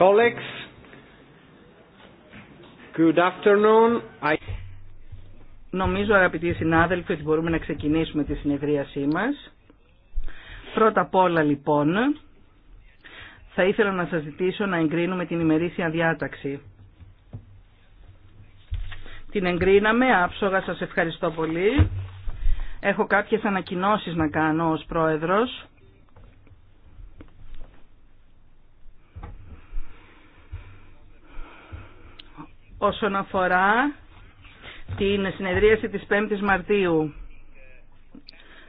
Colleagues, good afternoon. I... Νομίζω αγαπητοί συνάδελφοι ότι μπορούμε να ξεκινήσουμε τη συνεδρίασή μας. Πρώτα απ' όλα λοιπόν θα ήθελα να σας ζητήσω να εγκρίνουμε την ημερήσια διάταξη. Την εγκρίναμε, άψογα σας ευχαριστώ πολύ. Έχω κάποιες ανακοινώσεις να κάνω ως πρόεδρος. όσον αφορά την συνεδρίαση της 5ης Μαρτίου.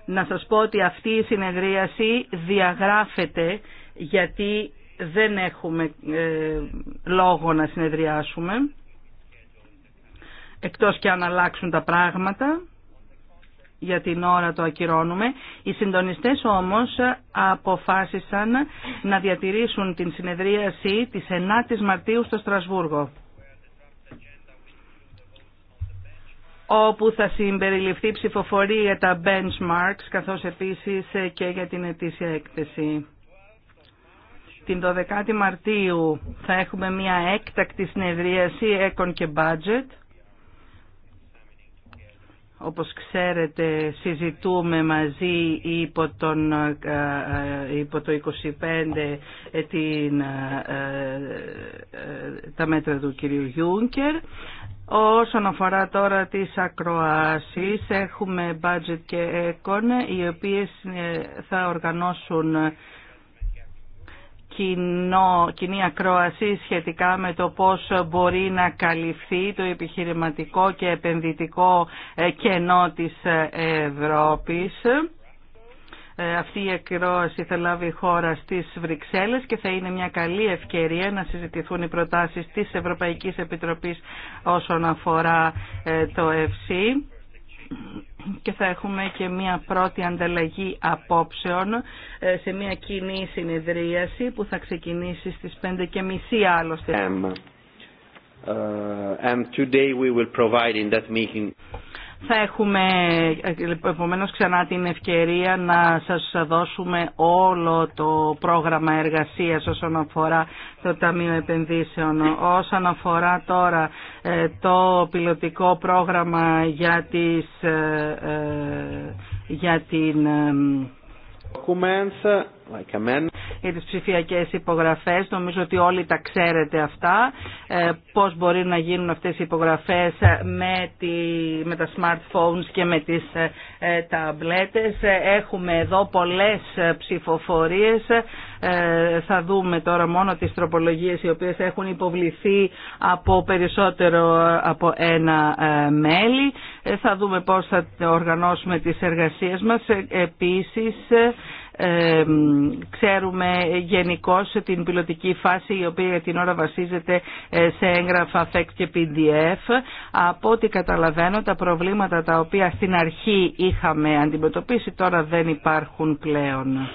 Να σας πω ότι αυτή η συνεδρίαση διαγράφεται γιατί δεν έχουμε ε, λόγο να συνεδριάσουμε εκτός και αν αλλάξουν τα πράγματα για την ώρα το ακυρώνουμε. Οι συντονιστές όμως αποφάσισαν να διατηρήσουν την συνεδρίαση της 9ης Μαρτίου στο Στρασβούργο. όπου θα συμπεριληφθεί ψηφοφορία τα benchmarks, καθώς επίσης και για την ετήσια έκθεση. Την 12η Μαρτίου θα έχουμε μια έκτακτη συνεδρίαση Econ και Budget. Όπως ξέρετε συζητούμε μαζί υπό, τον, ε, ε, υπό το 25 ε, την, τα μέτρα του κυρίου Γιούνκερ. Όσον αφορά τώρα τις ακροάσεις, έχουμε budget και έκον οι οποίες ε, θα οργανώσουν κοινό, κοινή ακρόαση σχετικά με το πώς μπορεί να καλυφθεί το επιχειρηματικό και επενδυτικό ε, κενό της ε, Ευρώπης. Ε, αυτή η ακρόαση θα λάβει η χώρα στις Βρυξέλλες και θα είναι μια καλή ευκαιρία να συζητηθούν οι προτάσεις της Ευρωπαϊκής Επιτροπής όσον αφορά ε, το ΕΦΣΥ και θα έχουμε και μια πρώτη ανταλλαγή απόψεων ε, σε μια κοινή συνεδρίαση που θα ξεκινήσει στις 5.30 άλλωστε. today we θα έχουμε επομένως ξανά την ευκαιρία να σας δώσουμε όλο το πρόγραμμα εργασίας όσον αφορά το Ταμείο Επενδύσεων. Όσον αφορά τώρα ε, το πιλωτικό πρόγραμμα για, τις, ε, ε, για την για τις ψηφιακές υπογραφές. Νομίζω ότι όλοι τα ξέρετε αυτά, ε, πώς μπορεί να γίνουν αυτές οι υπογραφές ε, με, τη, με τα smartphones και με τις ε, ταμπλέτες. Έχουμε εδώ πολλές ψηφοφορίες. Θα δούμε τώρα μόνο τις τροπολογίες οι οποίες έχουν υποβληθεί από περισσότερο από ένα μέλη. Θα δούμε πώς θα οργανώσουμε τις εργασίες μας. Επίσης, ξέρουμε γενικώ την πιλωτική φάση η οποία την ώρα βασίζεται ε, σε έγγραφα FEC και PDF. Από ό,τι καταλαβαίνω τα προβλήματα τα οποία στην αρχή είχαμε αντιμετωπίσει τώρα δεν υπάρχουν πλέον.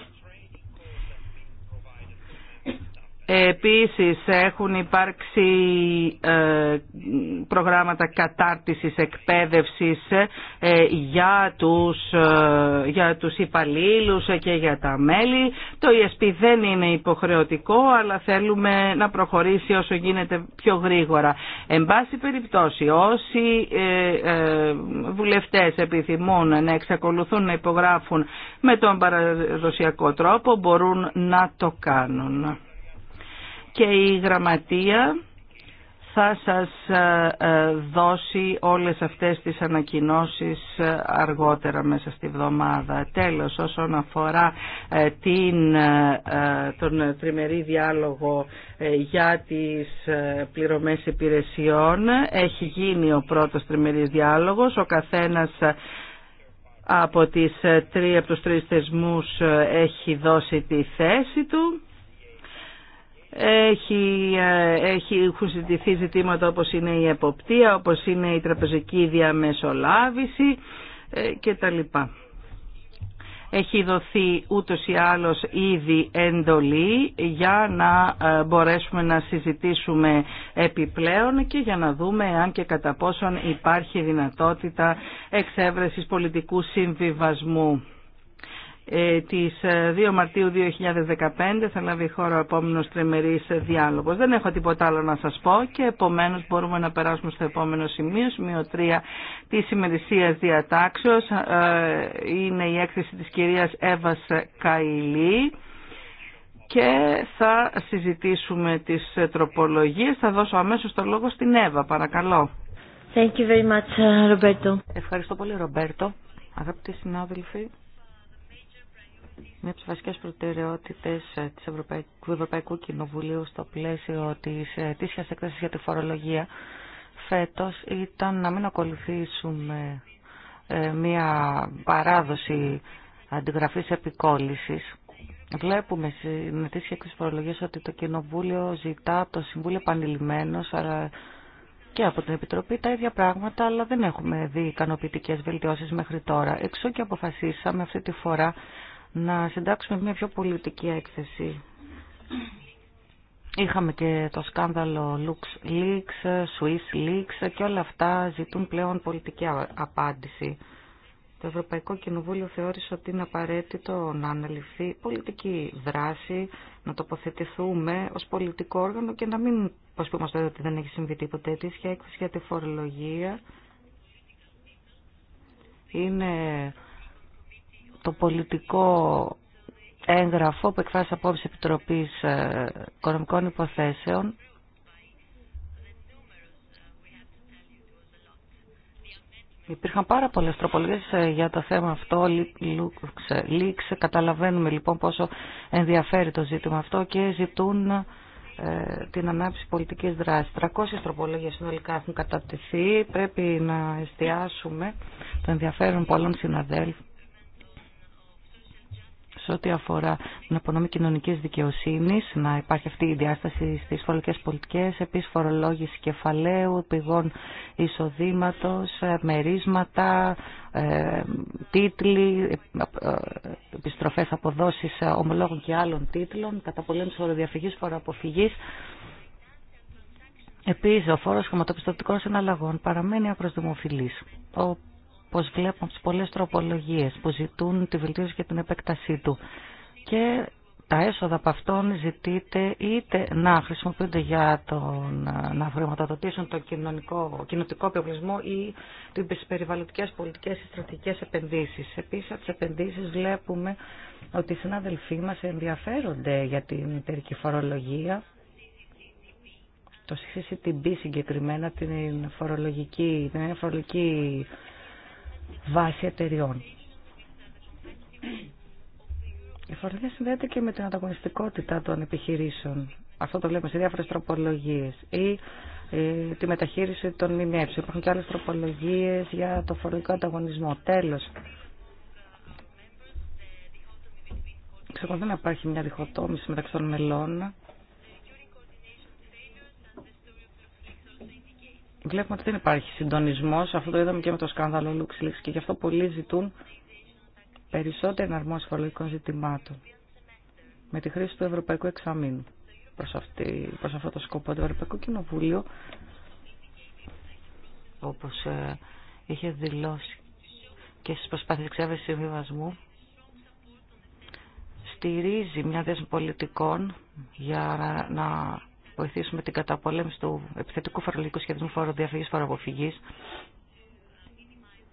Επίσης έχουν υπάρξει ε, προγράμματα κατάρτισης εκπαίδευσης ε, για τους, ε, για τους υπαλλήλους και για τα μέλη. Το ESP δεν είναι υποχρεωτικό αλλά θέλουμε να προχωρήσει όσο γίνεται πιο γρήγορα. Εν πάση περιπτώσει όσοι βουλευτές επιθυμούν να εξακολουθούν να υπογράφουν με τον παραδοσιακό τρόπο μπορούν να το κάνουν και η γραμματεία θα σας ε, ε, δώσει όλες αυτές τις ανακοινώσεις ε, αργότερα μέσα στη βδομάδα. Τέλος, όσον αφορά την, τον τριμερή διάλογο για τις πληρωμές υπηρεσιών, έχει γίνει ο πρώτος τριμερής διάλογος, ο καθένας από, τις, από τους τρεις θεσμούς έχει δώσει τη θέση του έχει, ε, έχει, έχουν συζητηθεί ζητήματα όπως είναι η εποπτεία, όπως είναι η τραπεζική διαμεσολάβηση ε, και τα λοιπά. Έχει δοθεί ούτως ή άλλως ήδη εντολή για να ε, μπορέσουμε να συζητήσουμε επιπλέον και για να δούμε αν και κατά πόσον υπάρχει δυνατότητα εξέβρεσης πολιτικού συμβιβασμού. Ε, της 2 ε, Μαρτίου 2015 θα λάβει χώρα ο επόμενος τριμερής διάλογος. Δεν έχω τίποτα άλλο να σας πω και επομένως μπορούμε να περάσουμε στο επόμενο σημείο, σημείο 3 της ημερησίας διατάξεως. Ε, είναι η έκθεση της κυρίας Εύας Καϊλή και θα συζητήσουμε τις τροπολογίες. Θα δώσω αμέσως το λόγο στην Εύα, παρακαλώ. Thank you very much, Ευχαριστώ πολύ, Ρομπέρτο. Αγαπητοί συνάδελφοι, μια από τι βασικέ προτεραιότητε ε, του Ευρωπαϊκού Κοινοβουλίου στο πλαίσιο τη ετήσια έκθεση για τη φορολογία φέτο ήταν να μην ακολουθήσουμε ε, μια παράδοση αντιγραφή επικόλυσης. Βλέπουμε στην ετήσια έκθεση φορολογία ότι το Κοινοβούλιο ζητά από το Συμβούλιο επανειλημμένο και από την Επιτροπή τα ίδια πράγματα, αλλά δεν έχουμε δει ικανοποιητικέ βελτιώσει μέχρι τώρα. Εξού και αποφασίσαμε αυτή τη φορά να συντάξουμε μια πιο πολιτική έκθεση. Είχαμε και το σκάνδαλο Lux Leaks, Swiss Leaks και όλα αυτά ζητούν πλέον πολιτική απάντηση. Το Ευρωπαϊκό Κοινοβούλιο θεώρησε ότι είναι απαραίτητο να αναλυθεί πολιτική δράση, να τοποθετηθούμε ως πολιτικό όργανο και να μην προσποιούμαστε ότι δεν έχει συμβεί τίποτα τέτοια έκθεση για τη φορολογία. Είναι το πολιτικό έγγραφο που εκφράσει απόψη Επιτροπής ε, Οικονομικών Υποθέσεων Υπήρχαν πάρα πολλές τροπολογίες ε, για το θέμα αυτό, ε, λίξ. καταλαβαίνουμε λοιπόν πόσο ενδιαφέρει το ζήτημα αυτό και ζητούν την ανάπτυξη πολιτικής δράσης. 300 τροπολογίες συνολικά έχουν κατατεθεί, πρέπει να εστιάσουμε το ενδιαφέρον πολλών συναδέλφων σε ό,τι αφορά την απονομή κοινωνική δικαιοσύνη, να υπάρχει αυτή η διάσταση στι φορολογικέ πολιτικέ, επίση φορολόγηση κεφαλαίου, πηγών εισοδήματο, ε, μερίσματα, ε, τίτλοι, ε, επιστροφέ αποδόσει ομολόγων και άλλων τίτλων, καταπολέμηση φοροδιαφυγή, φοροαποφυγή. Επίση, ο φόρο χρηματοπιστωτικών συναλλαγών παραμένει ακροδημοφιλή. Ο πως βλέπουμε τις πολλές τροπολογίες που ζητούν τη βελτίωση και την επέκτασή του. Και τα έσοδα από αυτόν ζητείται είτε να χρησιμοποιούνται για τον, να χρηματοδοτήσουν τον κοινωνικό, κοινωτικό πιοπλισμό ή τις περιβαλλοντικές πολιτικές ή στρατηγικές επενδύσεις. Επίσης, από τις επενδύσεις βλέπουμε ότι οι συνάδελφοί μας ενδιαφέρονται για την εταιρική φορολογία, το CCTB συγκεκριμένα, την φορολογική, την φορολογική βάση εταιριών. Η φορολογία συνδέεται και με την ανταγωνιστικότητα των επιχειρήσεων. Αυτό το βλέπουμε σε διάφορε τροπολογίε. Ή ε, τη μεταχείριση των ΜΜΕ. Υπάρχουν και άλλε τροπολογίε για το φορολογικό ανταγωνισμό. Τέλο. Ξεκολουθεί να υπάρχει μια διχοτόμηση μεταξύ των μελών βλέπουμε ότι δεν υπάρχει συντονισμό, Αυτό το είδαμε και με το σκάνδαλο LuxLeaks και γι' αυτό πολλοί ζητούν περισσότερη εναρμόση φορολογικών ζητημάτων με τη χρήση του Ευρωπαϊκού Εξαμήνου προς, αυτό το σκοπό. Το Ευρωπαϊκό Κοινοβούλιο, όπως ε, είχε δηλώσει και στις προσπάθειες εξέβεσης συμβιβασμού, στηρίζει μια δέσμη πολιτικών για να βοηθήσουμε την καταπολέμηση του επιθετικού φορολογικού φόρου φοροδιαφυγής φοροαποφυγή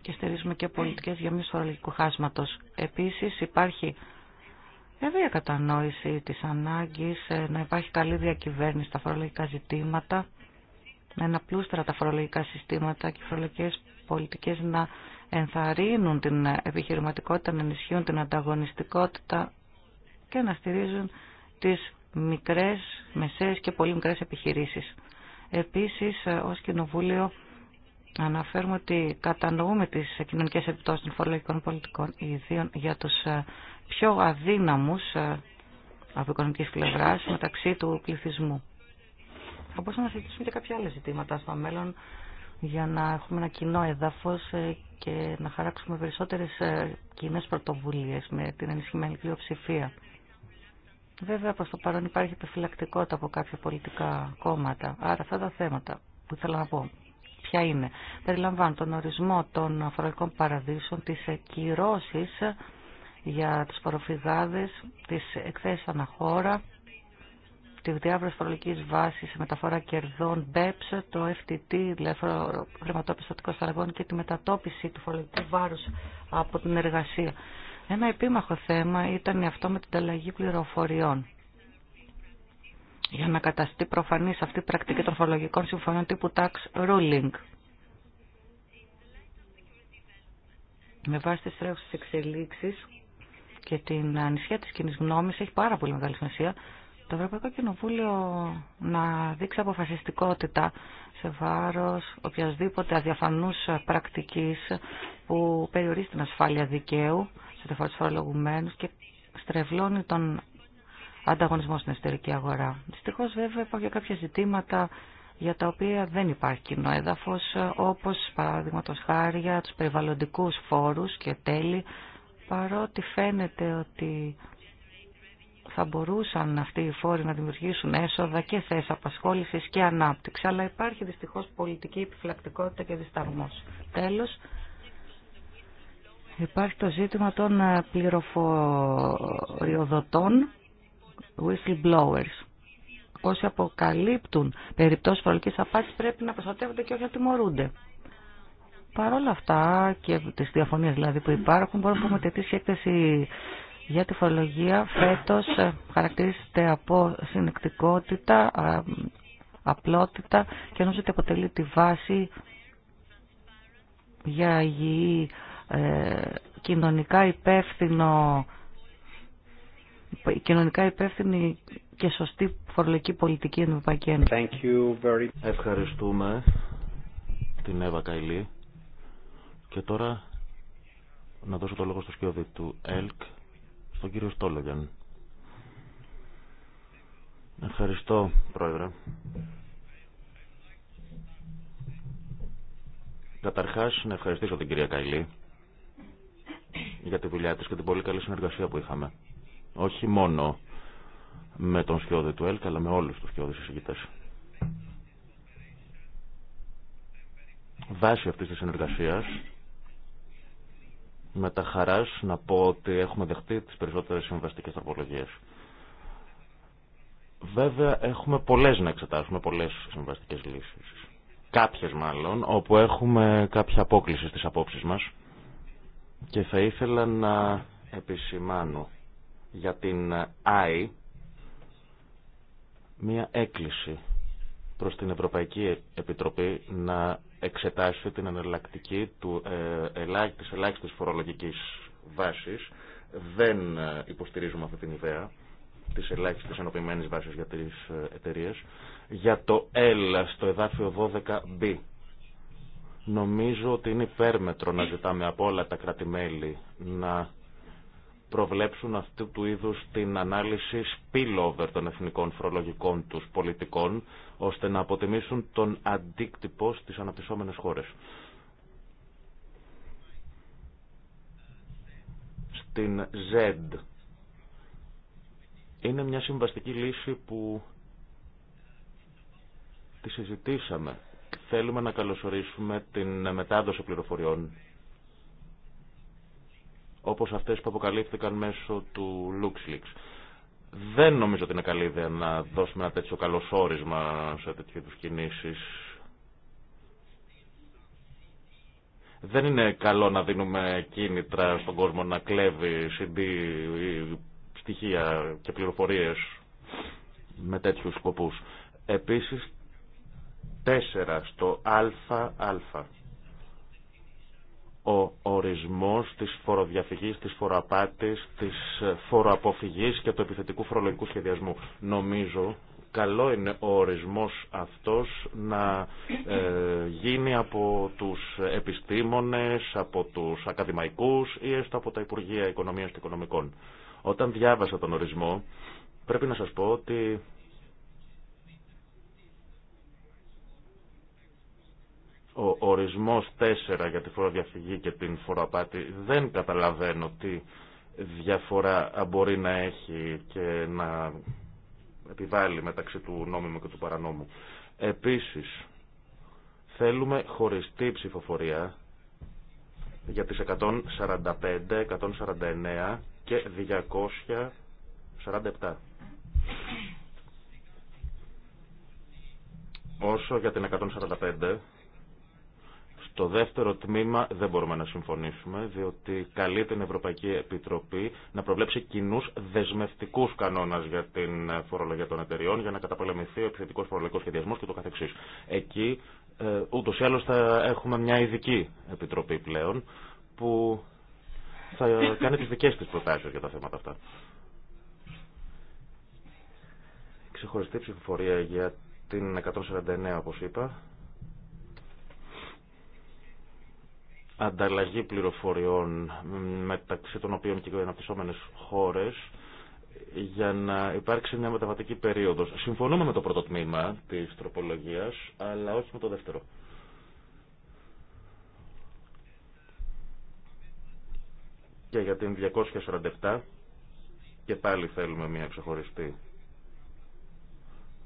και στηρίζουμε και πολιτικέ για μείωση φορολογικού χάσματος. Επίσης υπάρχει βέβαια κατανόηση τη ανάγκη, ε, να υπάρχει καλή διακυβέρνηση στα φορολογικά ζητήματα, να είναι απλούστερα τα φορολογικά συστήματα και οι φορολογικέ πολιτικές να ενθαρρύνουν την επιχειρηματικότητα, να ενισχύουν την ανταγωνιστικότητα και να στηρίζουν τις μικρές, μεσαίες και πολύ μικρές επιχειρήσεις. Επίσης, ε, ως Κοινοβούλιο αναφέρουμε ότι κατανοούμε τις κοινωνικές επιπτώσεις των φορολογικών πολιτικών ιδίων για τους ε, πιο αδύναμους ε, από οικονομικής πλευράς μεταξύ του πληθυσμού. Θα μπορούσαμε να συζητήσουμε και κάποια άλλα ζητήματα στο μέλλον για να έχουμε ένα κοινό έδαφος και να χαράξουμε περισσότερες κοινέ πρωτοβουλίες με την ενισχυμένη πλειοψηφία. Βέβαια προ το παρόν υπάρχει επιφυλακτικότητα από κάποια πολιτικά κόμματα. Άρα αυτά τα θέματα που ήθελα να πω ποια είναι. Περιλαμβάνουν τον ορισμό των φορολογικών παραδείσων, τις κυρώσει για του φοροφυγάδε, τι εκθέσει αναχώρα, τη διάβρωση φορολογική βάση, μεταφορά κερδών, BEPS, το FTT, δηλαδή χρηματοπιστωτικό και τη μετατόπιση του φορολογικού βάρου από την εργασία. Ένα επίμαχο θέμα ήταν αυτό με την ταλλαγή πληροφοριών. Για να καταστεί προφανής αυτή η πρακτική τροφολογικών συμφωνιών τύπου tax ruling. Με βάση τις τρέχουσε εξελίξει και την ανησυχία της κοινή γνώμη έχει πάρα πολύ μεγάλη σημασία το Ευρωπαϊκό Κοινοβούλιο να δείξει αποφασιστικότητα σε βάρος οποιασδήποτε αδιαφανούς πρακτικής που περιορίζει την ασφάλεια δικαίου διαφορά φορολογουμένου και στρεβλώνει τον ανταγωνισμό στην εσωτερική αγορά. Δυστυχώ, βέβαια, υπάρχουν και κάποια ζητήματα για τα οποία δεν υπάρχει κοινό έδαφο, όπω παραδείγματο χάρη για του περιβαλλοντικού φόρου και τέλη, παρότι φαίνεται ότι θα μπορούσαν αυτοί οι φόροι να δημιουργήσουν έσοδα και θέσει απασχόληση και ανάπτυξη, αλλά υπάρχει δυστυχώ πολιτική επιφυλακτικότητα και δισταγμό. τέλο. Υπάρχει το ζήτημα των ε, πληροφοριοδοτών whistleblowers. Όσοι αποκαλύπτουν περιπτώσεις φορολογικής απάτης πρέπει να προστατεύονται και όχι να τιμωρούνται. Παρ' όλα αυτά και τις διαφωνίες δηλαδή που υπάρχουν μπορούμε να πούμε ότι η έκθεση για τη φορολογία φέτος ε, χαρακτηρίζεται από συνεκτικότητα, απλότητα και νομίζω ότι αποτελεί τη βάση για υγιή ε, κοινωνικά υπεύθυνο κοινωνικά υπεύθυνη και σωστή φορολογική πολιτική στην Ευρωπαϊκή Ευχαριστούμε την Εύα Καϊλή και τώρα να δώσω το λόγο στο σκιώδη του ΕΛΚ στον κύριο Στόλογιαν. Ευχαριστώ, Πρόεδρε. Καταρχάς, να ευχαριστήσω την κυρία Καϊλή για τη δουλειά της και την πολύ καλή συνεργασία που είχαμε. Όχι μόνο με τον σκιώδη του ΕΛΚ, αλλά με όλους τους σκιώδης εισηγητές. Βάσει αυτής της συνεργασίας, με τα χαράς να πω ότι έχουμε δεχτεί τις περισσότερες συμβαστικές τροπολογίες. Βέβαια, έχουμε πολλές να εξετάσουμε, πολλές συμβαστικές λύσεις. Κάποιες μάλλον, όπου έχουμε κάποια απόκληση στις απόψεις μας. Και θα ήθελα να επισημάνω για την ΆΗ μία έκκληση προς την Ευρωπαϊκή Επιτροπή να εξετάσει την εναλλακτική του, ε, φορολογική της φορολογικής βάσης. Δεν ε, υποστηρίζουμε αυτή την ιδέα της ελάχιστης ενωπημένης βάσης για τις ε, εταιρείε για το ΕΛΑ στο εδάφιο 12B Νομίζω ότι είναι υπέρμετρο να ζητάμε από όλα τα κρατημέλη να προβλέψουν αυτού του είδους την ανάλυση spillover των εθνικών φορολογικών τους πολιτικών, ώστε να αποτιμήσουν τον αντίκτυπο στις αναπτυσσόμενες χώρες. Στην Z είναι μια συμβαστική λύση που τη συζητήσαμε Θέλουμε να καλωσορίσουμε την μετάδοση πληροφοριών όπως αυτές που αποκαλύφθηκαν μέσω του LuxLeaks. Δεν νομίζω ότι είναι καλή ιδέα να δώσουμε ένα τέτοιο καλωσόρισμα σε τέτοιου είδους κινήσεις. Δεν είναι καλό να δίνουμε κίνητρα στον κόσμο να κλέβει CD στοιχεία και πληροφορίες με τέτοιους σκοπούς. Επίσης 4 στο ΑΑ. Ο ορισμός της φοροδιαφυγής, της φοροαπάτης, της φοροαποφυγής και του επιθετικού φορολογικού σχεδιασμού. Νομίζω καλό είναι ο ορισμός αυτός να ε, γίνει από τους επιστήμονες, από τους ακαδημαϊκούς ή έστω από τα Υπουργεία Οικονομίας και Οικονομικών. Όταν διάβασα τον ορισμό, πρέπει να σας πω ότι ο ορισμός 4 για τη φοροδιαφυγή και την φοροαπάτη δεν καταλαβαίνω τι διαφορά μπορεί να έχει και να επιβάλλει μεταξύ του νόμιμου και του παρανόμου. Επίσης, θέλουμε χωριστή ψηφοφορία για τις 145, 149 και 247. Όσο για την 145, το δεύτερο τμήμα δεν μπορούμε να συμφωνήσουμε, διότι καλεί την Ευρωπαϊκή Επιτροπή να προβλέψει κοινού δεσμευτικού κανόνα για την φορολογία των εταιριών, για να καταπολεμηθεί ο επιθετικό φορολογικό σχεδιασμό και το καθεξής. Εκεί ε, ούτω ή άλλω θα έχουμε μια ειδική επιτροπή πλέον που θα κάνει τι δικέ τη προτάσει για τα θέματα αυτά. Ξεχωριστή ψηφοφορία για την 149, όπω είπα ανταλλαγή πληροφοριών μεταξύ των οποίων και οι αναπτυσσόμενες χώρες για να υπάρξει μια μεταβατική περίοδος. Συμφωνούμε με το πρώτο τμήμα της τροπολογίας, αλλά όχι με το δεύτερο. Και για την 247 και πάλι θέλουμε μια ξεχωριστή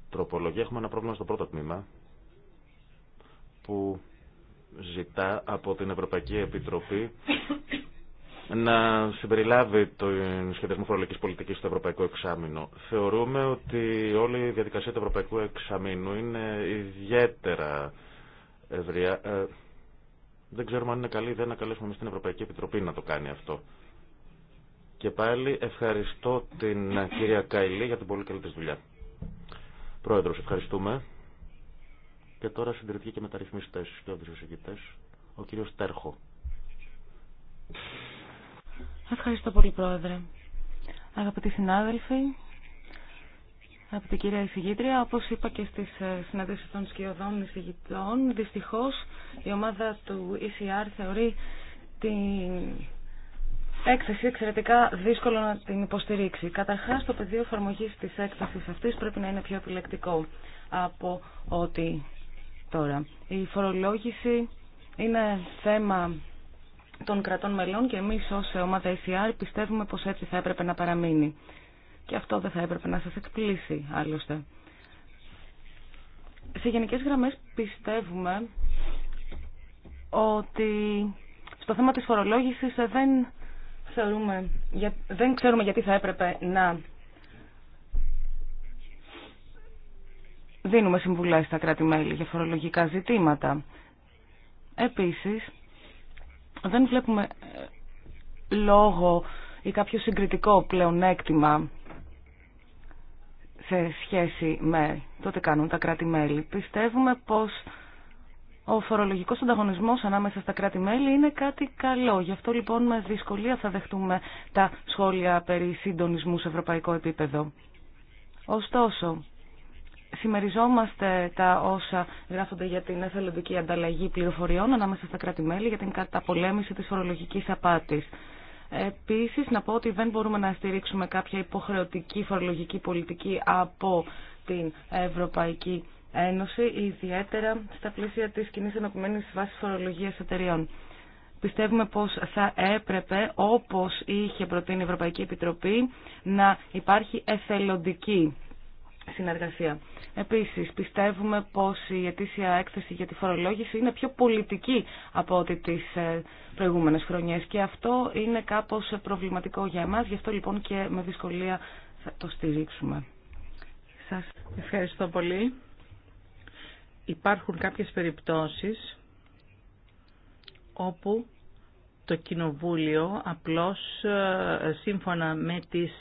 τροπολογία. Έχουμε ένα πρόβλημα στο πρώτο τμήμα που ζητά από την Ευρωπαϊκή Επιτροπή να συμπεριλάβει τον σχεδιασμό φορολογική πολιτική στο Ευρωπαϊκό Εξάμεινο. Θεωρούμε ότι όλη η διαδικασία του Ευρωπαϊκού Εξαμεινού είναι ιδιαίτερα ευρεία. Ε, δεν ξέρουμε αν είναι καλή ιδέα να καλέσουμε εμεί την Ευρωπαϊκή Επιτροπή να το κάνει αυτό. Και πάλι ευχαριστώ την κυρία Καϊλή για την πολύ καλή τη δουλειά. Πρόεδρος, ευχαριστούμε. Και τώρα συντηρηθεί και μεταρρυθμιστέ και όντως εισηγητές, ο κύριο Τέρχο. Ευχαριστώ πολύ Πρόεδρε. Αγαπητοί συνάδελφοι, αγαπητή κυρία εισηγήτρια, Όπω είπα και στι ε, συναντήσει των σκιωδών εισηγητών, Δυστυχώ, η ομάδα του ECR θεωρεί την έκθεση εξαιρετικά δύσκολο να την υποστηρίξει. Καταρχά, το πεδίο εφαρμογή τη έκθεση αυτή πρέπει να είναι πιο επιλεκτικό από ότι Τώρα, η φορολόγηση είναι θέμα των κρατών μελών και εμείς ως ομάδα ECR πιστεύουμε πως έτσι θα έπρεπε να παραμείνει. Και αυτό δεν θα έπρεπε να σας εκπλήσει άλλωστε. Σε γενικές γραμμές πιστεύουμε ότι στο θέμα της φορολόγησης δεν, θεωρούμε, δεν ξέρουμε γιατί θα έπρεπε να δίνουμε συμβουλές στα κράτη-μέλη για φορολογικά ζητήματα. Επίσης, δεν βλέπουμε ε, λόγο ή κάποιο συγκριτικό πλεονέκτημα σε σχέση με το τι κάνουν τα κράτη-μέλη. Πιστεύουμε πως ο φορολογικός ανταγωνισμός ανάμεσα στα κράτη-μέλη είναι κάτι καλό. Γι' αυτό λοιπόν με δυσκολία θα δεχτούμε τα σχόλια περί συντονισμού σε ευρωπαϊκό επίπεδο. Ωστόσο, συμμεριζόμαστε τα όσα γράφονται για την εθελοντική ανταλλαγή πληροφοριών ανάμεσα στα κράτη-μέλη για την καταπολέμηση της φορολογικής απάτης. Επίσης, να πω ότι δεν μπορούμε να στηρίξουμε κάποια υποχρεωτική φορολογική πολιτική από την Ευρωπαϊκή Ένωση, ιδιαίτερα στα πλαίσια της κοινή ενωπημένης βάσης φορολογίας εταιριών. Πιστεύουμε πως θα έπρεπε, όπως είχε προτείνει η Ευρωπαϊκή Επιτροπή, να υπάρχει εθελοντική συνεργασία. Επίσης, πιστεύουμε πως η ετήσια έκθεση για τη φορολόγηση είναι πιο πολιτική από ό,τι τις ε, προηγούμενες χρονιές και αυτό είναι κάπως προβληματικό για εμάς, γι' αυτό λοιπόν και με δυσκολία θα το στηρίξουμε. Σας ευχαριστώ πολύ. Υπάρχουν κάποιες περιπτώσεις όπου το Κοινοβούλιο απλώς ε, σύμφωνα με τις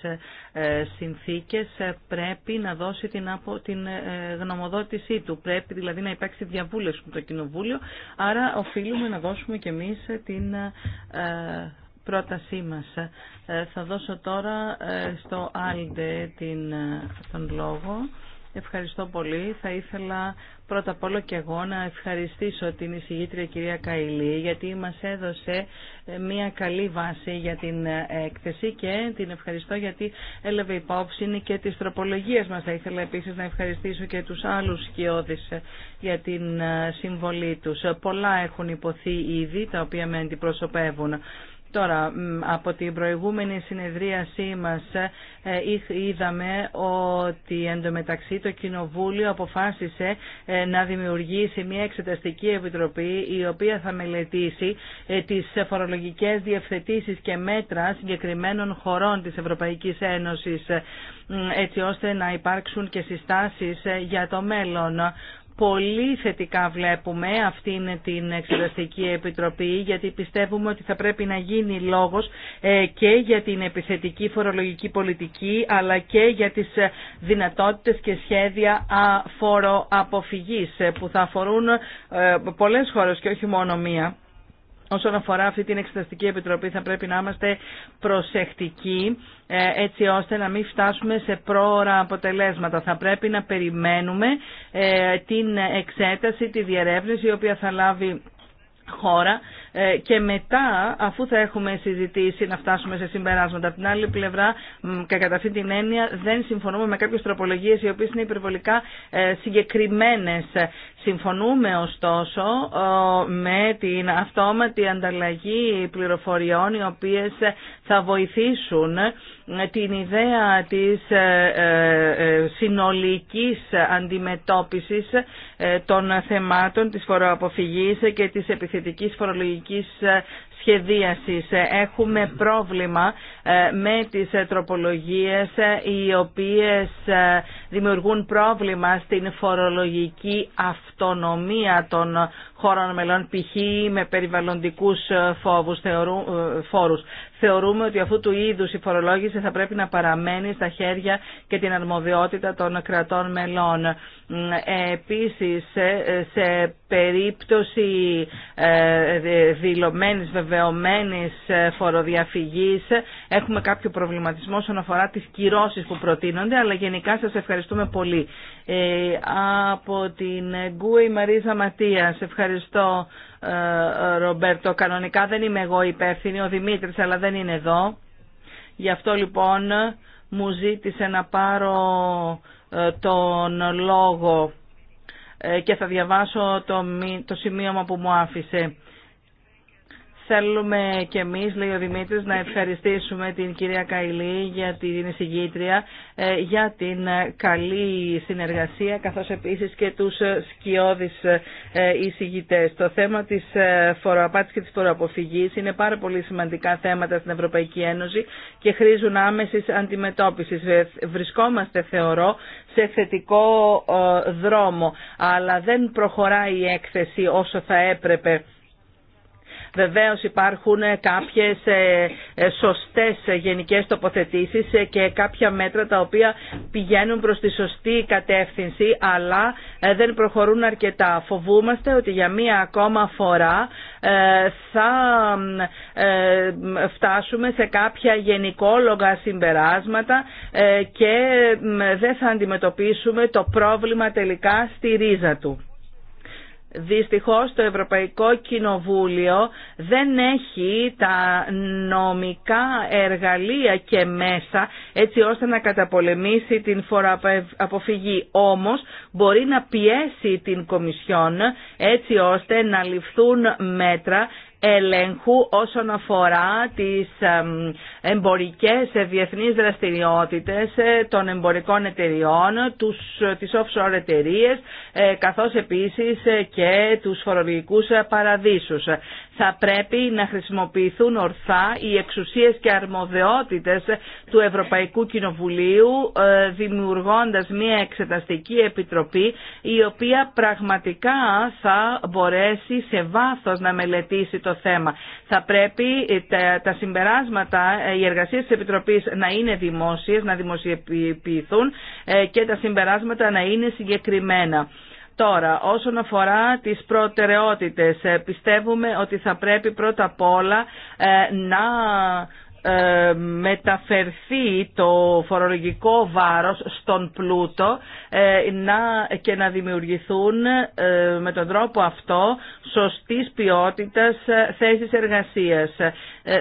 ε, συνθήκες ε, πρέπει να δώσει την, απο, την γνωμοδότησή του. Πρέπει δηλαδή να υπάρξει διαβούλευση με το Κοινοβούλιο, άρα οφείλουμε να δώσουμε και εμείς την πρότασή μας. Θα δώσω τώρα στο Άλντε τον λόγο. Ευχαριστώ πολύ. Θα ήθελα πρώτα απ' όλο και εγώ να ευχαριστήσω την εισηγήτρια κυρία Καηλή γιατί μας έδωσε ε, μια καλή βάση για την ε, έκθεση και την ευχαριστώ γιατί έλαβε υπόψη και τις τροπολογίες μας. Θα ήθελα επίσης να ευχαριστήσω και τους άλλους σκιώδεις ε, για την συμβολή τους. Πολλά έχουν υποθεί ήδη τα οποία με αντιπροσωπεύουν. Τώρα, από την προηγούμενη συνεδρίασή μας ε, είδαμε ότι εντωμεταξύ το Κοινοβούλιο αποφάσισε ε, να δημιουργήσει μια εξεταστική επιτροπή η οποία θα μελετήσει ε, τις φορολογικές διευθετήσεις και μέτρα συγκεκριμένων χωρών της Ευρωπαϊκής Ένωσης έτσι ώστε να υπάρξουν και συστάσεις για το μέλλον πολύ θετικά βλέπουμε αυτή είναι την Εξεταστική Επιτροπή γιατί πιστεύουμε ότι θα πρέπει να γίνει λόγος ε, και για την επιθετική φορολογική πολιτική αλλά και για τις ε, δυνατότητες και σχέδια φοροαποφυγής ε, που θα αφορούν πολλές χώρες και όχι μόνο μία. Όσον αφορά αυτή την Εξεταστική Επιτροπή θα πρέπει να είμαστε προσεκτικοί ε, έτσι ώστε να μην φτάσουμε σε πρόωρα αποτελέσματα. Θα πρέπει να περιμένουμε ε, την εξέταση, τη διερεύνηση η οποία θα λάβει χώρα ε, και μετά αφού θα έχουμε συζητήσει να φτάσουμε σε συμπεράσματα. Από την άλλη πλευρά και κατά αυτή την έννοια δεν συμφωνούμε με κάποιες τροπολογίες οι οποίες είναι υπερβολικά συγκεκριμένες Συμφωνούμε ωστόσο με την αυτόματη ανταλλαγή πληροφοριών οι οποίες θα βοηθήσουν ε, την ιδέα της ε, ε, συνολικής αντιμετώπισης των θεμάτων της φοροαποφυγής και της επιθετικής φορολογικής σχεδίασης. Έχουμε πρόβλημα ε, με τις ε, τροπολογίες ε, οι οποίες δημιουργούν πρόβλημα στην φορολογική αυτονομία των χώρων μελών π.χ. με περιβαλλοντικούς φόβους, φόρους. Θεωρούμε ότι αυτού του είδους η φορολόγηση θα πρέπει να παραμένει στα χέρια και την αρμοδιότητα των κρατών μελών. Επίσης, σε περίπτωση ε, δηλωμένης, βεβαιωμένης ε, φοροδιαφυγής. Έχουμε κάποιο προβληματισμό όσον αφορά τις κυρώσεις που προτείνονται, αλλά γενικά σας ευχαριστούμε πολύ. Ε, από την Γκούη Μαρίζα σε ευχαριστώ Ρομπέρτο. Κανονικά δεν είμαι εγώ υπεύθυνη, ο Δημήτρης αλλά δεν είναι εδώ. Γι' αυτό λοιπόν μου ζήτησε να πάρω τον λόγο ε, και θα διαβάσω το, το σημείωμα που μου άφησε. Θέλουμε και εμείς, λέει ο Δημήτρης, να ευχαριστήσουμε την κυρία Καηλή για την εισηγήτρια, ε, για την ε, καλή συνεργασία, καθώς επίσης και τους ε, σκιώδεις εισηγητές. Το θέμα της φοροαπάτης και της φοροαποφυγής είναι πάρα πολύ σημαντικά θέματα στην Ευρωπαϊκή Ένωση και χρήζουν άμεσης αντιμετώπισης. Βρισκόμαστε, θεωρώ, σε θετικό δρόμο, αλλά δεν προχωράει η έκθεση όσο θα έπρεπε Βεβαίως υπάρχουν κάποιες ε, ε, σωστές γενικές τοποθετήσεις και κάποια μέτρα τα οποία πηγαίνουν προς τη σωστή κατεύθυνση αλλά ε, δεν προχωρούν αρκετά. Φοβούμαστε ότι για μία ακόμα φορά θα φτάσουμε σε κάποια γενικόλογα συμπεράσματα και δεν θα αντιμετωπίσουμε το πρόβλημα τελικά στη ρίζα του. Δυστυχώς το Ευρωπαϊκό Κοινοβούλιο δεν έχει τα νομικά εργαλεία και μέσα έτσι ώστε να καταπολεμήσει την φορά αποφυγή. Όμως μπορεί να πιέσει την Κομισιόν έτσι ώστε να ληφθούν μέτρα ελέγχου όσον αφορά τις εμπορικές διεθνείς δραστηριότητες ε, των εμπορικών εταιριών, τους, τις offshore εταιρείε, ε, καθώς επίσης ε, και τους φορολογικούς παραδείσους θα πρέπει να χρησιμοποιηθούν ορθά οι εξουσίες και αρμοδιότητες του Ευρωπαϊκού Κοινοβουλίου ε, δημιουργώντας μια εξεταστική επιτροπή η οποία πραγματικά θα μπορέσει σε βάθος να μελετήσει το θέμα. Θα πρέπει ε, τα συμπεράσματα, ε, οι εργασίες της Επιτροπής να είναι δημόσιες, να δημοσιοποιηθούν και τα συμπεράσματα να είναι συγκεκριμένα. Τώρα, όσον αφορά τις προτεραιότητες, ε, πιστεύουμε ότι θα πρέπει πρώτα απ' όλα ε, να ε, μεταφερθεί το φορολογικό βάρος στον πλούτο να, και να δημιουργηθούν με τον τρόπο αυτό σωστής ποιότητας θέσεις εργασίας.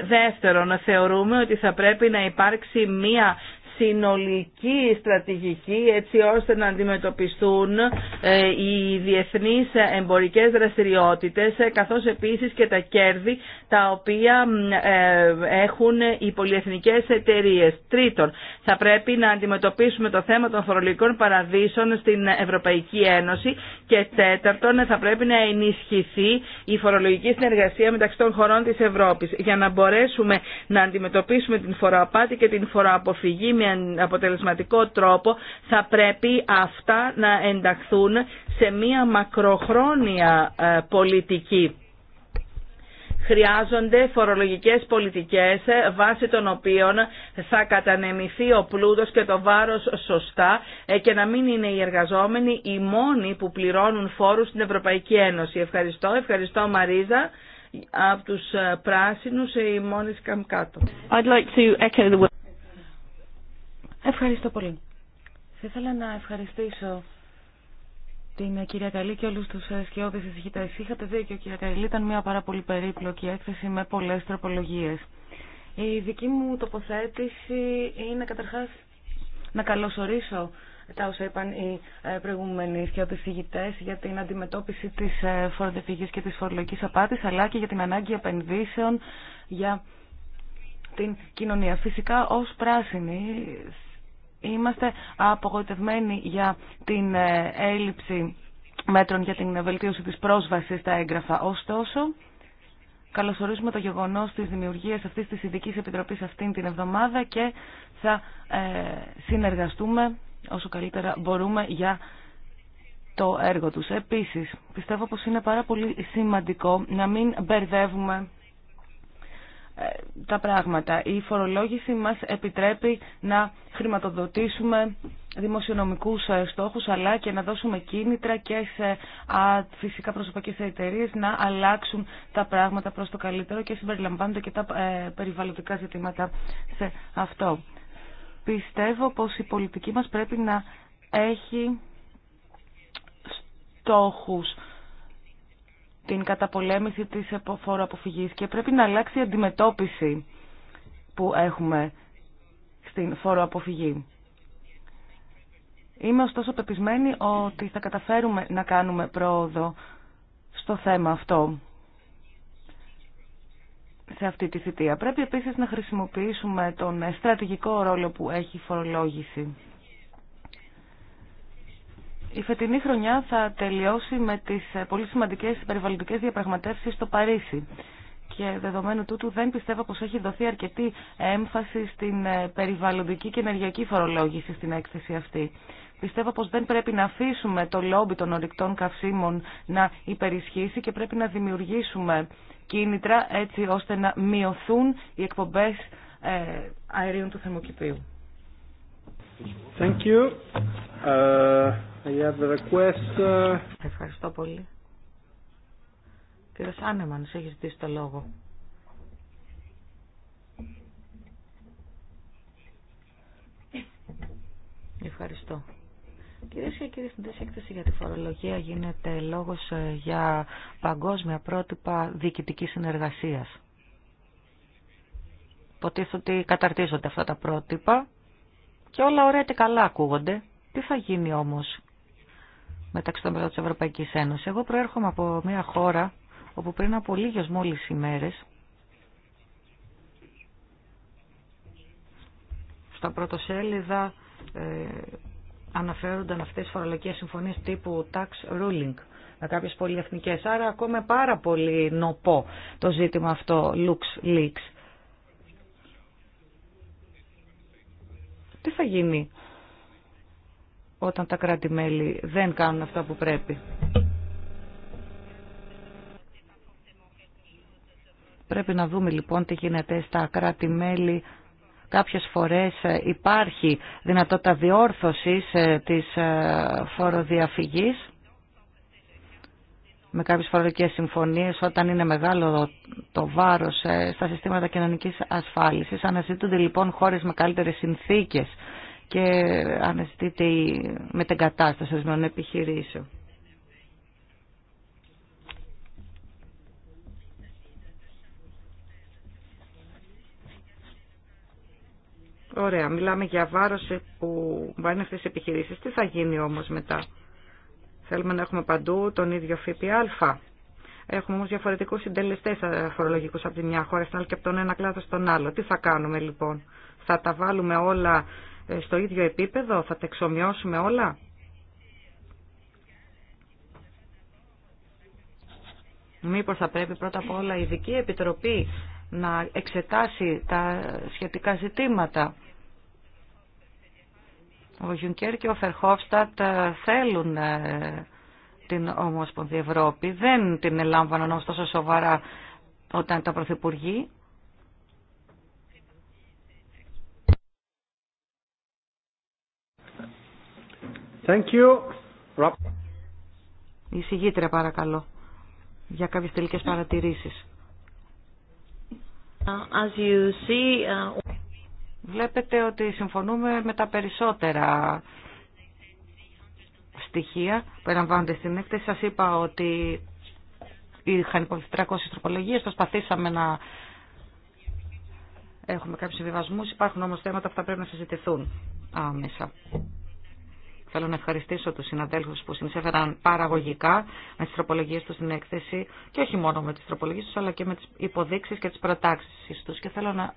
δεύτερον, θεωρούμε ότι θα πρέπει να υπάρξει μία συνολική στρατηγική έτσι ώστε να αντιμετωπιστούν ε, οι διεθνείς εμπορικές δραστηριότητες ε, καθώς επίσης και τα κέρδη τα οποία ε, έχουν οι πολυεθνικές εταιρείες. Τρίτον, θα πρέπει να αντιμετωπίσουμε το θέμα των φορολογικών παραδείσων στην Ευρωπαϊκή Ένωση και τέταρτον, θα πρέπει να ενισχυθεί η φορολογική συνεργασία μεταξύ των χωρών της Ευρώπης για να μπορέσουμε να αντιμετωπίσουμε την φοροαπάτη και την φοροαποφυγή αποτελεσματικό τρόπο θα πρέπει αυτά να ενταχθούν σε μία μακροχρόνια ε, πολιτική χρειάζονται φορολογικές πολιτικές ε, βάσει των οποίων θα κατανεμηθεί ο πλούτος και το βάρος σωστά ε, και να μην είναι οι εργαζόμενοι οι μόνοι που πληρώνουν φόρους στην Ευρωπαϊκή Ένωση. Ευχαριστώ, ευχαριστώ Μαρίζα από τους πράσινους η μόνη καμκάτω. I'd like to echo Ευχαριστώ πολύ. Θα ήθελα να ευχαριστήσω την κυρία Καλή και όλους τους σκιώδες εισηγητές. Είχατε δίκιο κυρία Καλή, ήταν μια πάρα πολύ περίπλοκη έκθεση με πολλές τροπολογίες. Η δική μου τοποθέτηση είναι καταρχάς να καλωσορίσω τα όσα είπαν οι ε, προηγούμενοι εισηγητέ για την αντιμετώπιση τη ε, φοροδιαφυγή και τη φορολογική απάτη, αλλά και για την ανάγκη επενδύσεων για την κοινωνία. Φυσικά ω πράσινη Είμαστε απογοητευμένοι για την ε, έλλειψη μέτρων για την βελτίωση της πρόσβασης στα έγγραφα. Ωστόσο, καλωσορίζουμε το γεγονός της δημιουργίας αυτής της ειδική Επιτροπής αυτήν την εβδομάδα και θα ε, συνεργαστούμε όσο καλύτερα μπορούμε για το έργο τους. Επίσης, πιστεύω πως είναι πάρα πολύ σημαντικό να μην μπερδεύουμε ε, τα πράγματα. Η φορολόγηση μας επιτρέπει να χρηματοδοτήσουμε δημοσιονομικούς ε, στόχους αλλά και να δώσουμε κίνητρα και σε φυσικά πρόσωπα και εταιρείε να αλλάξουν τα πράγματα προς το καλύτερο και συμπεριλαμβάνονται και τα ε, περιβαλλοντικά ζητήματα σε αυτό. Πιστεύω πως η πολιτική μας πρέπει να έχει στόχους την καταπολέμηση της φοροαποφυγής και πρέπει να αλλάξει η αντιμετώπιση που έχουμε στην φοροαποφυγή. Είμαι ωστόσο πεπισμένη ότι θα καταφέρουμε να κάνουμε πρόοδο στο θέμα αυτό σε αυτή τη θητεία. Πρέπει επίσης να χρησιμοποιήσουμε τον στρατηγικό ρόλο που έχει η φορολόγηση. Η φετινή χρονιά θα τελειώσει με τις ε, πολύ σημαντικές περιβαλλοντικές διαπραγματεύσεις στο Παρίσι. Και δεδομένου τούτου δεν πιστεύω πως έχει δοθεί αρκετή έμφαση στην ε, περιβαλλοντική και ενεργειακή φορολόγηση στην έκθεση αυτή. Πιστεύω πως δεν πρέπει να αφήσουμε το λόμπι των ορυκτών καυσίμων να υπερισχύσει και πρέπει να δημιουργήσουμε κίνητρα έτσι ώστε να μειωθούν οι εκπομπές ε, αερίων του θερμοκηπίου. Thank uh, uh, Ευχαριστώ πολύ. Κύριος Άνεμανς, έχει ζητήσει το λόγο. Ευχαριστώ. Κυρίες και κύριοι, στην τέση έκθεση για τη φορολογία γίνεται λόγο ε, για παγκόσμια πρότυπα διοικητική συνεργασία. Υποτίθεται ότι καταρτίζονται αυτά τα πρότυπα και όλα ωραία και καλά ακούγονται. Τι θα γίνει όμως μεταξύ των μελών της Ευρωπαϊκής Ένωσης. Εγώ προέρχομαι από μια χώρα όπου πριν από λίγες μόλις ημέρες στα πρωτοσέλιδα ε, αναφέρονταν αυτές οι φορολογικές συμφωνίες τύπου tax ruling με κάποιες πολυεθνικές. Άρα ακόμα πάρα πολύ νοπό το ζήτημα αυτό leaks. τι θα γίνει όταν τα κράτη-μέλη δεν κάνουν αυτά που πρέπει. Πρέπει να δούμε λοιπόν τι γίνεται στα κράτη-μέλη. Κάποιες φορές ε, υπάρχει δυνατότητα διόρθωσης ε, της ε, φοροδιαφυγής με κάποιες φορολογικές συμφωνίες όταν είναι μεγάλο το βάρος ε, στα συστήματα κοινωνικής ασφάλισης. Αναζητούνται λοιπόν χώρες με καλύτερες συνθήκες και αναζητείται η μετεγκατάσταση των επιχειρήσεων. Ωραία, μιλάμε για βάρος που βαρύνει αυτές τις επιχειρήσεις. Τι θα γίνει όμως μετά. Θέλουμε να έχουμε παντού τον ίδιο ΦΠΑ. Έχουμε όμω διαφορετικού συντελεστέ ε, φορολογικού από τη μια χώρα στην άλλη και από τον ένα κλάδο στον άλλο. Τι θα κάνουμε λοιπόν, θα τα βάλουμε όλα ε, στο ίδιο επίπεδο, θα τα εξομοιώσουμε όλα. Μήπως θα πρέπει πρώτα απ' όλα η ειδική επιτροπή να εξετάσει τα σχετικά ζητήματα ο Γιουνκέρ και ο Φερχόφστατ ε, θέλουν ε, την Ομοσπονδία Ευρώπη. Δεν την ελάμβαναν όμως τόσο σοβαρά όταν τα πρωθυπουργοί. Thank you. Η συγγήτρια παρακαλώ για κάποιες τελικές παρατηρήσεις. As you see, uh, Βλέπετε ότι συμφωνούμε με τα περισσότερα στοιχεία που περιλαμβάνονται στην έκθεση. Σας είπα ότι είχαν υποβληθεί 300 τροπολογίες, προσπαθήσαμε να έχουμε κάποιους συμβιβασμούς, υπάρχουν όμως θέματα που θα πρέπει να συζητηθούν άμεσα. Θέλω να ευχαριστήσω τους συναδέλφους που συνεισέφεραν παραγωγικά με τις τροπολογίες τους στην έκθεση και όχι μόνο με τις τροπολογίες τους αλλά και με τις υποδείξεις και τις προτάξεις τους και θέλω να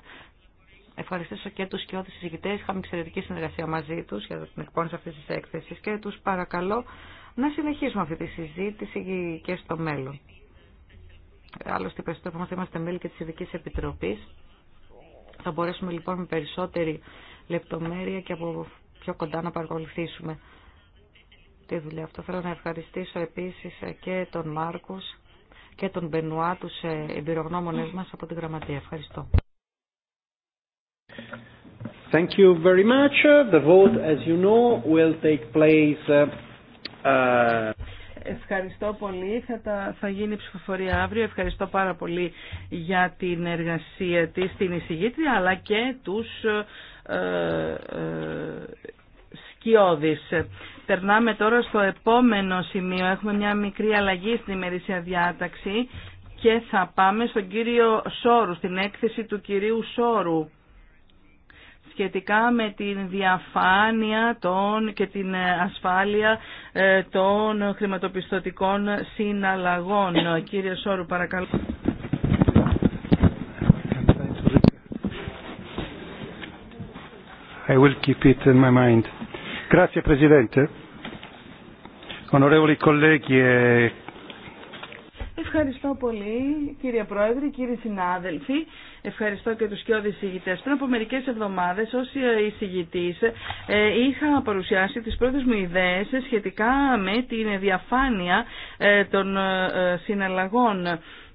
ευχαριστήσω και τους κοιόδους συζητητές. Είχαμε εξαιρετική συνεργασία μαζί τους για την εκπόνηση αυτής της έκθεσης και τους παρακαλώ να συνεχίσουμε αυτή τη συζήτηση και στο μέλλον. Άλλωστε, περισσότερο θα είμαστε μέλη και της Ειδικής Επιτροπής. Θα μπορέσουμε λοιπόν με περισσότερη λεπτομέρεια και από πιο κοντά να παρακολουθήσουμε τη δουλειά. Αυτό θέλω να ευχαριστήσω επίσης και τον Μάρκο και τον Μπενουά, τους εμπειρογνώμονες μας από την Γραμματεία. Ευχαριστώ. Ευχαριστώ πολύ. Θα, γίνει ψηφοφορία αύριο. Ευχαριστώ πάρα πολύ για την εργασία της, στην εισηγήτρια, αλλά και τους ε, ε Περνάμε τώρα στο επόμενο σημείο. Έχουμε μια μικρή αλλαγή στην ημερήσια διάταξη και θα πάμε στον κύριο Σόρου, στην έκθεση του κυρίου Σόρου σχετικά με την διαφάνεια των και την ασφάλεια ε, των χρηματοπιστωτικών συναλλαγών. Κύριε Σόρου, παρακαλώ. I will keep it in my mind. Grazie Presidente. Onorevoli colleghi e Ευχαριστώ πολύ κύριε Πρόεδρε, κύριοι συνάδελφοι. Ευχαριστώ και τους κοιόδης ηγητές. Πριν από μερικές εβδομάδες ως εισηγητής ε, είχα παρουσιάσει τις πρώτες μου ιδέες σχετικά με την διαφάνεια ε, των ε, συναλλαγών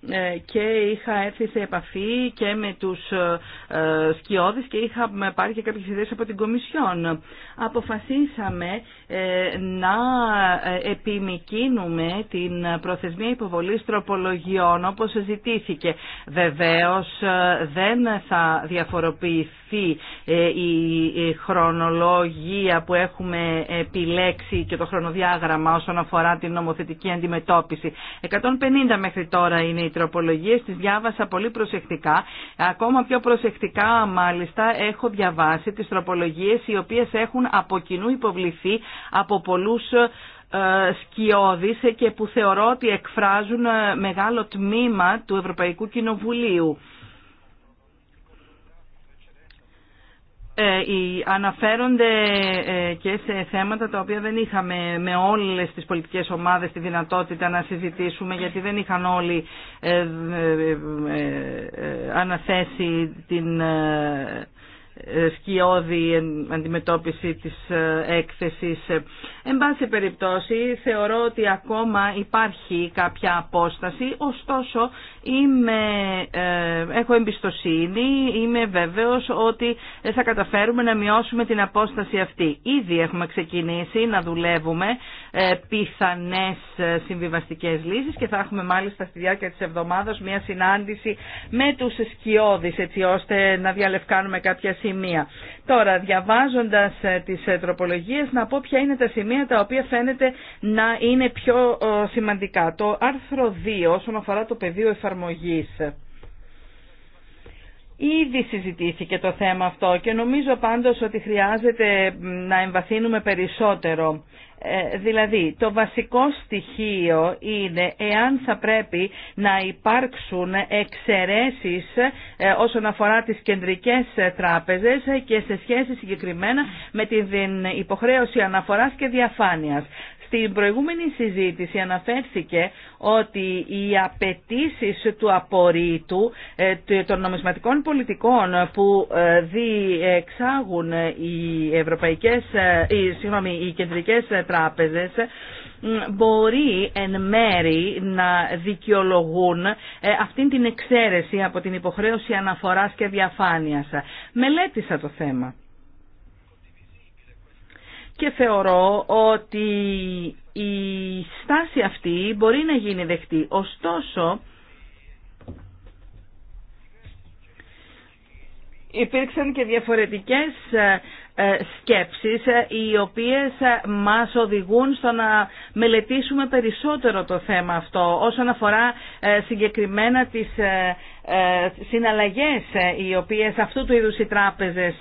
ε, και είχα έρθει σε επαφή και με τους ε, ε, σκιώδεις και είχα πάρει και κάποιες ιδέες από την Κομισιόν. Αποφασίσαμε να επιμηκύνουμε την προθεσμία υποβολής τροπολογιών όπως ζητήθηκε. Βεβαίως δεν θα διαφοροποιηθεί η χρονολογία που έχουμε επιλέξει και το χρονοδιάγραμμα όσον αφορά την νομοθετική αντιμετώπιση. 150 μέχρι τώρα είναι οι τροπολογίες τις διάβασα πολύ προσεκτικά. Ακόμα πιο προσεκτικά μάλιστα έχω διαβάσει τις τροπολογίες οι οποίες έχουν από κοινού υποβληθεί από πολλούς ε, σκιώδης και που θεωρώ ότι εκφράζουν ε, μεγάλο τμήμα του Ευρωπαϊκού Κοινοβουλίου. Ε, οι αναφέρονται ε, και σε θέματα τα οποία δεν είχαμε με όλες τις πολιτικές ομάδες τη δυνατότητα να συζητήσουμε γιατί δεν είχαν όλοι ε, αναθέσει την σκιώδη αντιμετώπιση της ε, έκθεσης. Ε, εν πάση περιπτώσει θεωρώ ότι ακόμα υπάρχει κάποια απόσταση, ωστόσο είμαι, ε, έχω εμπιστοσύνη, είμαι βέβαιος ότι θα καταφέρουμε να μειώσουμε την απόσταση αυτή. Ήδη έχουμε ξεκινήσει να δουλεύουμε πιθανές συμβιβαστικές λύσεις και θα έχουμε μάλιστα στη διάρκεια της εβδομάδας μια συνάντηση με τους σκιώδεις έτσι ώστε να διαλευκάνουμε κάποια σημεία Τώρα, διαβάζοντας ε, τις ε, τροπολογίες, να πω ποια είναι τα σημεία τα οποία φαίνεται να είναι πιο σημαντικά. Το άρθρο 2 όσον αφορά το πεδίο εφαρμογής. Ήδη συζητήθηκε το θέμα αυτό και νομίζω πάντως ότι χρειάζεται να εμβαθύνουμε περισσότερο. Ε, δηλαδή, το βασικό στοιχείο είναι εάν θα πρέπει να υπάρξουν εξαιρέσεις ε, όσον αφορά τις κεντρικές τράπεζες και σε σχέση συγκεκριμένα με την υποχρέωση αναφοράς και διαφάνειας. Στην προηγούμενη συζήτηση αναφέρθηκε ότι οι απαιτήσει του απορρίτου ε, των νομισματικών πολιτικών που ε, διεξάγουν οι, ευρωπαϊκές, ε, οι, οι κεντρικές τράπεζες μπορεί εν μέρη να δικαιολογούν αυτήν την εξαίρεση από την υποχρέωση αναφοράς και διαφάνειας. Μελέτησα το θέμα και θεωρώ ότι η στάση αυτή μπορεί να γίνει δεχτή. Ωστόσο, υπήρξαν και διαφορετικές ε, ε, σκέψεις ε, οι οποίες μας οδηγούν στο να μελετήσουμε περισσότερο το θέμα αυτό όσον αφορά συγκεκριμένα τις ε, συναλλαγές ε, οι οποίες αυτού του είδους οι τράπεζες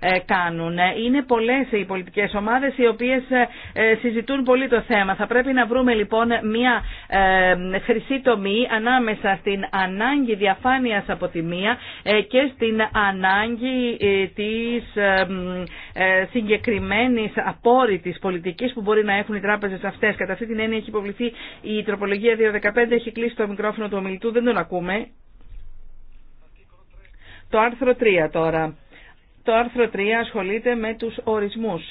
ε, κάνουν. Είναι πολλές οι πολιτικές ομάδες οι οποίες συζητούν πολύ το θέμα. Θα πρέπει να βρούμε λοιπόν μια χρυσή τομή ανάμεσα στην ανάγκη διαφάνειας από τη μία και στην ανάγκη της συγκεκριμένης απόρριτης πολιτικής που μπορεί να έχουν οι τράπεζες αυτές. Κατά αυτή την έννοια έχει υποβληθεί η τροπολογία 215, έχει κλείσει το μικρόφωνο του ομιλητού, δεν τον ακούμε. Το άρθρο 3 τώρα. Το άρθρο 3 ασχολείται με τους ορισμούς.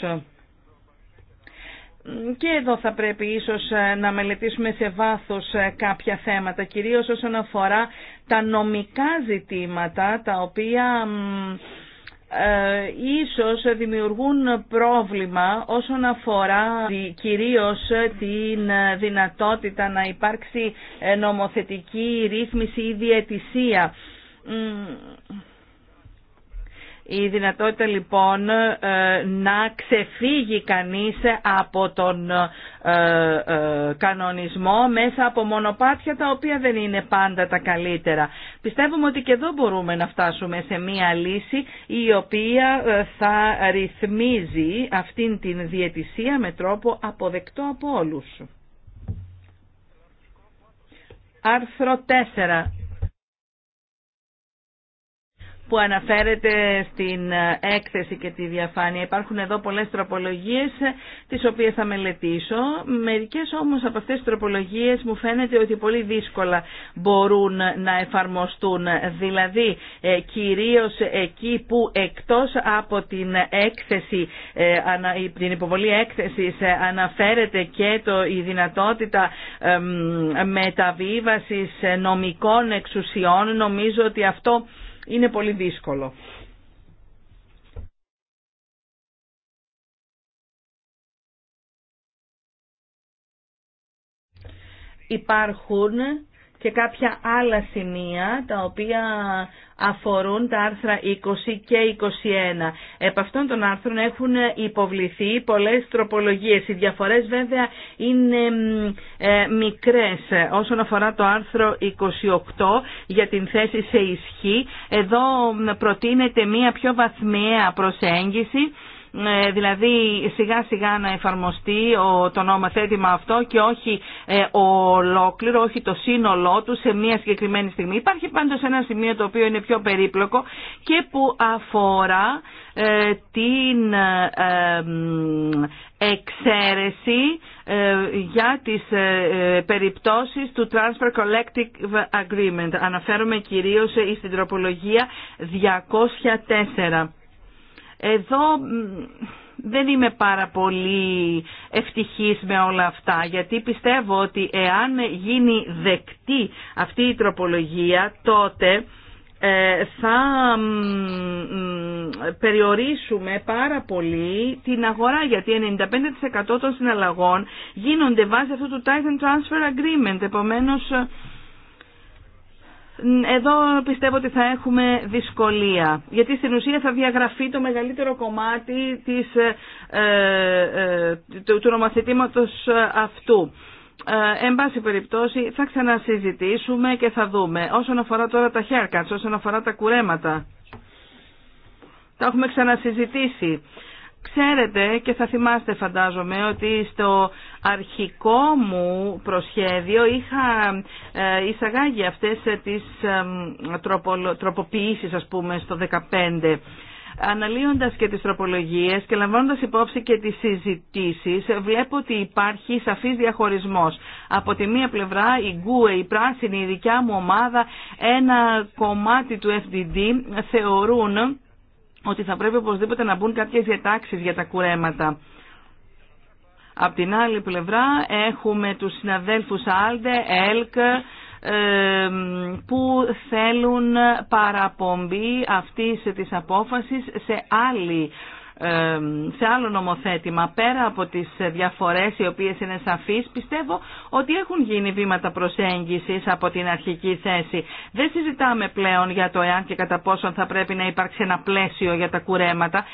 Και εδώ θα πρέπει ίσως ε, να μελετήσουμε σε βάθος ε, κάποια θέματα, κυρίως όσον αφορά τα νομικά ζητήματα, τα οποία ε, ίσως δημιουργούν πρόβλημα όσον αφορά κυρίως ε, την δυνατότητα να υπάρξει νομοθετική ρύθμιση ή διαιτησία. Η δυνατότητα λοιπόν ε, να ξεφύγει κανείς από τον ε, ε, κανονισμό μέσα από μονοπάτια τα οποία δεν είναι πάντα τα καλύτερα. Πιστεύουμε ότι και εδώ μπορούμε να φτάσουμε σε μία λύση η οποία θα ρυθμίζει αυτήν την διαιτησία με τρόπο αποδεκτό από όλους. Άρθρο 4 που αναφέρεται στην ε, έκθεση και τη διαφάνεια. Υπάρχουν εδώ πολλές τροπολογίες ε, τις οποίες θα μελετήσω. Μερικές όμως από αυτές τις τροπολογίες μου φαίνεται ότι πολύ δύσκολα μπορούν να εφαρμοστούν. Δηλαδή ε, κυρίως εκεί που εκτός από την έκθεση, την υποβολή έκθεσης αναφέρεται και το, η δυνατότητα μεταβίβασης νομικών εξουσιών. Νομίζω ότι αυτό είναι πολύ δύσκολο. Υπάρχουν και κάποια άλλα σημεία τα οποία αφορούν τα άρθρα 20 και 21. Επ' αυτών των άρθρων έχουν υποβληθεί πολλές τροπολογίες. Οι διαφορές βέβαια είναι ε, μικρές. Όσον αφορά το άρθρο 28 για την θέση σε ισχύ, εδώ προτείνεται μία πιο βαθμιαία προσέγγιση ναι, δηλαδή σιγά σιγά να εφαρμοστεί το νομοθέτημα αυτό και όχι ε, ολόκληρο, όχι το σύνολό του σε μια συγκεκριμένη στιγμή. Υπάρχει πάντως ένα σημείο το οποίο είναι πιο περίπλοκο και που αφορά ε, την ε, εξαίρεση για τις περιπτώσεις του Transfer Collective Agreement. Αναφέρομαι κυρίως στην τροπολογία 204. Εδώ δεν είμαι πάρα πολύ ευτυχής με όλα αυτά, γιατί πιστεύω ότι εάν γίνει δεκτή αυτή η τροπολογία, τότε ε, θα περιορίσουμε πάρα πολύ την αγορά γιατί 95% των συναλλαγών γίνονται βάσει αυτού του Titan Transfer Agreement επομένως εδώ πιστεύω ότι θα έχουμε δυσκολία, γιατί στην ουσία θα διαγραφεί το μεγαλύτερο κομμάτι της, ε, ε, του, του νομοθετήματος αυτού. Ε, εν πάση περιπτώσει θα ξανασυζητήσουμε και θα δούμε. Όσον αφορά τώρα τα haircuts, όσον αφορά τα κουρέματα, τα έχουμε ξανασυζητήσει. Ξέρετε και θα θυμάστε φαντάζομαι ότι στο αρχικό μου προσχέδιο είχα ε, εισαγάγει αυτές ε, τις τροποποιήσεις ας πούμε στο 15 αναλύοντας και τις τροπολογίες και λαμβάνοντας υπόψη και τις συζητήσεις, βλέπω ότι υπάρχει σαφής διαχωρισμός. Από τη μία πλευρά η Γκουε, η Πράσινη, η δικιά μου ομάδα, ένα κομμάτι του FDD θεωρούν ότι θα πρέπει οπωσδήποτε να μπουν κάποιες διατάξεις για τα κουρέματα. Απ' την άλλη πλευρά έχουμε τους συναδέλφους Άλντε, ΕΛΚ, που θέλουν παραπομπή αυτής της απόφασης σε άλλη σε άλλο νομοθέτημα πέρα από τις διαφορές οι οποίες είναι σαφείς πιστεύω ότι έχουν γίνει βήματα προσέγγισης από την αρχική θέση. Δεν συζητάμε πλέον για το εάν και κατά πόσον θα πρέπει να υπάρξει ένα πλαίσιο για τα κουρέματα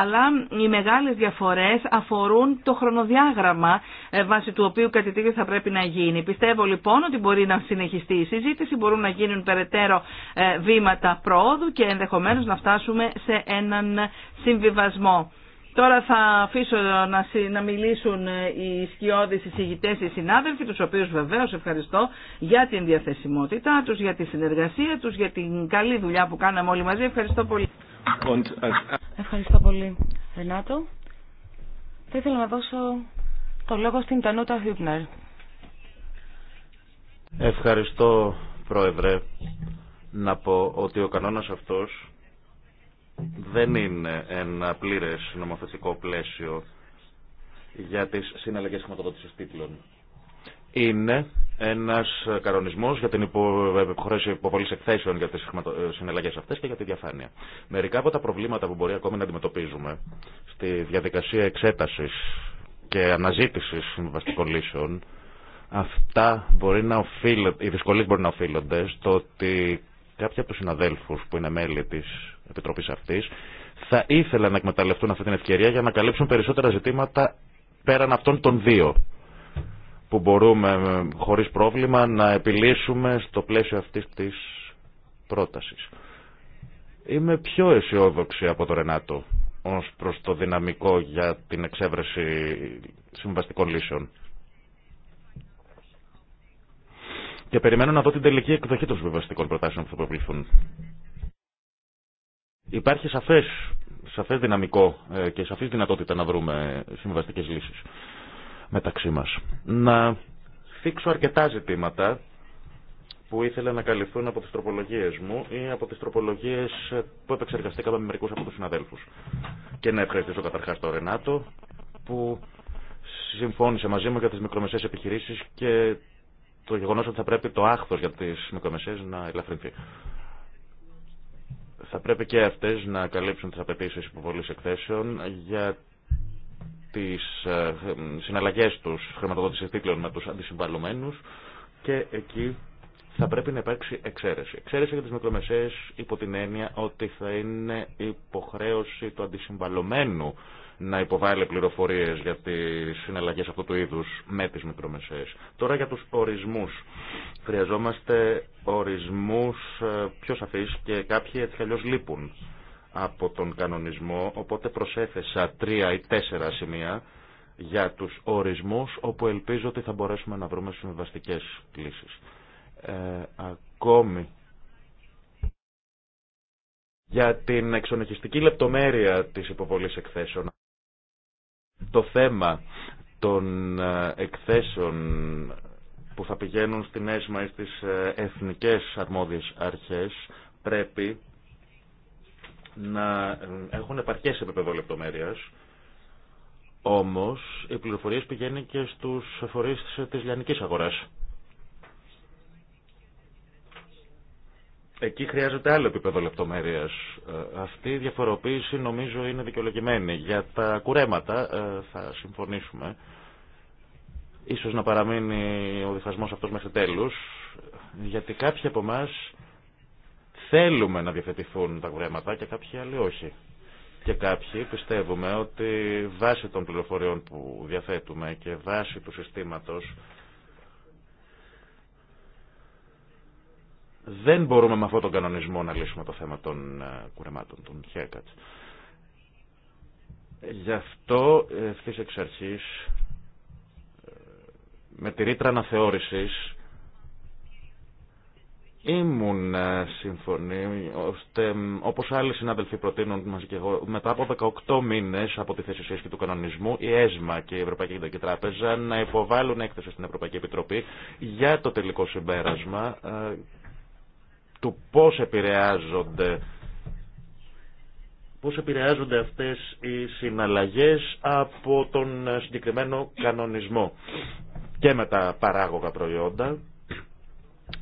αλλά οι μεγάλες διαφορές αφορούν το χρονοδιάγραμμα ε, βάσει του οποίου κάτι τέτοιο θα πρέπει να γίνει. Πιστεύω λοιπόν ότι μπορεί να συνεχιστεί η συζήτηση, μπορούν να γίνουν περαιτέρω ε, βήματα πρόοδου και ενδεχομένως να φτάσουμε σε έναν συμβιβασμό. Τώρα θα αφήσω να, να μιλήσουν ε, οι σκιώδεις εισηγητές, οι συνάδελφοι, τους οποίους βεβαίως ευχαριστώ για την διαθεσιμότητά τους, για τη συνεργασία τους, για την καλή δουλειά που κάναμε όλοι μαζί. Ευχαριστώ πολύ. Ε, ευχαριστώ πολύ, Ρενάτο. Θα ήθελα να δώσω το λόγο στην Τανούτα Χιούπνερ. Ευχαριστώ, Πρόεδρε να πω ότι ο κανόνας αυτός δεν είναι ένα πλήρες νομοθετικό πλαίσιο για τις συναλλαγές χρηματοδότησης τίτλων. Είναι ένας κανονισμός για την υποχρέωση υποβολής εκθέσεων για τις ε, συναλλαγές αυτές και για τη διαφάνεια. Μερικά από τα προβλήματα που μπορεί ακόμη να αντιμετωπίζουμε στη διαδικασία εξέτασης και αναζήτησης συμβαστικών λύσεων αυτά μπορεί να οφείλονται, οι δυσκολίες μπορεί να οφείλονται στο ότι Κάποιοι από του συναδέλφου που είναι μέλη τη Επιτροπή αυτή θα ήθελαν να εκμεταλλευτούν αυτή την ευκαιρία για να καλύψουν περισσότερα ζητήματα πέραν αυτών των δύο που μπορούμε ε, χωρίς πρόβλημα να επιλύσουμε στο πλαίσιο αυτής της πρότασης. Είμαι πιο αισιόδοξη από το Ρενάτο ως προς το δυναμικό για την εξέβρεση συμβαστικών λύσεων. και περιμένω να δω την τελική εκδοχή των συμβιβαστικών προτάσεων που θα προβληθούν. Υπάρχει σαφές, σαφές δυναμικό ε, και σαφής δυνατότητα να βρούμε συμβιβαστικές λύσεις μεταξύ μας. Να θίξω αρκετά ζητήματα που ήθελα να καλυφθούν από τις τροπολογίες μου ή από τις τροπολογίες που επεξεργαστήκαμε με μερικούς από τους συναδέλφους. Και να ευχαριστήσω καταρχάς τον Ρενάτο που συμφώνησε μαζί μου για τις μικρομεσαίες επιχειρήσεις και το γεγονό ότι θα πρέπει το άχθο για τι μικρομεσαίε να ελαφρυνθεί. Θα πρέπει και αυτέ να καλύψουν τι απαιτήσει υποβολή εκθέσεων για τι ε, συναλλαγέ του χρηματοδότηση τίτλων με του αντισυμβαλωμένου και εκεί θα πρέπει να υπάρξει εξαίρεση. Εξαίρεση για τι μικρομεσαίε υπό την έννοια ότι θα είναι υποχρέωση του αντισυμβαλωμένου να υποβάλλει πληροφορίε για τι συναλλαγέ αυτού του είδου με τι μικρομεσαίε. Τώρα για του ορισμού. Χρειαζόμαστε ορισμού ε, πιο σαφεί και κάποιοι έτσι αλλιώ λείπουν από τον κανονισμό, οπότε προσέθεσα τρία ή τέσσερα σημεία για τους ορισμούς όπου ελπίζω ότι θα μπορέσουμε να βρούμε συμβαστικές λύσεις. Ε, ακόμη για την εξονοχιστική λεπτομέρεια της υποβολής εκθέσεων. Το θέμα των ε, εκθέσεων που θα πηγαίνουν στην ΕΣΜΑ ή στις ε, εθνικές αρμόδιες αρχές πρέπει να ε, έχουν επαρκές επίπεδο λεπτομέρεια, όμως οι πληροφορίες πηγαίνουν και στους φορείς της λιανικής αγοράς. Εκεί χρειάζεται άλλο επίπεδο λεπτομέρεια. Ε, αυτή η διαφοροποίηση νομίζω είναι δικαιολογημένη. Για τα κουρέματα ε, θα συμφωνήσουμε. Ίσως να παραμείνει ο διχασμός αυτός μέχρι τέλους, γιατί κάποιοι από εμά θέλουμε να διαθετηθούν τα κουρέματα και κάποιοι άλλοι όχι. Και κάποιοι πιστεύουμε ότι βάσει των πληροφοριών που διαθέτουμε και βάσει του συστήματος δεν μπορούμε με αυτόν τον κανονισμό να λύσουμε το θέμα των ε, κουρεμάτων, των χέκατς. Γι' αυτό ε, ευθύ εξ αρχή ε, με τη ρήτρα αναθεώρηση ήμουν συμφωνή ώστε όπως άλλοι συνάδελφοι προτείνουν μαζί και εγώ μετά από 18 μήνες από τη θέση σχέση του κανονισμού η ΕΣΜΑ και η Ευρωπαϊκή Κεντρική Τράπεζα να υποβάλουν έκθεση στην Ευρωπαϊκή Επιτροπή για το τελικό συμπέρασμα του πώς επηρεάζονται πώς επηρεάζονται αυτές οι συναλλαγές από τον συγκεκριμένο κανονισμό και με τα παράγωγα προϊόντα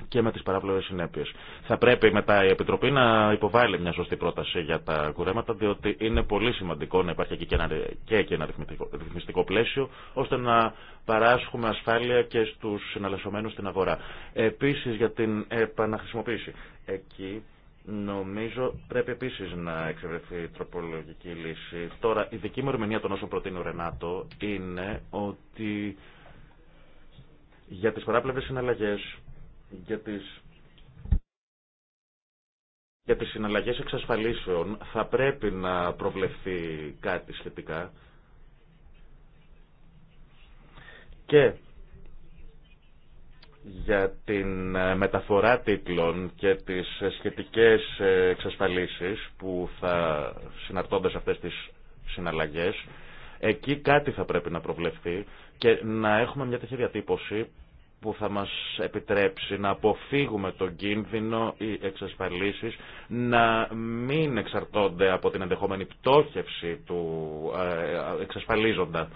και με τι παράπλευρε συνέπειε. Θα πρέπει μετά η Επιτροπή να υποβάλει μια σωστή πρόταση για τα κουρέματα, διότι είναι πολύ σημαντικό να υπάρχει και ένα, και ένα ρυθμιστικό πλαίσιο, ώστε να παράσχουμε ασφάλεια και στου συναλλασσομένου στην αγορά. Επίση για την επαναχρησιμοποίηση. Εκεί Νομίζω πρέπει επίση να εξευρεθεί τροπολογική λύση. Τώρα, η δική μου ερμηνεία των όσων προτείνει ο Ρενάτο είναι ότι για τι παράπλευρε συναλλαγέ για τις για τις συναλλαγές εξασφαλίσεων θα πρέπει να προβλεφθεί κάτι σχετικά και για την μεταφορά τίτλων και τις σχετικές εξασφαλίσεις που θα συναρτώνται σε αυτές τις συναλλαγές εκεί κάτι θα πρέπει να προβλεφθεί και να έχουμε μια τέτοια διατύπωση που θα μας επιτρέψει να αποφύγουμε τον κίνδυνο οι εξασφαλίσεις να μην εξαρτώνται από την ενδεχόμενη πτώχευση του ε, εξασφαλίζοντα.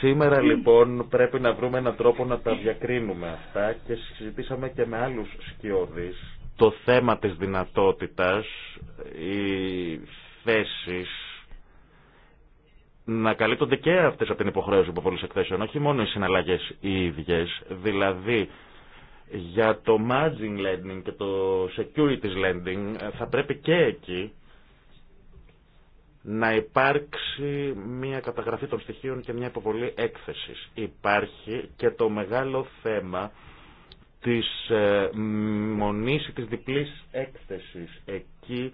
Σήμερα λοιπόν πρέπει να βρούμε έναν τρόπο να τα διακρίνουμε αυτά και συζητήσαμε και με άλλους σκιώδεις το θέμα της δυνατότητας, οι θέσεις να καλύπτονται και αυτές από την υποχρέωση υποβολής εκθέσεων, όχι μόνο οι συναλλαγές οι ίδιες, δηλαδή για το margin lending και το securities lending θα πρέπει και εκεί να υπάρξει μια καταγραφή των στοιχείων και μια υποβολή έκθεσης. Υπάρχει και το μεγάλο θέμα της ε, μονής ή της διπλής έκθεσης. Εκεί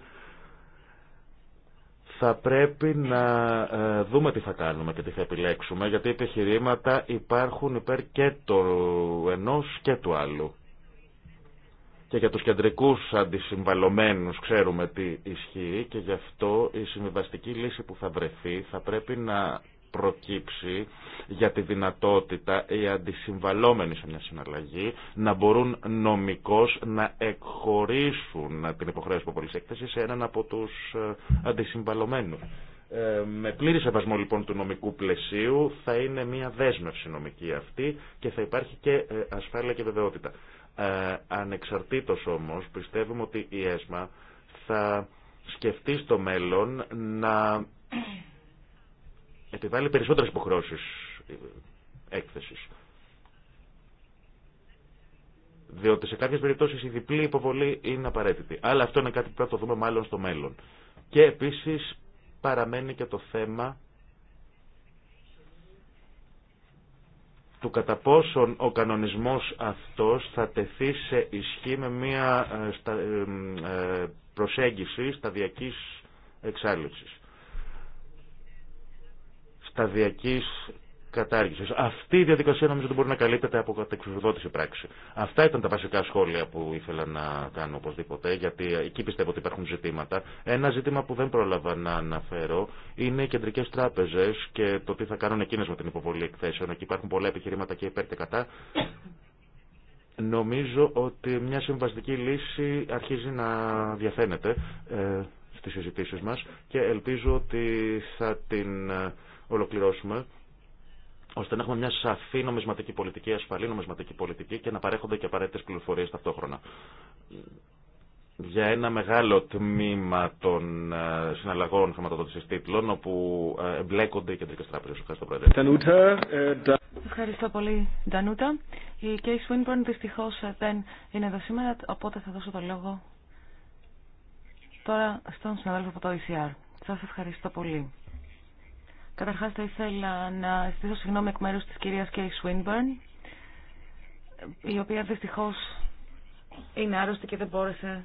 θα πρέπει να ε, δούμε τι θα κάνουμε και τι θα επιλέξουμε, γιατί επιχειρήματα υπάρχουν υπέρ και του ενός και του άλλου. Και για τους κεντρικούς αντισυμβαλωμένους ξέρουμε τι ισχύει και γι' αυτό η συμβιβαστική λύση που θα βρεθεί θα πρέπει να προκύψει για τη δυνατότητα οι αντισυμβαλόμενοι σε μια συναλλαγή να μπορούν νομικώς να εκχωρήσουν την υποχρέωση που έκθεση σε έναν από τους ε, αντισυμβαλωμένους. Ε, με πλήρη σεβασμό λοιπόν του νομικού πλαισίου θα είναι μια δέσμευση νομική αυτή και θα υπάρχει και ε, ασφάλεια και βεβαιότητα. Ε, ανεξαρτήτως όμως πιστεύουμε ότι η ΕΣΜΑ θα σκεφτεί στο μέλλον να επιβάλλει περισσότερες υποχρεώσεις ε, έκθεσης. Διότι σε κάποιες περιπτώσεις η διπλή υποβολή είναι απαραίτητη. Αλλά αυτό είναι κάτι που θα το δούμε μάλλον στο μέλλον. Και επίσης παραμένει και το θέμα του κατά πόσον ο κανονισμός αυτός θα τεθεί σε ισχύ με μια ε, ε, προσέγγιση σταδιακής εξάλληψης σταδιακή κατάργηση. Αυτή η διαδικασία νομίζω ότι μπορεί να καλύπτεται από κατεξουσιοδότηση πράξη. Αυτά ήταν τα βασικά σχόλια που ήθελα να κάνω οπωσδήποτε, γιατί εκεί πιστεύω ότι υπάρχουν ζητήματα. Ένα ζήτημα που δεν πρόλαβα να αναφέρω είναι οι κεντρικέ τράπεζε και το τι θα κάνουν εκείνες με την υποβολή εκθέσεων. Εκεί υπάρχουν πολλά επιχειρήματα και υπέρ και κατά. Νομίζω ότι μια συμβαστική λύση αρχίζει να διαφαίνεται ε, στις συζητήσεις μας και ελπίζω ότι θα την ε, ολοκληρώσουμε, ώστε να έχουμε μια σαφή νομισματική πολιτική, ασφαλή νομισματική πολιτική και να παρέχονται και απαραίτητε πληροφορίε ταυτόχρονα. Για ένα μεγάλο τμήμα των ε, συναλλαγών χρηματοδότηση τίτλων, όπου ε, εμπλέκονται οι κεντρικέ τράπεζε. Ευχαριστώ, Πρόεδρε. Ε, ευχαριστώ πολύ, Ντανούτα. Η Κέι Σουίνμπορν δυστυχώ δεν είναι εδώ σήμερα, οπότε θα δώσω το λόγο τώρα στον συναδέλφο από το ECR. Σα ευχαριστώ πολύ. Καταρχάς θα ήθελα να ζητήσω συγγνώμη εκ μέρους της κυρίας Κέι Σουίνμπερν, η οποία δυστυχώς είναι άρρωστη και δεν μπόρεσε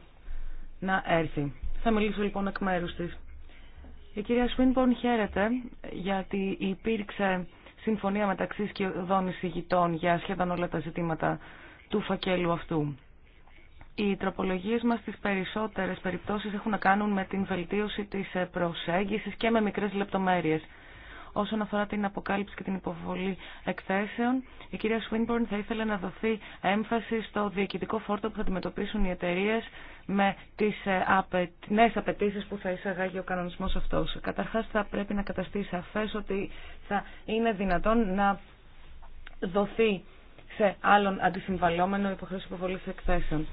να έρθει. Θα μιλήσω λοιπόν εκ μέρους της. Η κυρία Σουίνμπερν χαίρεται γιατί υπήρξε συμφωνία μεταξύ σχεδόν εισηγητών για σχεδόν όλα τα ζητήματα του φακέλου αυτού. Οι τροπολογίες μας στις περισσότερες περιπτώσεις έχουν να κάνουν με την βελτίωση της προσέγγισης και με μικρές λεπτομέρειες. Όσον αφορά την αποκάλυψη και την υποβολή εκθέσεων, η κυρία Σουίνμπορν θα ήθελε να δοθεί έμφαση στο διοικητικό φόρτο που θα αντιμετωπίσουν οι εταιρείε με τι ε, νέε απαιτήσει που θα εισαγάγει ο κανονισμό αυτό. Καταρχά, θα πρέπει να καταστεί σαφέ ότι θα είναι δυνατόν να δοθεί σε άλλον αντισυμβαλόμενο υποχρέωση υποβολή εκθέσεων.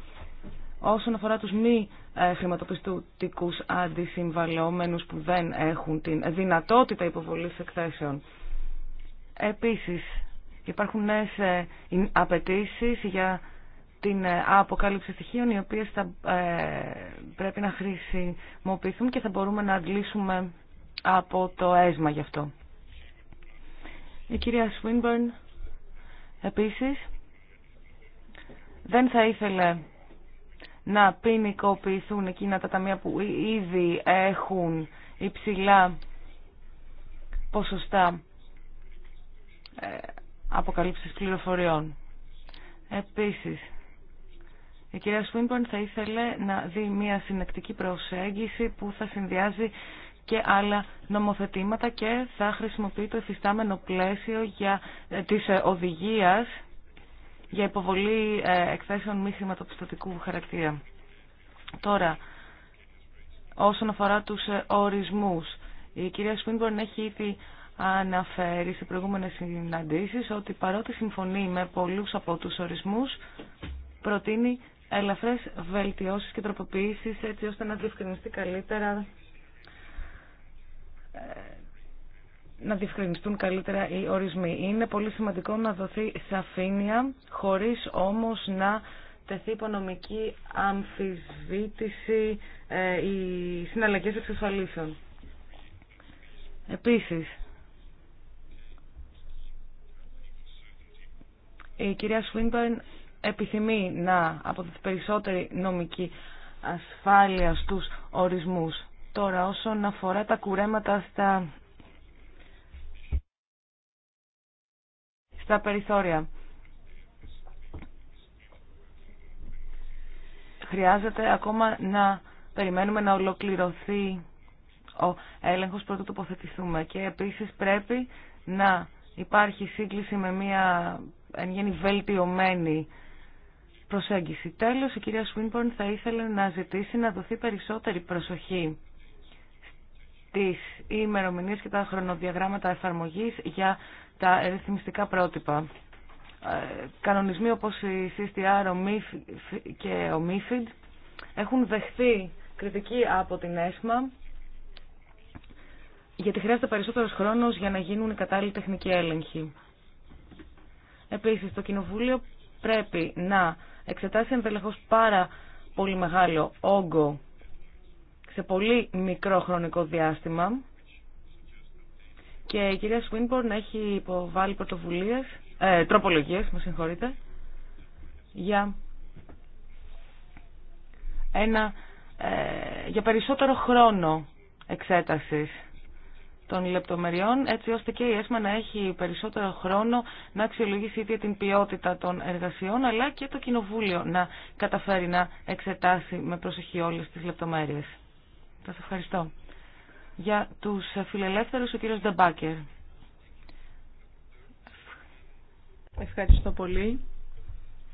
Όσον αφορά τους μη ε, χρηματοπιστωτικούς αντισυμβαλαιόμενους που δεν έχουν την δυνατότητα υποβολής εκθέσεων. Επίσης, υπάρχουν νέες ε, απαιτήσει για την ε, αποκάλυψη στοιχείων οι οποίες θα πρέπει να χρησιμοποιηθούν και θα μπορούμε να αντλήσουμε από το έσμα γι' αυτό. Η κυρία Σουίνμπερν επίσης δεν θα ήθελε να ποινικοποιηθούν εκείνα τα ταμεία που ήδη έχουν υψηλά ποσοστά ε, αποκαλύψεις πληροφοριών. Επίσης, η κυρία Σουίνπον θα ήθελε να δει μια συνεκτική προσέγγιση που θα συνδυάζει και άλλα νομοθετήματα και θα χρησιμοποιεί το εφιστάμενο πλαίσιο για, ε, της ε, οδηγίας για υποβολή ε, εκθέσεων μη χρηματοπιστωτικού χαρακτήρα. Τώρα, όσον αφορά τους ε, ορισμούς, η κυρία Σπίνμπορν έχει ήδη αναφέρει σε προηγούμενες συναντήσεις ότι παρότι συμφωνεί με πολλούς από τους ορισμούς, προτείνει ελαφρές βελτιώσεις και τροποποιήσεις έτσι ώστε να διευκρινιστεί καλύτερα ε, να διευκρινιστούν καλύτερα οι ορισμοί. Είναι πολύ σημαντικό να δοθεί σαφήνεια, χωρίς όμως να τεθεί υπονομική αμφισβήτηση ε, οι συναλλαγές εξασφαλίσεων. Επίσης, η κυρία Σφίνπερν επιθυμεί να αποδοθεί περισσότερη νομική ασφάλεια στους ορισμούς. Τώρα όσον αφορά τα κουρέματα στα στα περιθώρια. Χρειάζεται ακόμα να περιμένουμε να ολοκληρωθεί ο έλεγχος πρώτο τοποθετηθούμε και επίσης πρέπει να υπάρχει σύγκληση με μια εν γέννη βελτιωμένη προσέγγιση. Τέλος, η κυρία Σουίνπορν θα ήθελε να ζητήσει να δοθεί περισσότερη προσοχή τις ημερομηνίες και τα χρονοδιαγράμματα εφαρμογής για τα ρυθμιστικά πρότυπα. Ε, κανονισμοί όπως η CSTR και ο MIFID έχουν δεχθεί κριτική από την ΕΣΜΑ γιατί χρειάζεται περισσότερος χρόνος για να γίνουν οι κατάλληλοι τεχνικοί έλεγχοι. Επίσης, το Κοινοβούλιο πρέπει να εξετάσει ενδελεχώς πάρα πολύ μεγάλο όγκο σε πολύ μικρό χρονικό διάστημα και η κυρία Σουίνπορν έχει υποβάλει πρωτοβουλίες, ε, τροπολογίες, με συγχωρείτε, για ένα, ε, για περισσότερο χρόνο εξέτασης των λεπτομεριών, έτσι ώστε και η ΕΣΜΑ να έχει περισσότερο χρόνο να αξιολογήσει την ποιότητα των εργασιών, αλλά και το Κοινοβούλιο να καταφέρει να εξετάσει με προσοχή όλες τις λεπτομέρειες. Σας ευχαριστώ. Για τους φιλελεύθερους, ο κύριος Ντεμπάκερ. Ευχαριστώ πολύ,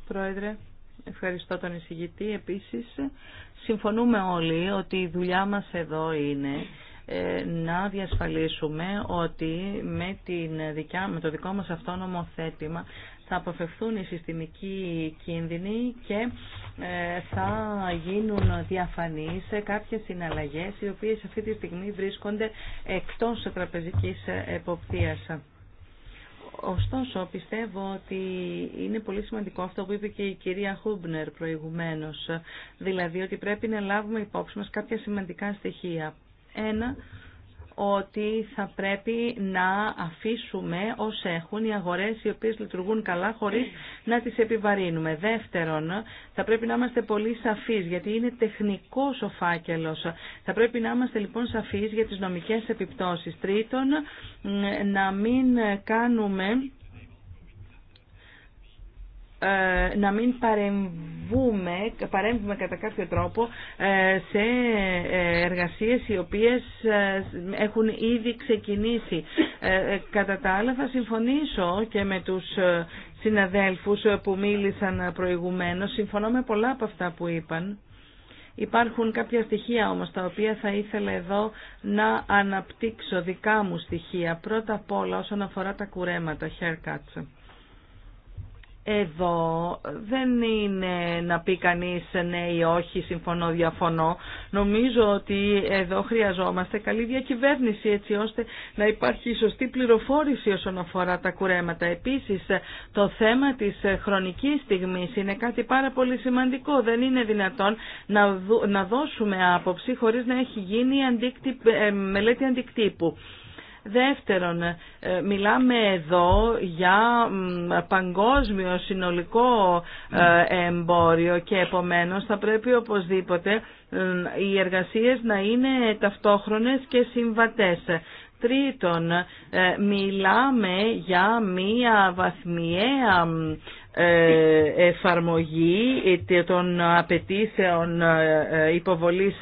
Πρόεδρε. Ευχαριστώ τον εισηγητή. Επίσης, συμφωνούμε όλοι ότι η δουλειά μας εδώ είναι ε, να διασφαλίσουμε ότι με, την δικιά, με το δικό μας αυτό θέτημα θα αποφευθούν οι συστημικοί κίνδυνοι και ε, θα γίνουν διαφανείς κάποιες συναλλαγές οι οποίες αυτή τη στιγμή βρίσκονται εκτός τραπεζικής εποπτείας. Ωστόσο, πιστεύω ότι είναι πολύ σημαντικό αυτό που είπε και η κυρία Χούμπνερ προηγουμένως, δηλαδή ότι πρέπει να λάβουμε υπόψη μας κάποια σημαντικά στοιχεία. Ένα, ότι θα πρέπει να αφήσουμε ως έχουν οι αγορές οι οποίες λειτουργούν καλά χωρίς να τις επιβαρύνουμε. Δεύτερον, θα πρέπει να είμαστε πολύ σαφείς γιατί είναι τεχνικός ο φάκελος. Θα πρέπει να είμαστε λοιπόν σαφείς για τις νομικές επιπτώσεις. Τρίτον, να μην κάνουμε ε, να μην παρεμβούμε, παρέμβουμε κατά κάποιο τρόπο ε, σε ε, εργασίες οι οποίες έχουν ήδη ξεκινήσει. Κατά τα άλλα θα συμφωνήσω και με τους συναδέλφους που μίλησαν προηγουμένως. Συμφωνώ με πολλά από αυτά που είπαν. Υπάρχουν κάποια στοιχεία όμως τα οποία θα ήθελα εδώ να αναπτύξω δικά μου στοιχεία. Πρώτα απ' όλα όσον αφορά τα κουρέματα, haircuts. Εδώ δεν είναι να πει κανείς ναι ή όχι, συμφωνώ, διαφωνώ. Νομίζω ότι εδώ χρειαζόμαστε καλή διακυβέρνηση έτσι ώστε να υπάρχει σωστή πληροφόρηση όσον αφορά τα κουρέματα. Επίσης το θέμα της χρονικής στιγμής είναι κάτι πάρα πολύ σημαντικό. Δεν είναι δυνατόν να δώσουμε άποψη χωρίς να έχει γίνει ε, μελέτη αντικτύπου. Δεύτερον, ε, μιλάμε εδώ για παγκόσμιο συνολικό ε, εμπόριο και επομένως θα πρέπει οπωσδήποτε ε, οι εργασίες να είναι ταυτόχρονες και συμβατές. Τρίτον, μιλάμε για μία βαθμιαία ε, εφαρμογή των απαιτήσεων ε, ε, υποβολής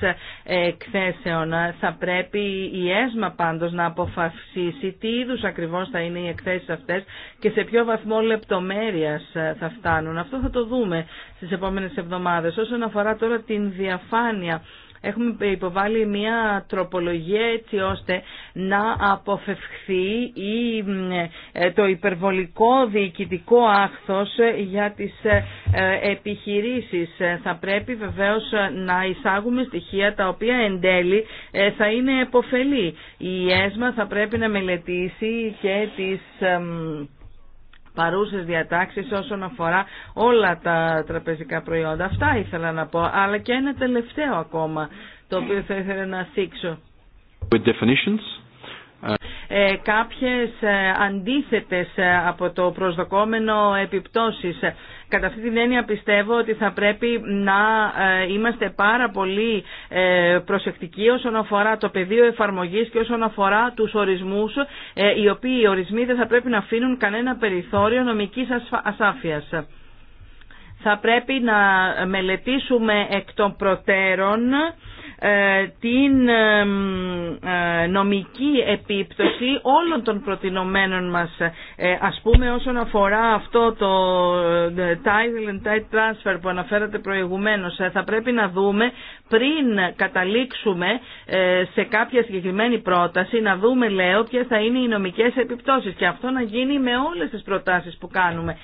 εκθέσεων. Θα πρέπει η ΕΣΜΑ πάντως να αποφασίσει τι είδους ακριβώς θα είναι οι εκθέσεις αυτές και σε ποιο βαθμό λεπτομέρειας θα φτάνουν. Αυτό θα το δούμε στις επόμενες εβδομάδες. Όσον αφορά τώρα την διαφάνεια Έχουμε υποβάλει μια τροπολογία έτσι ώστε να αποφευχθεί η, ε, το υπερβολικό διοικητικό άχθος για τις ε, επιχειρήσεις. Θα πρέπει βεβαίως να εισάγουμε στοιχεία τα οποία εν τέλει ε, θα είναι εποφέλη Η ΕΣΜΑ θα πρέπει να μελετήσει και τις παρούσες διατάξεις όσον αφορά όλα τα τραπεζικά προϊόντα. Αυτά ήθελα να πω, αλλά και ένα τελευταίο ακόμα, το οποίο θα ήθελα να θίξω. With definitions. Uh, ε, κάποιες ε, αντίθετες ε, από το προσδοκόμενο επιπτώσεις Κατά αυτή την έννοια πιστεύω ότι θα πρέπει να ε, είμαστε πάρα πολύ ε, προσεκτικοί όσον αφορά το πεδίο εφαρμογής και όσον αφορά τους ορισμούς, ε, οι οποίοι οι ορισμοί δεν θα πρέπει να αφήνουν κανένα περιθώριο νομικής ασάφειας. Θα πρέπει να μελετήσουμε εκ των προτέρων ε, την ε, νομική επίπτωση όλων των προτινομένων μας ε, ας πούμε όσον αφορά αυτό το title and title transfer που αναφέρατε προηγουμένως θα πρέπει να δούμε πριν καταλήξουμε σε κάποια συγκεκριμένη πρόταση να δούμε λέω ποιες θα είναι οι νομικές επιπτώσεις και αυτό να γίνει με όλες τις προτάσεις που κάνουμε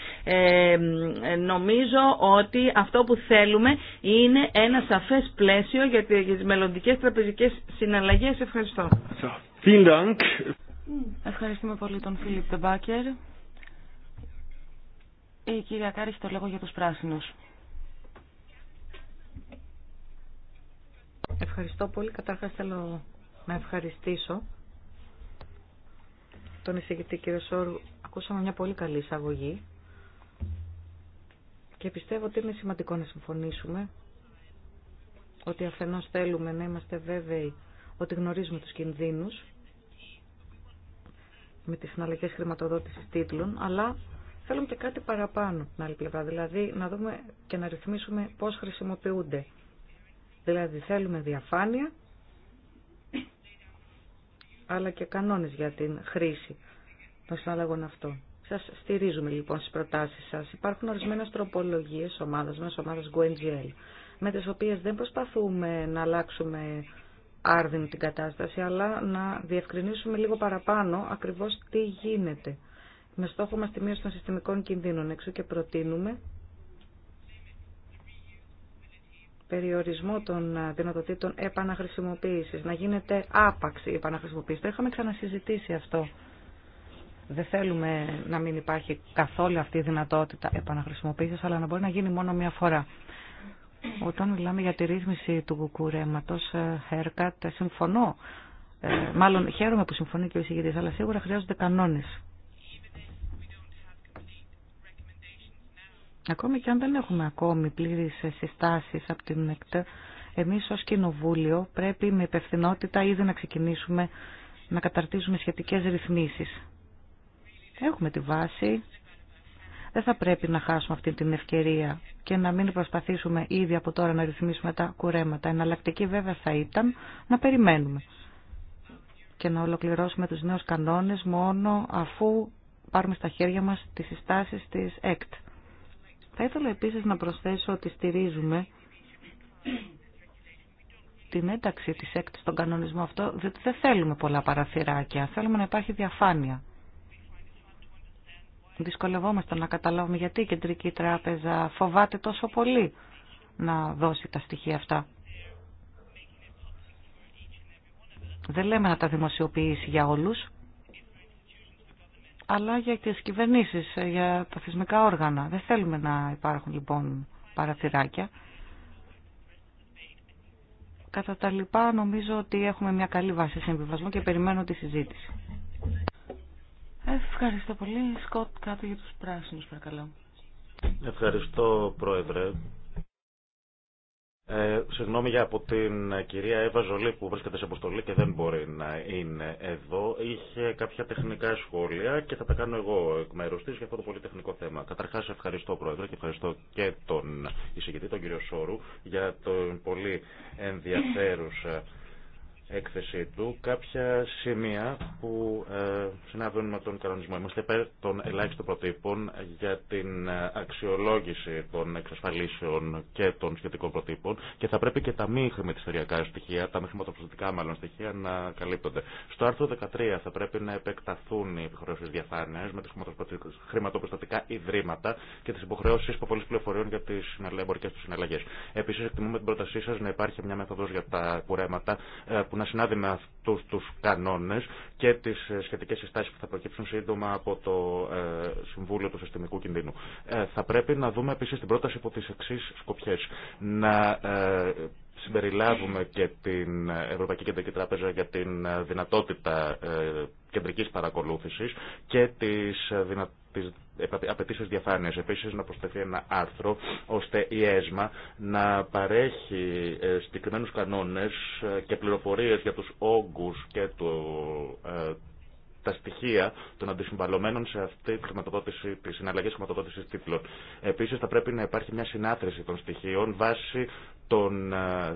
νομίζω ότι αυτό που θέλουμε είναι ένα σαφές πλαίσιο για τις Μελλοντικέ τραπεζικές συναλλαγές. Ευχαριστώ. Ευχαριστούμε πολύ τον Φίλιπ Τεμπάκερ. Η κυρία Κάρη έχει το λόγο για τους πράσινους. Ευχαριστώ πολύ. Καταρχάς θέλω να ευχαριστήσω τον εισηγητή κύριο Σόρου. Ακούσαμε μια πολύ καλή εισαγωγή και πιστεύω ότι είναι σημαντικό να συμφωνήσουμε ότι αφενός θέλουμε να είμαστε βέβαιοι ότι γνωρίζουμε τους κινδύνους με τις συναλλαγές χρηματοδότησης τίτλων, αλλά θέλουμε και κάτι παραπάνω την άλλη πλευρά, δηλαδή να δούμε και να ρυθμίσουμε πώς χρησιμοποιούνται. Δηλαδή θέλουμε διαφάνεια, αλλά και κανόνες για την χρήση των συναλλαγών αυτών. Σας στηρίζουμε λοιπόν στις προτάσεις σας. Υπάρχουν ορισμένες τροπολογίες ομάδας μας, ομάδας GoNGL με τις οποίες δεν προσπαθούμε να αλλάξουμε άρδιν την κατάσταση, αλλά να διευκρινίσουμε λίγο παραπάνω ακριβώς τι γίνεται. Με στόχο μας τη μείωση των συστημικών κινδύνων έξω και προτείνουμε περιορισμό των δυνατοτήτων επαναχρησιμοποίησης, να γίνεται άπαξη η επαναχρησιμοποίηση. Το είχαμε ξανασυζητήσει αυτό. Δεν θέλουμε να μην υπάρχει καθόλου αυτή η δυνατότητα επαναχρησιμοποίησης, αλλά να μπορεί να γίνει μόνο μία φορά. Όταν μιλάμε για τη ρύθμιση του κουκουρέματος, ε, Χέρκατ, ε, συμφωνώ. Ε, μάλλον χαίρομαι που συμφωνεί και ο εισηγητής, αλλά σίγουρα χρειάζονται κανόνες. Ακόμη και αν δεν έχουμε ακόμη πλήρες συστάσεις από την ΕΚΤ, εμείς ως Κοινοβούλιο πρέπει με υπευθυνότητα ήδη να ξεκινήσουμε να καταρτίζουμε σχετικές ρυθμίσεις. Έχουμε τη βάση, δεν θα πρέπει να χάσουμε αυτή την ευκαιρία και να μην προσπαθήσουμε ήδη από τώρα να ρυθμίσουμε τα κουρέματα. Εναλλακτική βέβαια θα ήταν να περιμένουμε και να ολοκληρώσουμε τους νέους κανόνες μόνο αφού πάρουμε στα χέρια μας τις συστάσεις της ΕΚΤ. Θα ήθελα επίσης να προσθέσω ότι στηρίζουμε την ένταξη της ΕΚΤ στον κανονισμό αυτό, διότι δεν θέλουμε πολλά παραθυράκια, θέλουμε να υπάρχει διαφάνεια. Δυσκολευόμαστε να καταλάβουμε γιατί η Κεντρική Τράπεζα φοβάται τόσο πολύ να δώσει τα στοιχεία αυτά. Δεν λέμε να τα δημοσιοποιήσει για όλους, αλλά για τις κυβερνήσεις, για τα θεσμικά όργανα. Δεν θέλουμε να υπάρχουν λοιπόν παραθυράκια. Κατά τα λοιπά νομίζω ότι έχουμε μια καλή βάση συμβιβασμού και περιμένω τη συζήτηση. Ευχαριστώ πολύ. Σκοτ, κάτω για τους πράσινους, παρακαλώ. Ευχαριστώ, Πρόεδρε. Ε, συγγνώμη για από την κυρία Εύα Ζολή που βρίσκεται σε αποστολή και δεν μπορεί να είναι εδώ. Είχε κάποια τεχνικά σχόλια και θα τα κάνω εγώ εκ μέρου τη για αυτό το πολύ τεχνικό θέμα. Καταρχά, ευχαριστώ Πρόεδρε και ευχαριστώ και τον εισηγητή, τον κύριο Σόρου, για τον πολύ ενδιαφέρουσα έκθεσή του κάποια σημεία που ε, συνάδουν με τον κανονισμό. Είμαστε υπέρ των ελάχιστων προτύπων για την ε, αξιολόγηση των εξασφαλίσεων και των σχετικών προτύπων και θα πρέπει και τα μη χρηματιστηριακά στοιχεία, τα μη χρηματοπιστωτικά μάλλον στοιχεία να καλύπτονται. Στο άρθρο 13 θα πρέπει να επεκταθούν οι υποχρεώσει διαφάνεια με τι χρηματοπιστωτικά ιδρύματα και τι υποχρεώσει υποβολή πληροφοριών για τι εμπορικέ του συναλλαγέ. Επίση, εκτιμούμε την πρότασή σα να υπάρχει μια μέθοδο για τα κουρέματα ε, να συνάδει με αυτούς τους κανόνες και τις ε, σχετικές συστάσεις που θα προκύψουν σύντομα από το ε, Συμβούλιο του Συστημικού Κινδύνου. Ε, θα πρέπει να δούμε επίσης την πρόταση από τις εξής σκοπιές. Να συμπεριλάβουμε και την Ευρωπαϊκή Κεντρική Τράπεζα για την δυνατότητα ε, κεντρικής παρακολούθησης και τις, ε, απαιτήσει διαφάνεια. Επίση, να προσθεθεί ένα άρθρο ώστε η ΕΣΜΑ να παρέχει ε, συγκεκριμένου κανόνε και πληροφορίε για του όγκου και το, τα στοιχεία των αντισυμβαλωμένων σε αυτή τη χρηματοδότηση, τη συναλλαγή χρηματοδότηση τίτλων. Επίση, θα πρέπει να υπάρχει μια συνάθρηση των στοιχείων βάσει των ε,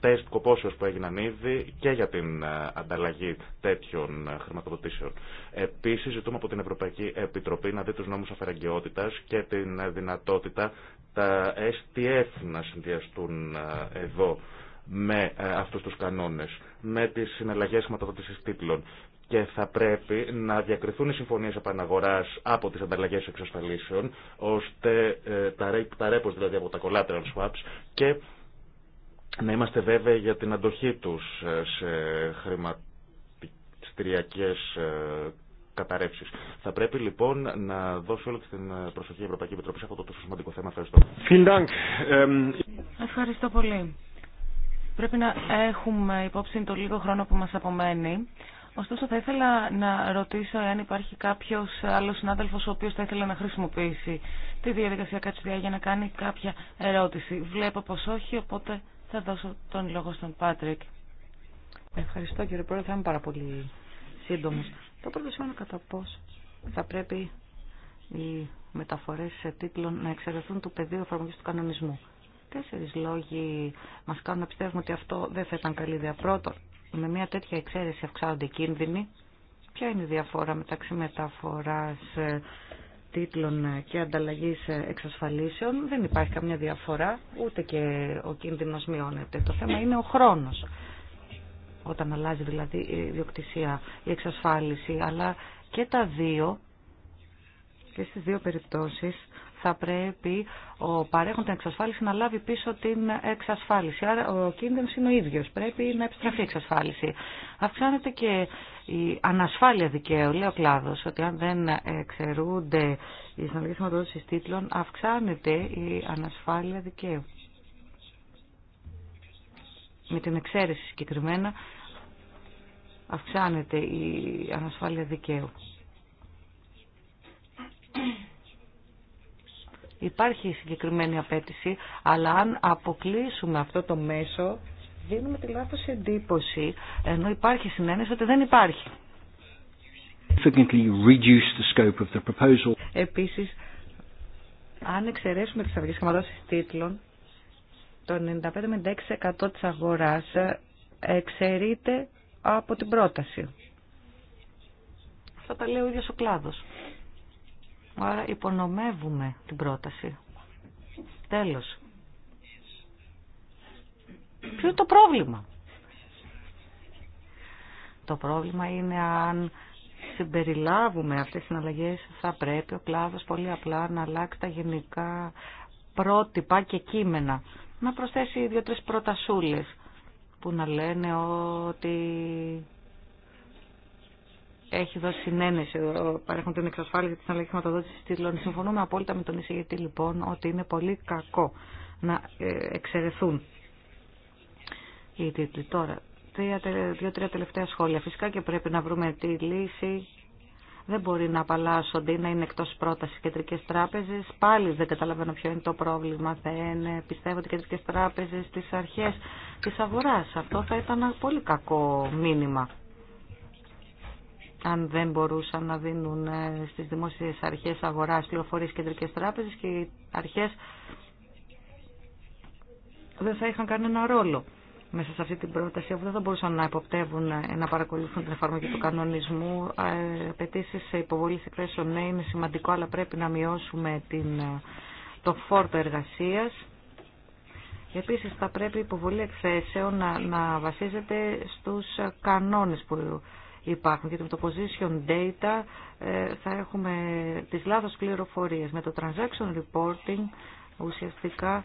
τεστ κοπόσεως που έγιναν ήδη και για την ε, ανταλλαγή τέτοιων ε, χρηματοδοτήσεων. Επίσης ζητούμε από την Ευρωπαϊκή Επιτροπή να δει τους νόμους αφαιραγγιότητας και την δυνατότητα τα STF να συνδυαστούν εδώ με αυτούς τους κανόνες, με τις συναλλαγές χρηματοδότησης τίτλων και θα πρέπει να διακριθούν οι συμφωνίες επαναγοράς από τις ανταλλαγές εξασφαλίσεων, ώστε τα, τα ρέπος δηλαδή από τα collateral swaps και να είμαστε βέβαιοι για την αντοχή τους ε, σε χρηματιστηριακές ε, καταρρεύσεις. Θα πρέπει λοιπόν να δώσει όλη την προσοχή η Ευρωπαϊκή Επιτροπή σε αυτό το τόσο σημαντικό θέμα. Ευχαριστώ. Ευχαριστώ πολύ. Πρέπει να έχουμε υπόψη το λίγο χρόνο που μας απομένει. Ωστόσο θα ήθελα να ρωτήσω αν υπάρχει κάποιος άλλος συνάδελφος ο οποίος θα ήθελε να χρησιμοποιήσει τη διαδικασία κατσουδιά για να κάνει κάποια ερώτηση. Βλέπω πως όχι, οπότε θα δώσω τον λόγο στον Πάτρικ. Ευχαριστώ κύριε Πρόεδρε, θα είμαι πάρα πολύ σύντομο. Το πρώτο σημείο κατά πώ θα πρέπει οι μεταφορέ τίτλο να εξαιρεθούν του πεδίου εφαρμογή του κανονισμού. Τέσσερι λόγοι μα κάνουν να πιστεύουμε ότι αυτό δεν θα ήταν καλή ιδέα. Πρώτον, με μια τέτοια εξαίρεση αυξάνονται οι κίνδυνοι. Ποια είναι η διαφορά μεταξύ μεταφορά ε, τίτλων και ανταλλαγής εξασφαλίσεων δεν υπάρχει καμία διαφορά, ούτε και ο κίνδυνος μειώνεται. Το θέμα είναι ο χρόνος, όταν αλλάζει δηλαδή η διοκτησία, η εξασφάλιση, αλλά και τα δύο, και στις δύο περιπτώσεις, θα πρέπει ο παρέχοντα εξασφάλιση να λάβει πίσω την εξασφάλιση. Άρα ο κίνδυνο είναι ο ίδιο. Πρέπει να επιστραφεί η εξασφάλιση. Αυξάνεται και η ανασφάλεια δικαίου, λέει ο κλάδο, ότι αν δεν εξαιρούνται οι συναλλαγέ χρηματοδότηση τίτλων, αυξάνεται η ανασφάλεια δικαίου. Με την εξαίρεση συγκεκριμένα, αυξάνεται η ανασφάλεια δικαίου. Υπάρχει συγκεκριμένη απέτηση, αλλά αν αποκλείσουμε αυτό το μέσο, δίνουμε τη λάθος εντύπωση, ενώ υπάρχει συνένεση ότι δεν υπάρχει. Επίσης, αν εξαιρέσουμε τις αυγές χρηματώσεις τίτλων, το 95 με 6% της αγοράς εξαιρείται από την πρόταση. Αυτά τα λέει ο ίδιος ο κλάδος. Άρα υπονομεύουμε την πρόταση. Τέλος. Ποιο είναι το πρόβλημα. Το πρόβλημα είναι αν συμπεριλάβουμε αυτές τις συναλλαγές θα πρέπει ο κλάδος πολύ απλά να αλλάξει τα γενικά πρότυπα και κείμενα. Να προσθέσει δύο-τρεις προτασούλες που να λένε ότι έχει δώσει συνένεση, παρέχουν την εξασφάλιση της αλλαγής χρηματοδότησης τίτλων. Συμφωνούμε απόλυτα με τον εισηγητή λοιπόν ότι είναι πολύ κακό να ε, εξαιρεθούν οι τίτλοι. Τώρα, δύο-τρία τελευταία σχόλια. Φυσικά και πρέπει να βρούμε τη λύση. Δεν μπορεί να απαλλάσσονται ή να είναι εκτό πρόταση κεντρικέ τράπεζε. Πάλι δεν καταλαβαίνω ποιο είναι το πρόβλημα. Δεν πιστεύω ότι οι κεντρικέ τράπεζε, στις αρχέ τη αγορά. Αυτό θα ήταν ένα πολύ κακό μήνυμα αν δεν μπορούσαν να δίνουν ε, στι δημοσιε αρχέ αγορά, πληροφορίε κεντρικέ τράπεζε και οι αρχέ δεν θα είχαν κανένα ρόλο μέσα σε αυτή την πρόταση, αφού δεν θα μπορούσαν να υποπτεύουν ε, να παρακολουθούν την εφαρμογή του κανονισμού. Ε, Απαιτήσει σε υποβολή εκθέσεων ναι, είναι σημαντικό, αλλά πρέπει να μειώσουμε την, ε, το φόρτο εργασία. Επίση, θα πρέπει η υποβολή εκθέσεων να, να βασίζεται στου κανόνε που υπάρχουν. Γιατί με το position data θα έχουμε τι λάθος πληροφορίε Με το transaction reporting ουσιαστικά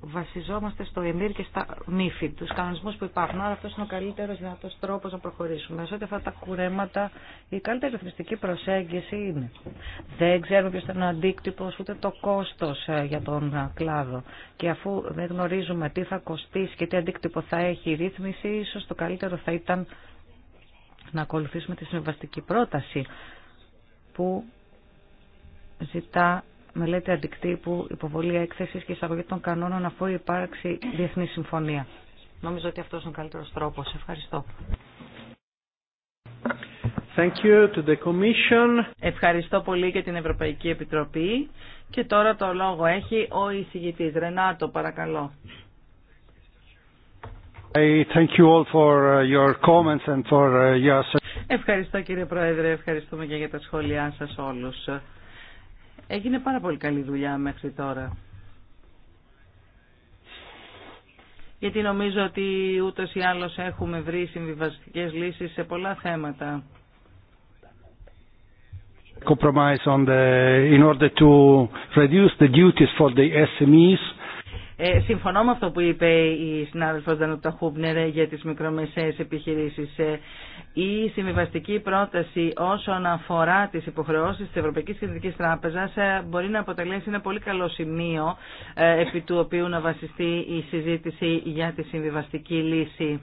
βασιζόμαστε στο ΕΜΗΡ και στα νύφη τους κανονισμούς που υπάρχουν. Άρα αυτός είναι ο καλύτερος δυνατός τρόπο να προχωρήσουμε. Σε ό,τι αυτά τα κουρέματα, η καλύτερη ρυθμιστική προσέγγιση είναι. Δεν ξέρουμε ποιος είναι ο αντίκτυπος, ούτε το κόστος ε, για τον ε, κλάδο. Και αφού δεν γνωρίζουμε τι θα κοστίσει και τι αντίκτυπο θα έχει η ρύθμιση, ίσως το καλύτερο θα ήταν να ακολουθήσουμε τη συμβαστική πρόταση που ζητά μελέτη αντικτύπου, υποβολή έκθεση και εισαγωγή των κανόνων αφού υπάρξει διεθνή συμφωνία. Νομίζω ότι αυτός είναι ο καλύτερος τρόπος. Ευχαριστώ. Thank you to the Commission. Ευχαριστώ πολύ και την Ευρωπαϊκή Επιτροπή. Και τώρα το λόγο έχει ο εισηγητή Ρενάτο, παρακαλώ. I thank you all for uh, your comments and for uh, your... Ευχαριστώ κύριε Πρόεδρε, ευχαριστούμε και για τα σχόλιά σας όλους. Έγινε πάρα πολύ καλή δουλειά μέχρι τώρα. Γιατί νομίζω ότι ούτως ή άλλως έχουμε βρει συμβιβαστικές λύσεις σε πολλά θέματα. Compromise on the, in order to reduce the duties for the SMEs ε, συμφωνώ με αυτό που είπε η συνάδελφος Δανούτα Χούμπνερ για τις μικρομεσαίες επιχειρήσεις. Ε, η συμβιβαστική πρόταση όσον αφορά τις υποχρεώσεις της Ευρωπαϊκής Κεντρικής Τράπεζας ε, μπορεί να αποτελέσει ένα πολύ καλό σημείο ε, επί του οποίου να βασιστεί η συζήτηση για τη συμβιβαστική λύση.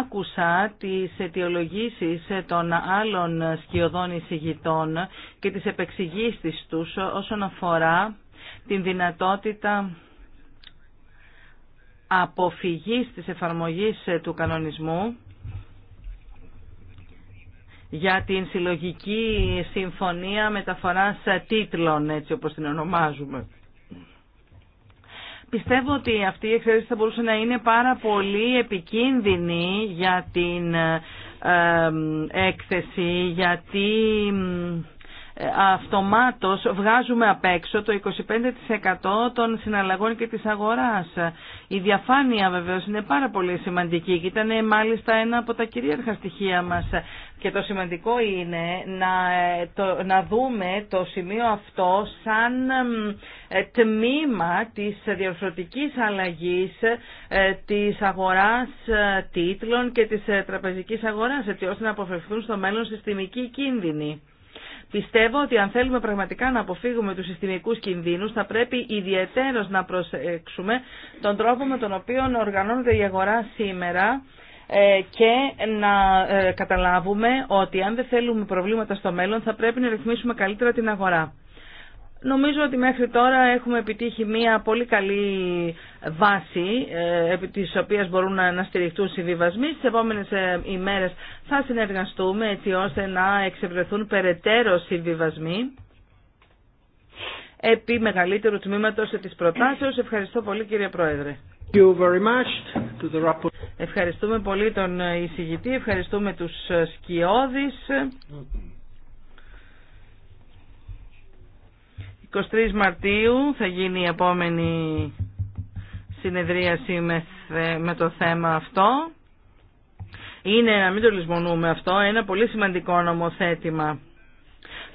Άκουσα τις αιτιολογήσεις των άλλων σκιωδών εισηγητών και τις επεξηγήσεις τους όσον αφορά την δυνατότητα αποφυγής της εφαρμογής ε, του κανονισμού για την συλλογική συμφωνία μεταφοράς ε, τίτλων, έτσι όπως την ονομάζουμε. Πιστεύω ότι αυτή η εξαίρεση θα μπορούσε να είναι πάρα πολύ επικίνδυνη για την ε, έκθεση, γιατί αυτομάτως βγάζουμε απ' έξω το 25% των συναλλαγών και της αγοράς. Η διαφάνεια βεβαίως είναι πάρα πολύ σημαντική και ήταν μάλιστα ένα από τα κυρίαρχα στοιχεία μας. Και το σημαντικό είναι να, ε, να δούμε το σημείο αυτό σαν ε, τμήμα της διορθωτικής αλλαγής ε, της αγοράς τίτλων και της τραπεζικής αγοράς, έτσι ώστε να αποφευθούν στο μέλλον συστημικοί κίνδυνοι. Πιστεύω ότι αν θέλουμε πραγματικά να αποφύγουμε τους συστημικούς κινδύνους θα πρέπει ιδιαιτέρως να προσέξουμε τον τρόπο με τον οποίο οργανώνεται η αγορά σήμερα ε, και να ε, καταλάβουμε ότι αν δεν θέλουμε προβλήματα στο μέλλον θα πρέπει να ρυθμίσουμε καλύτερα την αγορά. Νομίζω ότι μέχρι τώρα έχουμε επιτύχει μια πολύ καλή βάση ε, επί της οποίας μπορούν να στηριχτούν συμβιβασμοί. Στις επόμενες ε, ημέρες θα συνεργαστούμε έτσι ώστε να εξευρεθούν περαιτέρω συμβιβασμοί επί μεγαλύτερου τμήματος της προτάσεως. Ευχαριστώ πολύ κύριε Πρόεδρε. Ευχαριστούμε πολύ τον εισηγητή, ευχαριστούμε τους σκιώδεις. 23 Μαρτίου θα γίνει η επόμενη συνεδρίαση με το θέμα αυτό. Είναι, να μην το λησμονούμε αυτό, ένα πολύ σημαντικό νομοθέτημα.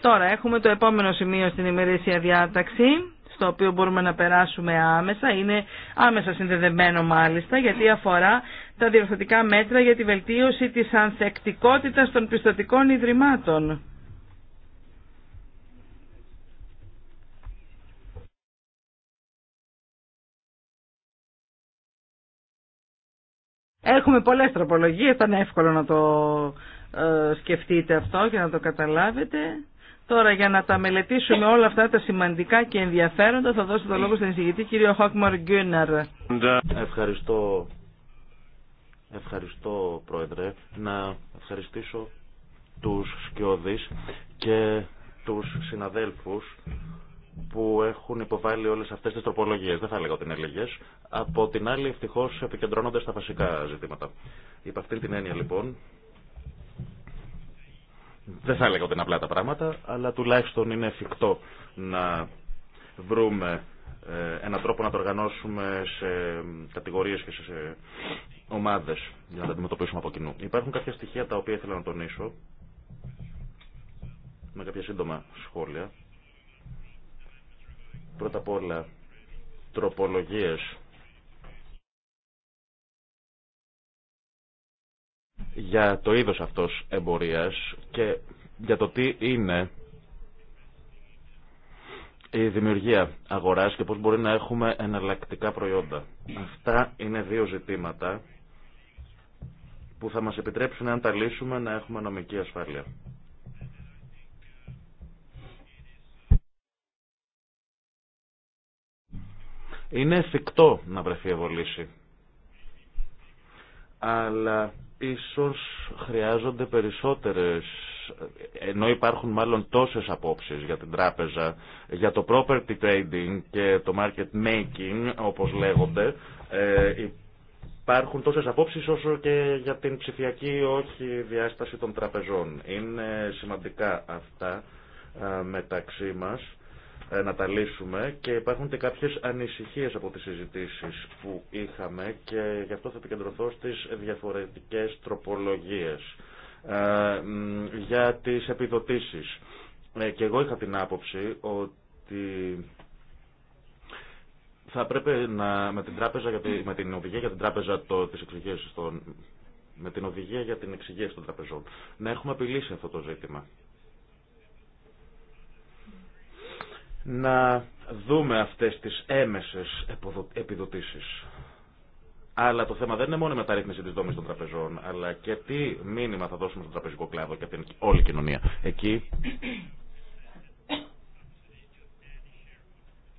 Τώρα έχουμε το επόμενο σημείο στην ημερήσια διάταξη, στο οποίο μπορούμε να περάσουμε άμεσα. Είναι άμεσα συνδεδεμένο μάλιστα, γιατί αφορά τα διορθωτικά μέτρα για τη βελτίωση της ανθεκτικότητας των πιστοτικών ιδρυμάτων. Έχουμε πολλέ τροπολογίε, ήταν εύκολο να το ε, σκεφτείτε αυτό και να το καταλάβετε. Τώρα για να τα μελετήσουμε όλα αυτά τα σημαντικά και ενδιαφέροντα θα δώσω το λόγο στον εισηγητή κύριο Χόκμαρ Γκούναρ. Ευχαριστώ. Ευχαριστώ Πρόεδρε. Να ευχαριστήσω τους Σκιώδης και τους συναδέλφους που έχουν υποβάλει όλε αυτέ τι τροπολογίε. Δεν θα έλεγα ότι είναι λίγε. Από την άλλη, ευτυχώ επικεντρώνονται στα βασικά ζητήματα. Υπ' αυτήν την έννοια, λοιπόν, δεν θα έλεγα ότι είναι απλά τα πράγματα, αλλά τουλάχιστον είναι εφικτό να βρούμε ε, έναν τρόπο να το οργανώσουμε σε κατηγορίες και σε ομάδες για να τα αντιμετωπίσουμε από κοινού. Υπάρχουν κάποια στοιχεία τα οποία ήθελα να τονίσω με κάποια σύντομα σχόλια Πρώτα απ' όλα, τροπολογίες για το είδος αυτός εμπορίας και για το τι είναι η δημιουργία αγοράς και πώς μπορεί να έχουμε εναλλακτικά προϊόντα. Αυτά είναι δύο ζητήματα που θα μας επιτρέψουν αν τα λύσουμε να έχουμε νομική ασφάλεια. Είναι εφικτό να βρεθεί ευολύση. Αλλά ίσως χρειάζονται περισσότερες, ενώ υπάρχουν μάλλον τόσες απόψεις για την τράπεζα, για το property trading και το market making, όπως λέγονται, ε, υπάρχουν τόσες απόψεις όσο και για την ψηφιακή όχι διάσταση των τραπεζών. Είναι σημαντικά αυτά ε, μεταξύ μας ε, να τα λύσουμε και υπάρχουν και κάποιες ανησυχίες από τις συζητήσεις που είχαμε και γι' αυτό θα επικεντρωθώ στις διαφορετικές τροπολογίες ε, για τις επιδοτήσεις. Ε, και εγώ είχα την άποψη ότι θα πρέπει να, με, την τράπεζα, με την οδηγία για την τράπεζα το, της των, με την οδηγία για την εξηγία των τραπεζών να έχουμε απειλήσει αυτό το ζήτημα. να δούμε αυτές τις έμεσες επιδοτήσεις. Αλλά το θέμα δεν είναι μόνο η μεταρρύθμιση της δόμη των τραπεζών, αλλά και τι μήνυμα θα δώσουμε στον τραπεζικό κλάδο και την όλη κοινωνία. Εκεί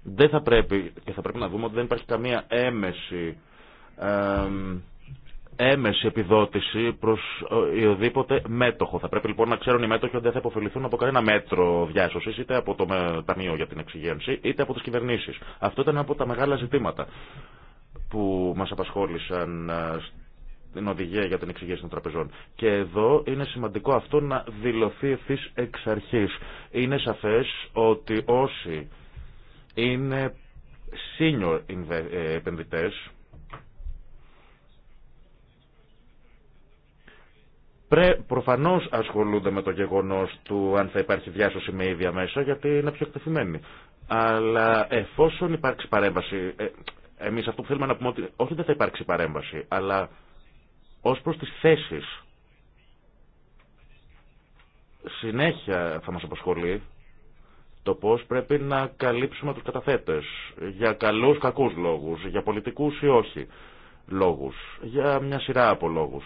δεν θα πρέπει και θα πρέπει να δούμε ότι δεν υπάρχει καμία έμεση έμεση επιδότηση προ οποιοδήποτε ε, μέτοχο. Θα πρέπει λοιπόν να ξέρουν οι μέτοχοι ότι δεν θα υποφεληθούν από κανένα μέτρο διάσωση, είτε από το Ταμείο για την Εξυγένση, είτε από τι κυβερνήσει. Αυτό ήταν από τα μεγάλα ζητήματα που μα απασχόλησαν ε, την οδηγία για την εξηγήση των τραπεζών. Και εδώ είναι σημαντικό αυτό να δηλωθεί ευθύ εξ αρχή. Είναι σαφέ ότι όσοι είναι senior ε, επενδυτέ, Πρέ, προφανώς ασχολούνται με το γεγονός του αν θα υπάρχει διάσωση με ίδια μέσα γιατί είναι πιο εκτεθειμένοι. Αλλά εφόσον υπάρξει παρέμβαση, ε, εμείς αυτό που θέλουμε να πούμε ότι όχι δεν θα υπάρξει παρέμβαση, αλλά ως προς τις θέσεις συνέχεια θα μας απασχολεί το πώς πρέπει να καλύψουμε τους καταθέτες για καλούς κακούς λόγους, για πολιτικούς ή όχι λόγους, για μια σειρά από λόγους.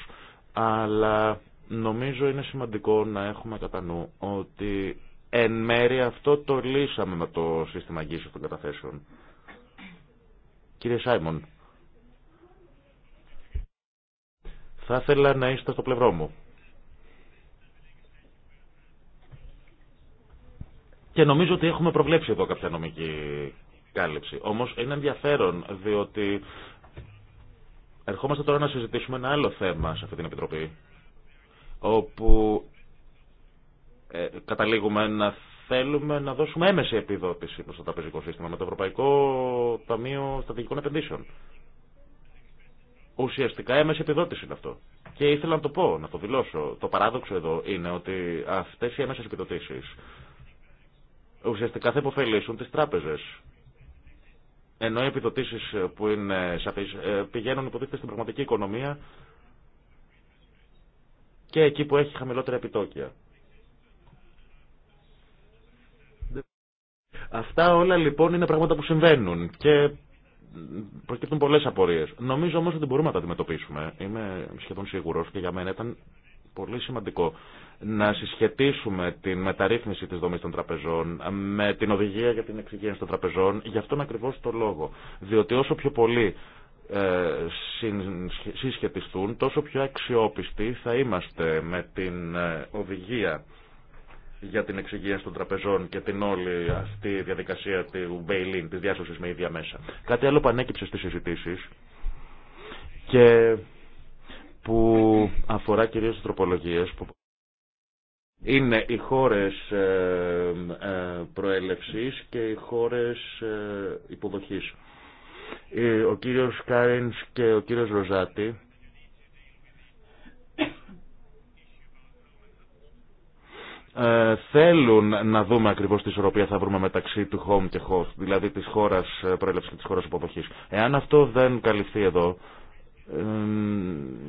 Αλλά Νομίζω είναι σημαντικό να έχουμε κατά νου ότι εν μέρει αυτό το λύσαμε με το σύστημα αγγίσεως των καταθέσεων. Κύριε Σάιμον, θα ήθελα να είστε στο πλευρό μου. Και νομίζω ότι έχουμε προβλέψει εδώ κάποια νομική κάλυψη. Όμως είναι ενδιαφέρον διότι ερχόμαστε τώρα να συζητήσουμε ένα άλλο θέμα σε αυτή την Επιτροπή όπου ε, καταλήγουμε να θέλουμε να δώσουμε έμεση επιδότηση προς το τραπεζικό σύστημα με το Ευρωπαϊκό Ταμείο Στρατηγικών Επενδύσεων. Ουσιαστικά έμεση επιδότηση είναι αυτό. Και ήθελα να το πω, να το δηλώσω. Το παράδοξο εδώ είναι ότι αυτές οι έμεσες επιδοτήσεις ουσιαστικά θα υποφελήσουν τις τράπεζες. Ενώ οι επιδοτήσεις που είναι ε, πηγαίνουν υποτίθεται στην πραγματική οικονομία και εκεί που έχει χαμηλότερα επιτόκια. Αυτά όλα λοιπόν είναι πράγματα που συμβαίνουν και προκύπτουν πολλέ απορίε. Νομίζω όμω ότι μπορούμε να τα αντιμετωπίσουμε. Είμαι σχεδόν σίγουρο και για μένα ήταν πολύ σημαντικό να συσχετίσουμε την μεταρρύθμιση τη δομή των τραπεζών με την οδηγία για την εξυγίανση των τραπεζών γι' αυτόν ακριβώ το λόγο. Διότι όσο πιο πολύ ε, συσχετιστούν, τόσο πιο αξιόπιστοι θα είμαστε με την ε, οδηγία για την εξυγίαση των τραπεζών και την όλη αυτή διαδικασία του Μπέιλιν, τη της διάσωσης με ίδια μέσα. Κάτι άλλο που ανέκυψε στις συζητήσεις και που αφορά κυρίως τις τροπολογίες που είναι οι χώρες ε, προέλευσης και οι χώρες υποδοχής. Ε, ο κύριος Κάριν και ο κύριος Ροζάτη ε, θέλουν να δούμε ακριβώ τι ισορροπία θα βρούμε μεταξύ του home και host, δηλαδή τη χώρα ε, προέλευση και τη χώρα υποδοχή. Εάν αυτό δεν καλυφθεί εδώ,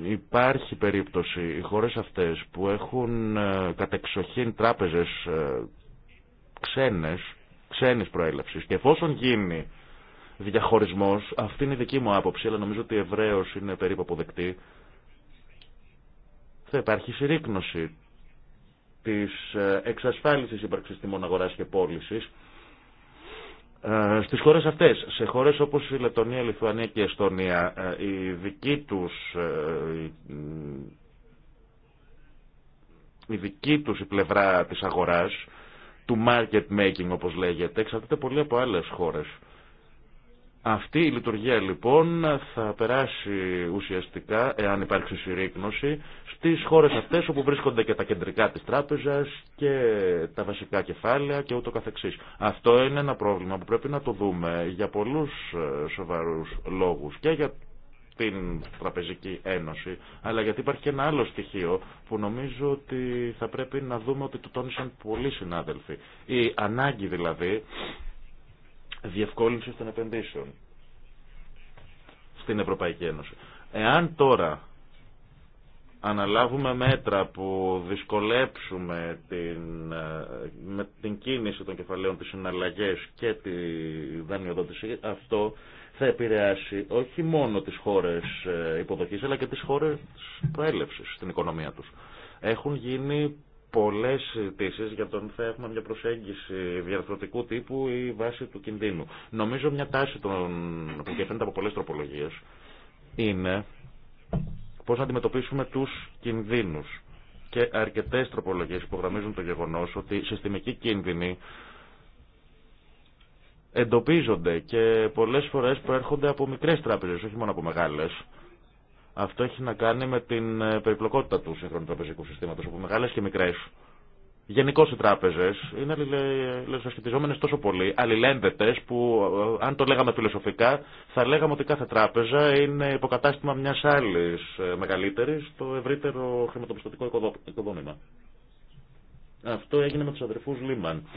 υπάρχει περίπτωση οι χώρε αυτέ που έχουν ε, κατεξοχήν τράπεζε ε, ξένες, ξένης προέλευση και εφόσον γίνει διαχωρισμό. Αυτή είναι η δική μου άποψη, αλλά νομίζω ότι ευρέω είναι περίπου αποδεκτή. Θα υπάρχει συρρήκνωση τη ε, εξασφάλιση ύπαρξη τιμών αγορά και πώληση ε, στις χώρες αυτές, σε χώρες όπως η Λετωνία, η Λιθουανία και η Εστονία, ε, η δική τους η δική τους η πλευρά της αγοράς, του market making όπως λέγεται, εξαρτάται πολύ από άλλες χώρες. Αυτή η λειτουργία λοιπόν θα περάσει ουσιαστικά, εάν υπάρξει συρρήκνωση, στις χώρες αυτές όπου βρίσκονται και τα κεντρικά της τράπεζας και τα βασικά κεφάλαια και ούτω καθεξής. Αυτό είναι ένα πρόβλημα που πρέπει να το δούμε για πολλούς ε, σοβαρούς λόγους και για την Τραπεζική Ένωση, αλλά γιατί υπάρχει και ένα άλλο στοιχείο που νομίζω ότι θα πρέπει να δούμε ότι το τόνισαν πολλοί συνάδελφοι. Η ανάγκη δηλαδή διευκόλυνσης των επενδύσεων στην Ευρωπαϊκή Ένωση. Εάν τώρα αναλάβουμε μέτρα που δυσκολέψουμε την, ε, με την κίνηση των κεφαλαίων, τις συναλλαγές και τη δανειοδότηση, αυτό θα επηρεάσει όχι μόνο τις χώρες ε, υποδοχής, αλλά και τις χώρες προέλευσης στην οικονομία τους. Έχουν γίνει πολλές συζητήσει για τον αν θα έχουμε μια προσέγγιση διαρθρωτικού τύπου ή βάση του κινδύνου. Νομίζω μια τάση των... που διαφαίνεται από πολλές τροπολογίες είναι πώς να αντιμετωπίσουμε τους κινδύνους. Και αρκετές τροπολογίες υπογραμμίζουν το γεγονός ότι συστημικοί κίνδυνοι εντοπίζονται και πολλές φορές προέρχονται από μικρές τράπεζε, όχι μόνο από μεγάλες. Αυτό έχει να κάνει με την ε, περιπλοκότητα του σύγχρονου τραπεζικού συστήματο, όπου μεγάλε και μικρέ, γενικώ οι τράπεζε, είναι αλληλεσχετιζόμενε τόσο πολύ, αλληλένδετε, που ε, αν το λέγαμε φιλοσοφικά, θα λέγαμε ότι κάθε τράπεζα είναι υποκατάστημα μια άλλη ε, μεγαλύτερη στο ευρύτερο χρηματοπιστωτικό οικοδόμημα. Αυτό έγινε με του αδερφού Λίμαν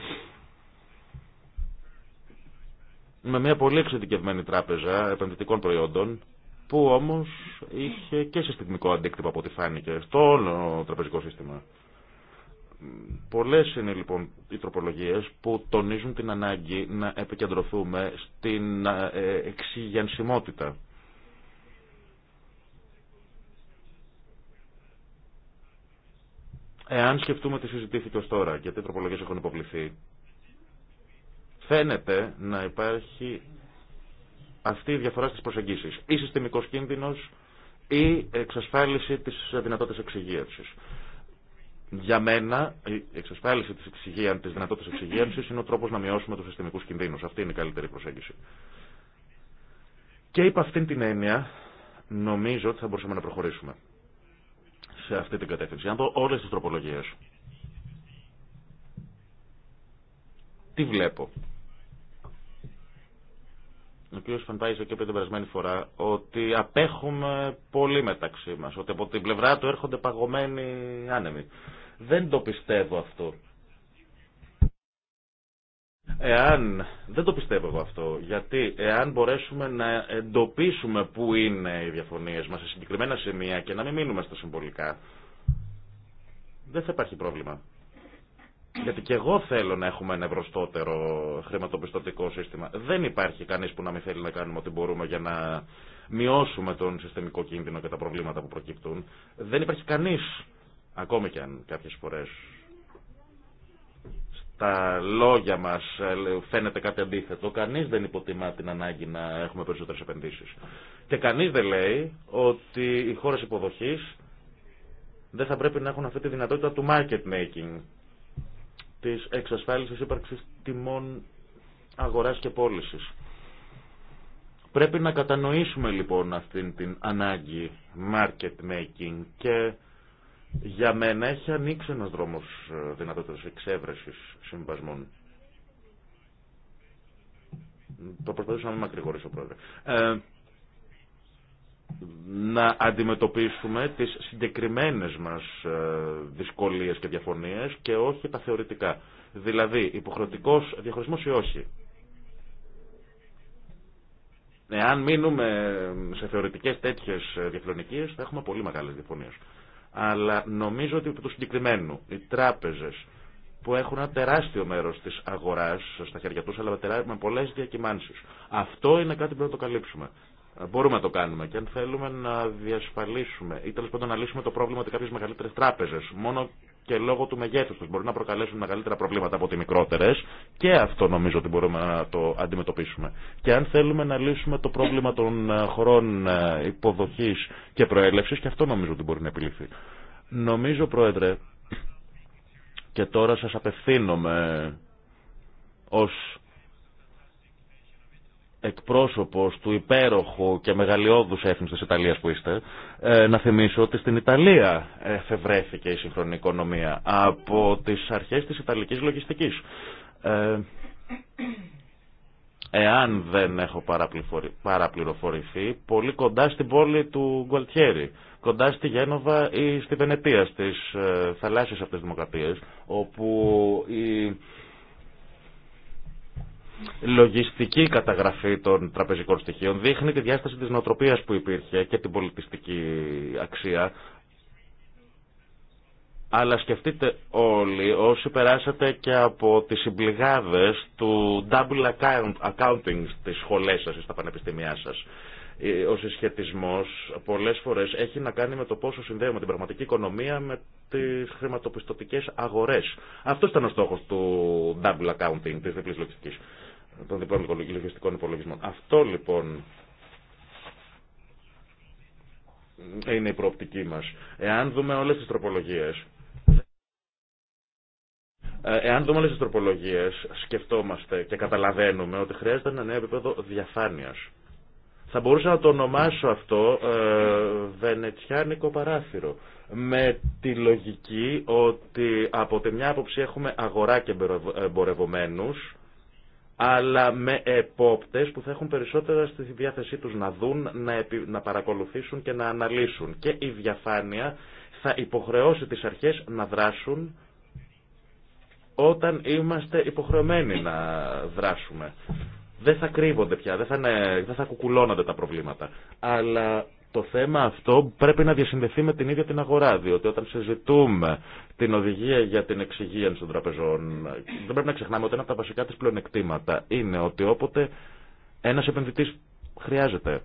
με μια πολύ εξειδικευμένη τράπεζα επενδυτικών προϊόντων που όμως είχε και συστημικό αντίκτυπο από ό,τι φάνηκε στο όλο τραπεζικό σύστημα. Πολλές είναι λοιπόν οι τροπολογίες που τονίζουν την ανάγκη να επικεντρωθούμε στην ε, εξηγενσιμότητα. Εάν σκεφτούμε τι συζητήθηκε ως τώρα και οι τροπολογίες έχουν υποβληθεί, φαίνεται να υπάρχει αυτή η διαφορά στις προσεγγίσεις. Ή συστημικός κίνδυνος ή εξασφάλιση της δυνατότητας εξυγίευσης. Για μένα, η εξασφάλιση της, εξυγεία, της δυνατότητας εξυγίευσης είναι ο τρόπος να μειώσουμε τους συστημικούς κινδύνους. Αυτή είναι η εξασφαλιση της δυνατοτητας εξυγιανση για μενα η εξασφαλιση της της δυνατοτητας εξυγιευσης προσέγγιση. Και υπ' αυτήν την έννοια, νομίζω ότι θα μπορούσαμε να προχωρήσουμε σε αυτή την κατεύθυνση. Αν δω όλες τις τροπολογίες. Τι βλέπω ο κ. Φαντάιζε και είπε την περασμένη φορά ότι απέχουμε πολύ μεταξύ μα, ότι από την πλευρά του έρχονται παγωμένοι άνεμοι. Δεν το πιστεύω αυτό. Εάν, δεν το πιστεύω εγώ αυτό, γιατί εάν μπορέσουμε να εντοπίσουμε πού είναι οι διαφωνίες μας σε συγκεκριμένα σημεία και να μην μείνουμε στα συμβολικά, δεν θα υπάρχει πρόβλημα. Γιατί και εγώ θέλω να έχουμε ένα ευρωστότερο χρηματοπιστωτικό σύστημα. Δεν υπάρχει κανείς που να μην θέλει να κάνουμε ό,τι μπορούμε για να μειώσουμε τον συστημικό κίνδυνο και τα προβλήματα που προκύπτουν. Δεν υπάρχει κανείς, ακόμη κι αν κάποιες φορές στα λόγια μα ε, φαίνεται κάτι αντίθετο. Κανεί δεν υποτιμά την ανάγκη να έχουμε περισσότερε επενδύσει. Και κανεί δεν λέει ότι οι χώρε υποδοχή δεν θα πρέπει να έχουν αυτή τη δυνατότητα του market making, της εξασφάλισης ύπαρξης τιμών αγοράς και πώλησης. Πρέπει να κατανοήσουμε λοιπόν αυτήν την ανάγκη market making και για μένα έχει ανοίξει ένας δρόμος ε, δυνατότητας εξέβρεσης συμβασμών. Το προσπαθήσαμε να μην μακρηγορήσω πρόεδρε. Ε, να αντιμετωπίσουμε τις συγκεκριμένες μας ε, δυσκολίες και διαφωνίες και όχι τα θεωρητικά. Δηλαδή, υποχρεωτικός διαχωρισμός ή όχι. Εάν μείνουμε σε θεωρητικές τέτοιες διαφιλονικίες θα έχουμε πολύ μεγάλες διαφωνίες. Αλλά νομίζω ότι του συγκεκριμένου, οι τράπεζες που έχουν ένα τεράστιο μέρος της αγοράς στα χέρια τους, αλλά με πολλές διακυμάνσεις. Αυτό είναι κάτι που πρέπει να το καλύψουμε. Μπορούμε να το κάνουμε και αν θέλουμε να διασφαλίσουμε ή τέλο πάντων να λύσουμε το πρόβλημα ότι κάποιε μεγαλύτερε τράπεζε μόνο και λόγω του μεγέθου του μπορεί να προκαλέσουν μεγαλύτερα προβλήματα από τι μικρότερε και αυτό νομίζω ότι μπορούμε να το αντιμετωπίσουμε. Και αν θέλουμε να λύσουμε το πρόβλημα των ε, χωρών ε, υποδοχή και προέλευση και αυτό νομίζω ότι μπορεί να επιληθεί. Νομίζω, Πρόεδρε, και τώρα σα απευθύνομαι ω εκπρόσωπος του υπέροχου και μεγαλειώδους έθνους της Ιταλίας που είστε, ε, να θυμίσω ότι στην Ιταλία εφευρέθηκε η σύγχρονη οικονομία από τις αρχές της Ιταλικής λογιστικής. Ε, εάν δεν έχω παραπληροφορηθεί, πολύ κοντά στην πόλη του Γκουαλτιέρη, κοντά στη Γένοβα ή στη Βενετία, στις ε, θαλάσσιες αυτές δημοκρατίες, όπου η λογιστική καταγραφή των τραπεζικών στοιχείων δείχνει τη διάσταση της νοοτροπίας που υπήρχε και την πολιτιστική αξία. Αλλά σκεφτείτε όλοι όσοι περάσατε και από τις συμπληγάδες του double account, accounting στις σχολές σας ή στα πανεπιστήμια σας. Ε, ο συσχετισμός πολλές φορές έχει να κάνει με το πόσο συνδέουμε την πραγματική οικονομία με τις χρηματοπιστωτικές αγορές. Αυτό ήταν ο στόχος του double accounting, της διπλής λογιστικής των διπλών λογιστικών υπολογισμών. Αυτό λοιπόν είναι η προοπτική μας. Εάν δούμε όλες τις τροπολογίες, ε, εάν δούμε όλες τις τροπολογίες, σκεφτόμαστε και καταλαβαίνουμε ότι χρειάζεται ένα νέο επίπεδο διαφάνειας. Θα μπορούσα να το ονομάσω αυτό ε, βενετσιάνικο παράθυρο. Με τη λογική ότι από τη μια άποψη έχουμε αγορά και εμπορευομένους, αλλά με επόπτες που θα έχουν περισσότερα στη διάθεσή τους να δουν, να, παρακολουθήσουν και να αναλύσουν. Και η διαφάνεια θα υποχρεώσει τις αρχές να δράσουν όταν είμαστε υποχρεωμένοι να δράσουμε. Δεν θα κρύβονται πια, δεν θα, είναι, δεν θα κουκουλώνονται τα προβλήματα. Αλλά το θέμα αυτό πρέπει να διασυνδεθεί με την ίδια την αγορά, διότι όταν συζητούμε την οδηγία για την εξυγίανση των τραπεζών. Δεν πρέπει να ξεχνάμε ότι ένα από τα βασικά της πλεονεκτήματα είναι ότι όποτε ένας επενδυτή χρειάζεται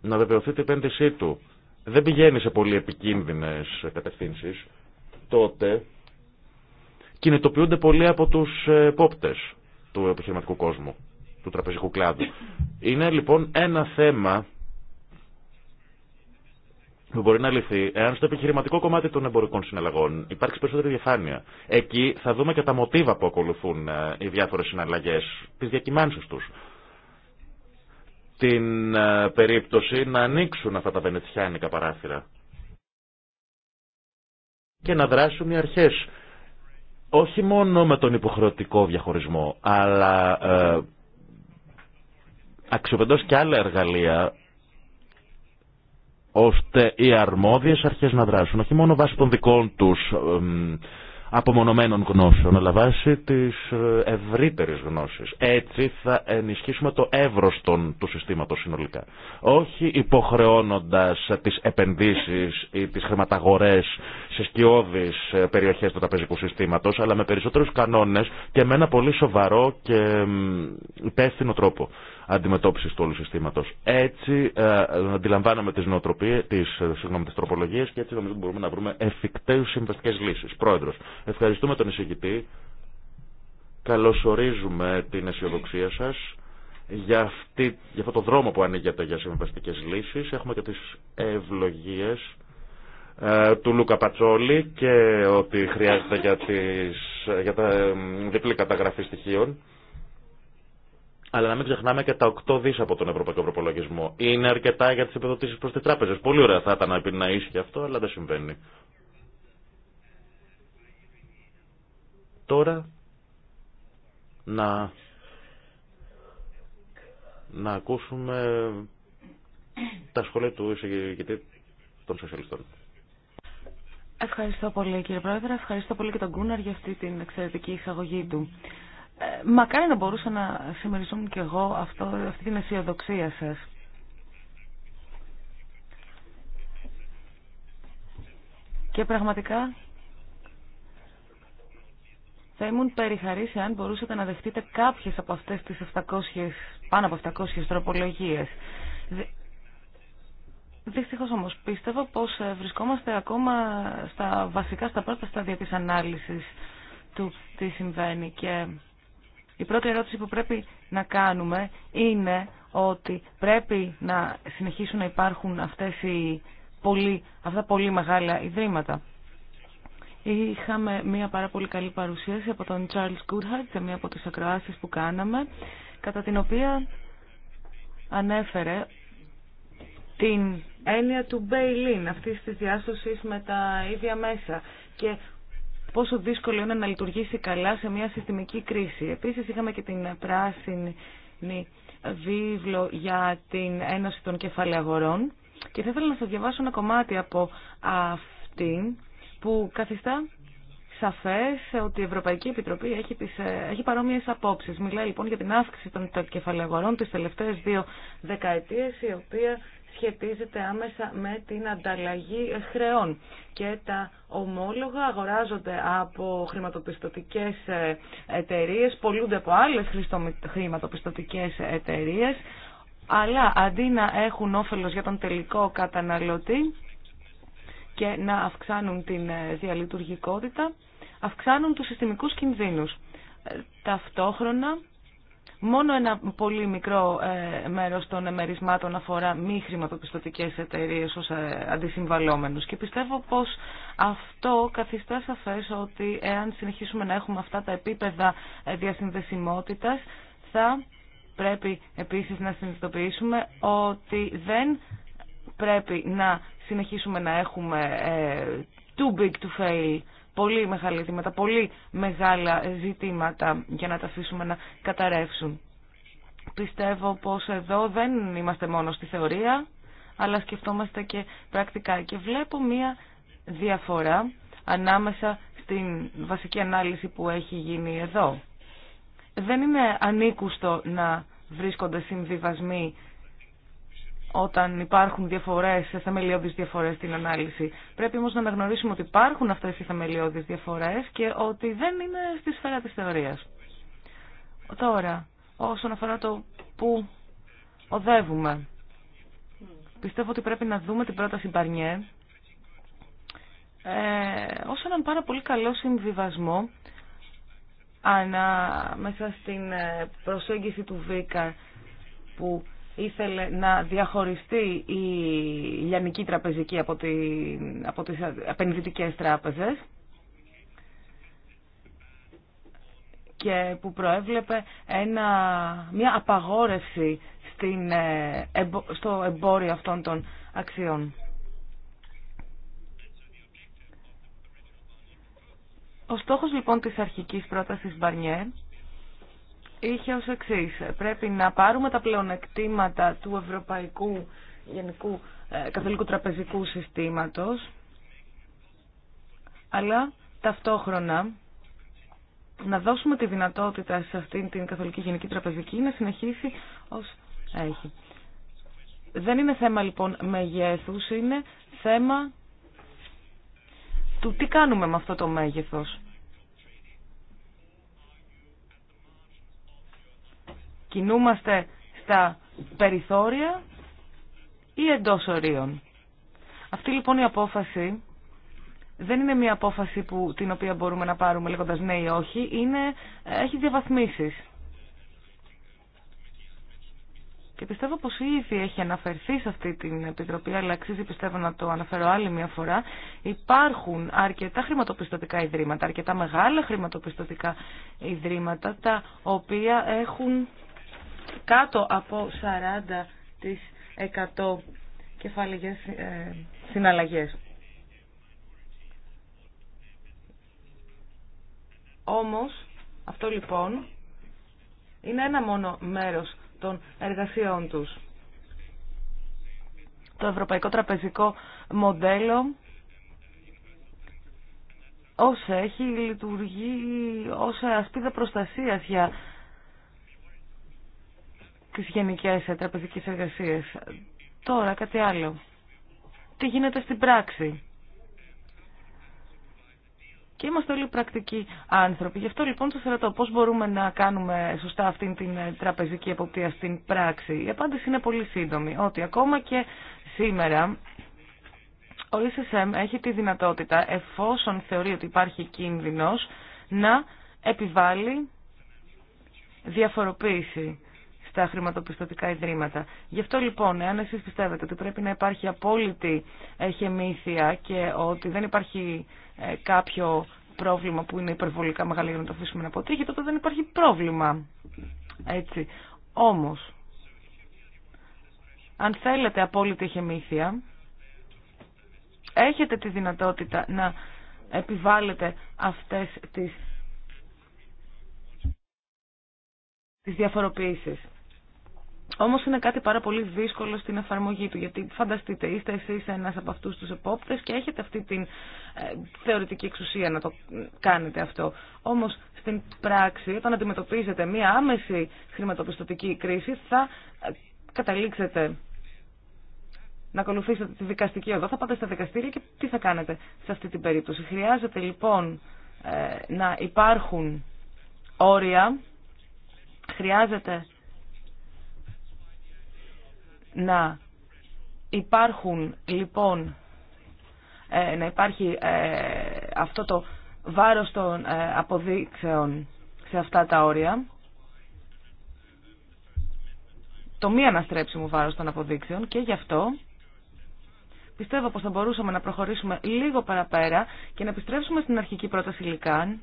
να βεβαιωθεί την επένδυσή του, δεν πηγαίνει σε πολύ επικίνδυνες κατευθύνσει, τότε κινητοποιούνται πολλοί από τους επόπτες του επιχειρηματικού κόσμου, του τραπεζικού κλάδου. Είναι λοιπόν ένα θέμα που μπορεί να λυθεί εάν στο επιχειρηματικό κομμάτι των εμπορικών συναλλαγών υπάρξει περισσότερη διαφάνεια. Εκεί θα δούμε και τα μοτίβα που ακολουθούν ε, οι διάφορε συναλλαγέ, τι διακυμάνσει του. Την ε, περίπτωση να ανοίξουν αυτά τα βενετσιάνικα παράθυρα και να δράσουν οι αρχές. Όχι μόνο με τον υποχρεωτικό διαχωρισμό, αλλά ε, και άλλα εργαλεία ώστε οι αρμόδιες αρχές να δράσουν, όχι μόνο βάσει των δικών τους απομονωμένων γνώσεων, αλλά βάσει της ε, ευρύτερης γνώσης. Έτσι θα ενισχύσουμε το εύρος των, του συστήματος συνολικά. Όχι υποχρεώνοντας ε, τις επενδύσεις ή τις χρηματαγορές σε σκιώδεις ε, περιοχές του ταπεζικού συστήματος, αλλά με περισσότερους κανόνες και με ένα πολύ σοβαρό και υπεύθυνο τρόπο αντιμετώπιση του όλου συστήματο. Έτσι ε, αντιλαμβάνομαι τι νοοτροπίε, τι ε, τις τροπολογίες και έτσι νομίζω μπορούμε να βρούμε εφικτέ συμβαστικέ λύσει. Πρόεδρο. ευχαριστούμε τον εισηγητή. Καλωσορίζουμε την αισιοδοξία σα για, για αυτό το δρόμο που ανοίγεται για συμβαστικέ λύσει. Έχουμε και τι ευλογίε ε, του Λούκα Πατσόλη και ότι χρειάζεται για, τις, ε, για τα διπλή καταγραφή στοιχείων αλλά να μην ξεχνάμε και τα 8 δι από τον Ευρωπαϊκό Προπολογισμό. Είναι αρκετά για τι επιδοτήσει προ τι τράπεζε. Πολύ ωραία θα ήταν να ίσχυε αυτό, αλλά δεν συμβαίνει. Τώρα να, να ακούσουμε τα σχόλια του εισηγητή των σοσιαλιστών. Ευχαριστώ πολύ κύριε Πρόεδρε, ευχαριστώ πολύ και τον Κούναρ για αυτή την εξαιρετική εισαγωγή του. Ε, μακάρι να μπορούσα να συμμεριζόμουν κι εγώ αυτό, αυτή την αισιοδοξία σας. Και πραγματικά θα ήμουν περιχαρής αν μπορούσατε να δεχτείτε κάποιες από αυτές τις 700, πάνω από 700 τροπολογίες. Δυστυχώς όμως πίστευα πως ε, βρισκόμαστε ακόμα στα βασικά, στα πρώτα στάδια της ανάλυσης του τι συμβαίνει και η πρώτη ερώτηση που πρέπει να κάνουμε είναι ότι πρέπει να συνεχίσουν να υπάρχουν αυτές οι πολύ, αυτά πολύ μεγάλα ιδρύματα. Είχαμε μια πάρα πολύ καλή παρουσίαση από τον Charles Goodhart σε μια από τις ακροάσεις που κάναμε, κατά την οποία ανέφερε την έννοια του Μπέιλιν, in αυτής της διάσωσης με τα ίδια μέσα και πόσο δύσκολο είναι να λειτουργήσει καλά σε μια συστημική κρίση. Επίσης είχαμε και την πράσινη βίβλο για την Ένωση των Κεφαλαίων και θα ήθελα να σας διαβάσω ένα κομμάτι από αυτήν που καθιστά σαφές ότι η Ευρωπαϊκή Επιτροπή έχει, τις, ε, έχει παρόμοιες απόψεις. Μιλάει λοιπόν για την αύξηση των κεφαλαίων τις τελευταίες δύο δεκαετίες η οποία σχετίζεται άμεσα με την ανταλλαγή χρεών και τα ομόλογα αγοράζονται από χρηματοπιστωτικές ε, εταιρείες, πολλούνται από άλλες χρηματοπιστωτικές εταιρείες, αλλά αντί να έχουν όφελος για τον τελικό καταναλωτή και να αυξάνουν την ε, διαλειτουργικότητα, αυξάνουν τους συστημικούς κινδύνους. Ε, ταυτόχρονα Μόνο ένα πολύ μικρό ε, μέρος των εμερισμάτων αφορά μη χρηματοπιστωτικές εταιρείες ως ε, αντισυμβαλόμενους και πιστεύω πως αυτό καθιστά σαφές ότι εάν συνεχίσουμε να έχουμε αυτά τα επίπεδα ε, διασυνδεσιμότητας θα πρέπει επίσης να συνειδητοποιήσουμε ότι δεν πρέπει να συνεχίσουμε να έχουμε too big to fail πολύ μεγάλα ζητήματα, πολύ μεγάλα ζητήματα για να τα αφήσουμε να καταρρεύσουν. Πιστεύω πως εδώ δεν είμαστε μόνο στη θεωρία, αλλά σκεφτόμαστε και πρακτικά και βλέπω μία διαφορά ανάμεσα στην βασική ανάλυση που έχει γίνει εδώ. Δεν είναι ανήκουστο να βρίσκονται συμβιβασμοί όταν υπάρχουν διαφορές, θεμελιώδεις διαφορές στην ανάλυση. Πρέπει όμως να αναγνωρίσουμε ότι υπάρχουν αυτές οι θεμελιώδεις διαφορές και ότι δεν είναι στη σφαίρα της θεωρίας. Τώρα, όσον αφορά το που οδεύουμε, πιστεύω ότι πρέπει να δούμε την πρόταση Μπαρνιέ ε, ως έναν πάρα πολύ καλό συμβιβασμό ανά, μέσα στην ε, προσέγγιση του Βίκα που ήθελε να διαχωριστεί η λιανική τραπεζική από, τη, από τις τράπεζες και που προέβλεπε ένα, μια απαγόρευση στην, ε, στο εμπόριο αυτών των αξιών. Ο στόχος λοιπόν της αρχικής πρότασης Μπαρνιέ είχε ως εξή. Πρέπει να πάρουμε τα πλεονεκτήματα του Ευρωπαϊκού Γενικού ε, Καθολικού Τραπεζικού Συστήματος, αλλά ταυτόχρονα να δώσουμε τη δυνατότητα σε αυτήν την Καθολική Γενική Τραπεζική να συνεχίσει ως έχει. Δεν είναι θέμα λοιπόν μεγέθους, είναι θέμα του τι κάνουμε με αυτό το μέγεθος. κινούμαστε στα περιθώρια ή εντός ορίων. Αυτή λοιπόν η απόφαση δεν είναι μια απόφαση που, την οποία μπορούμε να πάρουμε λέγοντας ναι ή όχι, είναι, ε, έχει διαβαθμίσεις. Και πιστεύω πως ήδη έχει αναφερθεί σε αυτή την Επιτροπή, αλλά αξίζει πιστεύω να το αναφέρω άλλη μια φορά. Υπάρχουν αρκετά χρηματοπιστωτικά ιδρύματα, αρκετά μεγάλα χρηματοπιστωτικά ιδρύματα, τα οποία έχουν κάτω από 40% κεφαλικές ε, συναλλαγές. Όμως, αυτό λοιπόν είναι ένα μόνο μέρος των εργασιών τους. Το ευρωπαϊκό τραπεζικό μοντέλο όσα έχει λειτουργεί ως ασπίδα προστασίας για τις γενικές τραπεζικές εργασίες. Τώρα κάτι άλλο. Τι γίνεται στην πράξη. Και είμαστε όλοι πρακτικοί άνθρωποι. Γι' αυτό λοιπόν σας ρωτώ πώς μπορούμε να κάνουμε σωστά αυτήν την ε, τραπεζική εποπτεία στην πράξη. Η απάντηση είναι πολύ σύντομη. Ότι ακόμα και σήμερα ο ΙΣΕΣΕΜ έχει τη δυνατότητα εφόσον θεωρεί ότι υπάρχει κίνδυνος να επιβάλλει διαφοροποίηση στα χρηματοπιστωτικά ιδρύματα. Γι' αυτό λοιπόν, εάν εσεί πιστεύετε ότι πρέπει να υπάρχει απόλυτη ε, χεμήθεια και ότι δεν υπάρχει ε, κάποιο πρόβλημα που είναι υπερβολικά μεγάλο για να το αφήσουμε να αποτύχει, τότε δεν υπάρχει πρόβλημα. Έτσι. Όμως, αν θέλετε απόλυτη χεμήθεια, έχετε τη δυνατότητα να επιβάλλετε αυτές τις, τις διαφοροποιήσεις. Όμως είναι κάτι πάρα πολύ δύσκολο στην εφαρμογή του, γιατί φανταστείτε, είστε εσεί ένα από αυτού του επόπτε και έχετε αυτή την ε, θεωρητική εξουσία να το κάνετε αυτό. Όμως στην πράξη, όταν αντιμετωπίζετε μία άμεση χρηματοπιστωτική κρίση, θα ε, καταλήξετε να ακολουθήσετε τη δικαστική οδό, θα πάτε στα δικαστήρια και τι θα κάνετε σε αυτή την περίπτωση. Χρειάζεται λοιπόν ε, να υπάρχουν όρια, χρειάζεται να υπάρχουν λοιπόν ε, να υπάρχει ε, αυτό το βάρος των ε, αποδείξεων σε αυτά τα όρια το μη αναστρέψιμο βάρος των αποδείξεων και γι' αυτό πιστεύω πως θα μπορούσαμε να προχωρήσουμε λίγο παραπέρα και να επιστρέψουμε στην αρχική πρόταση Λικάν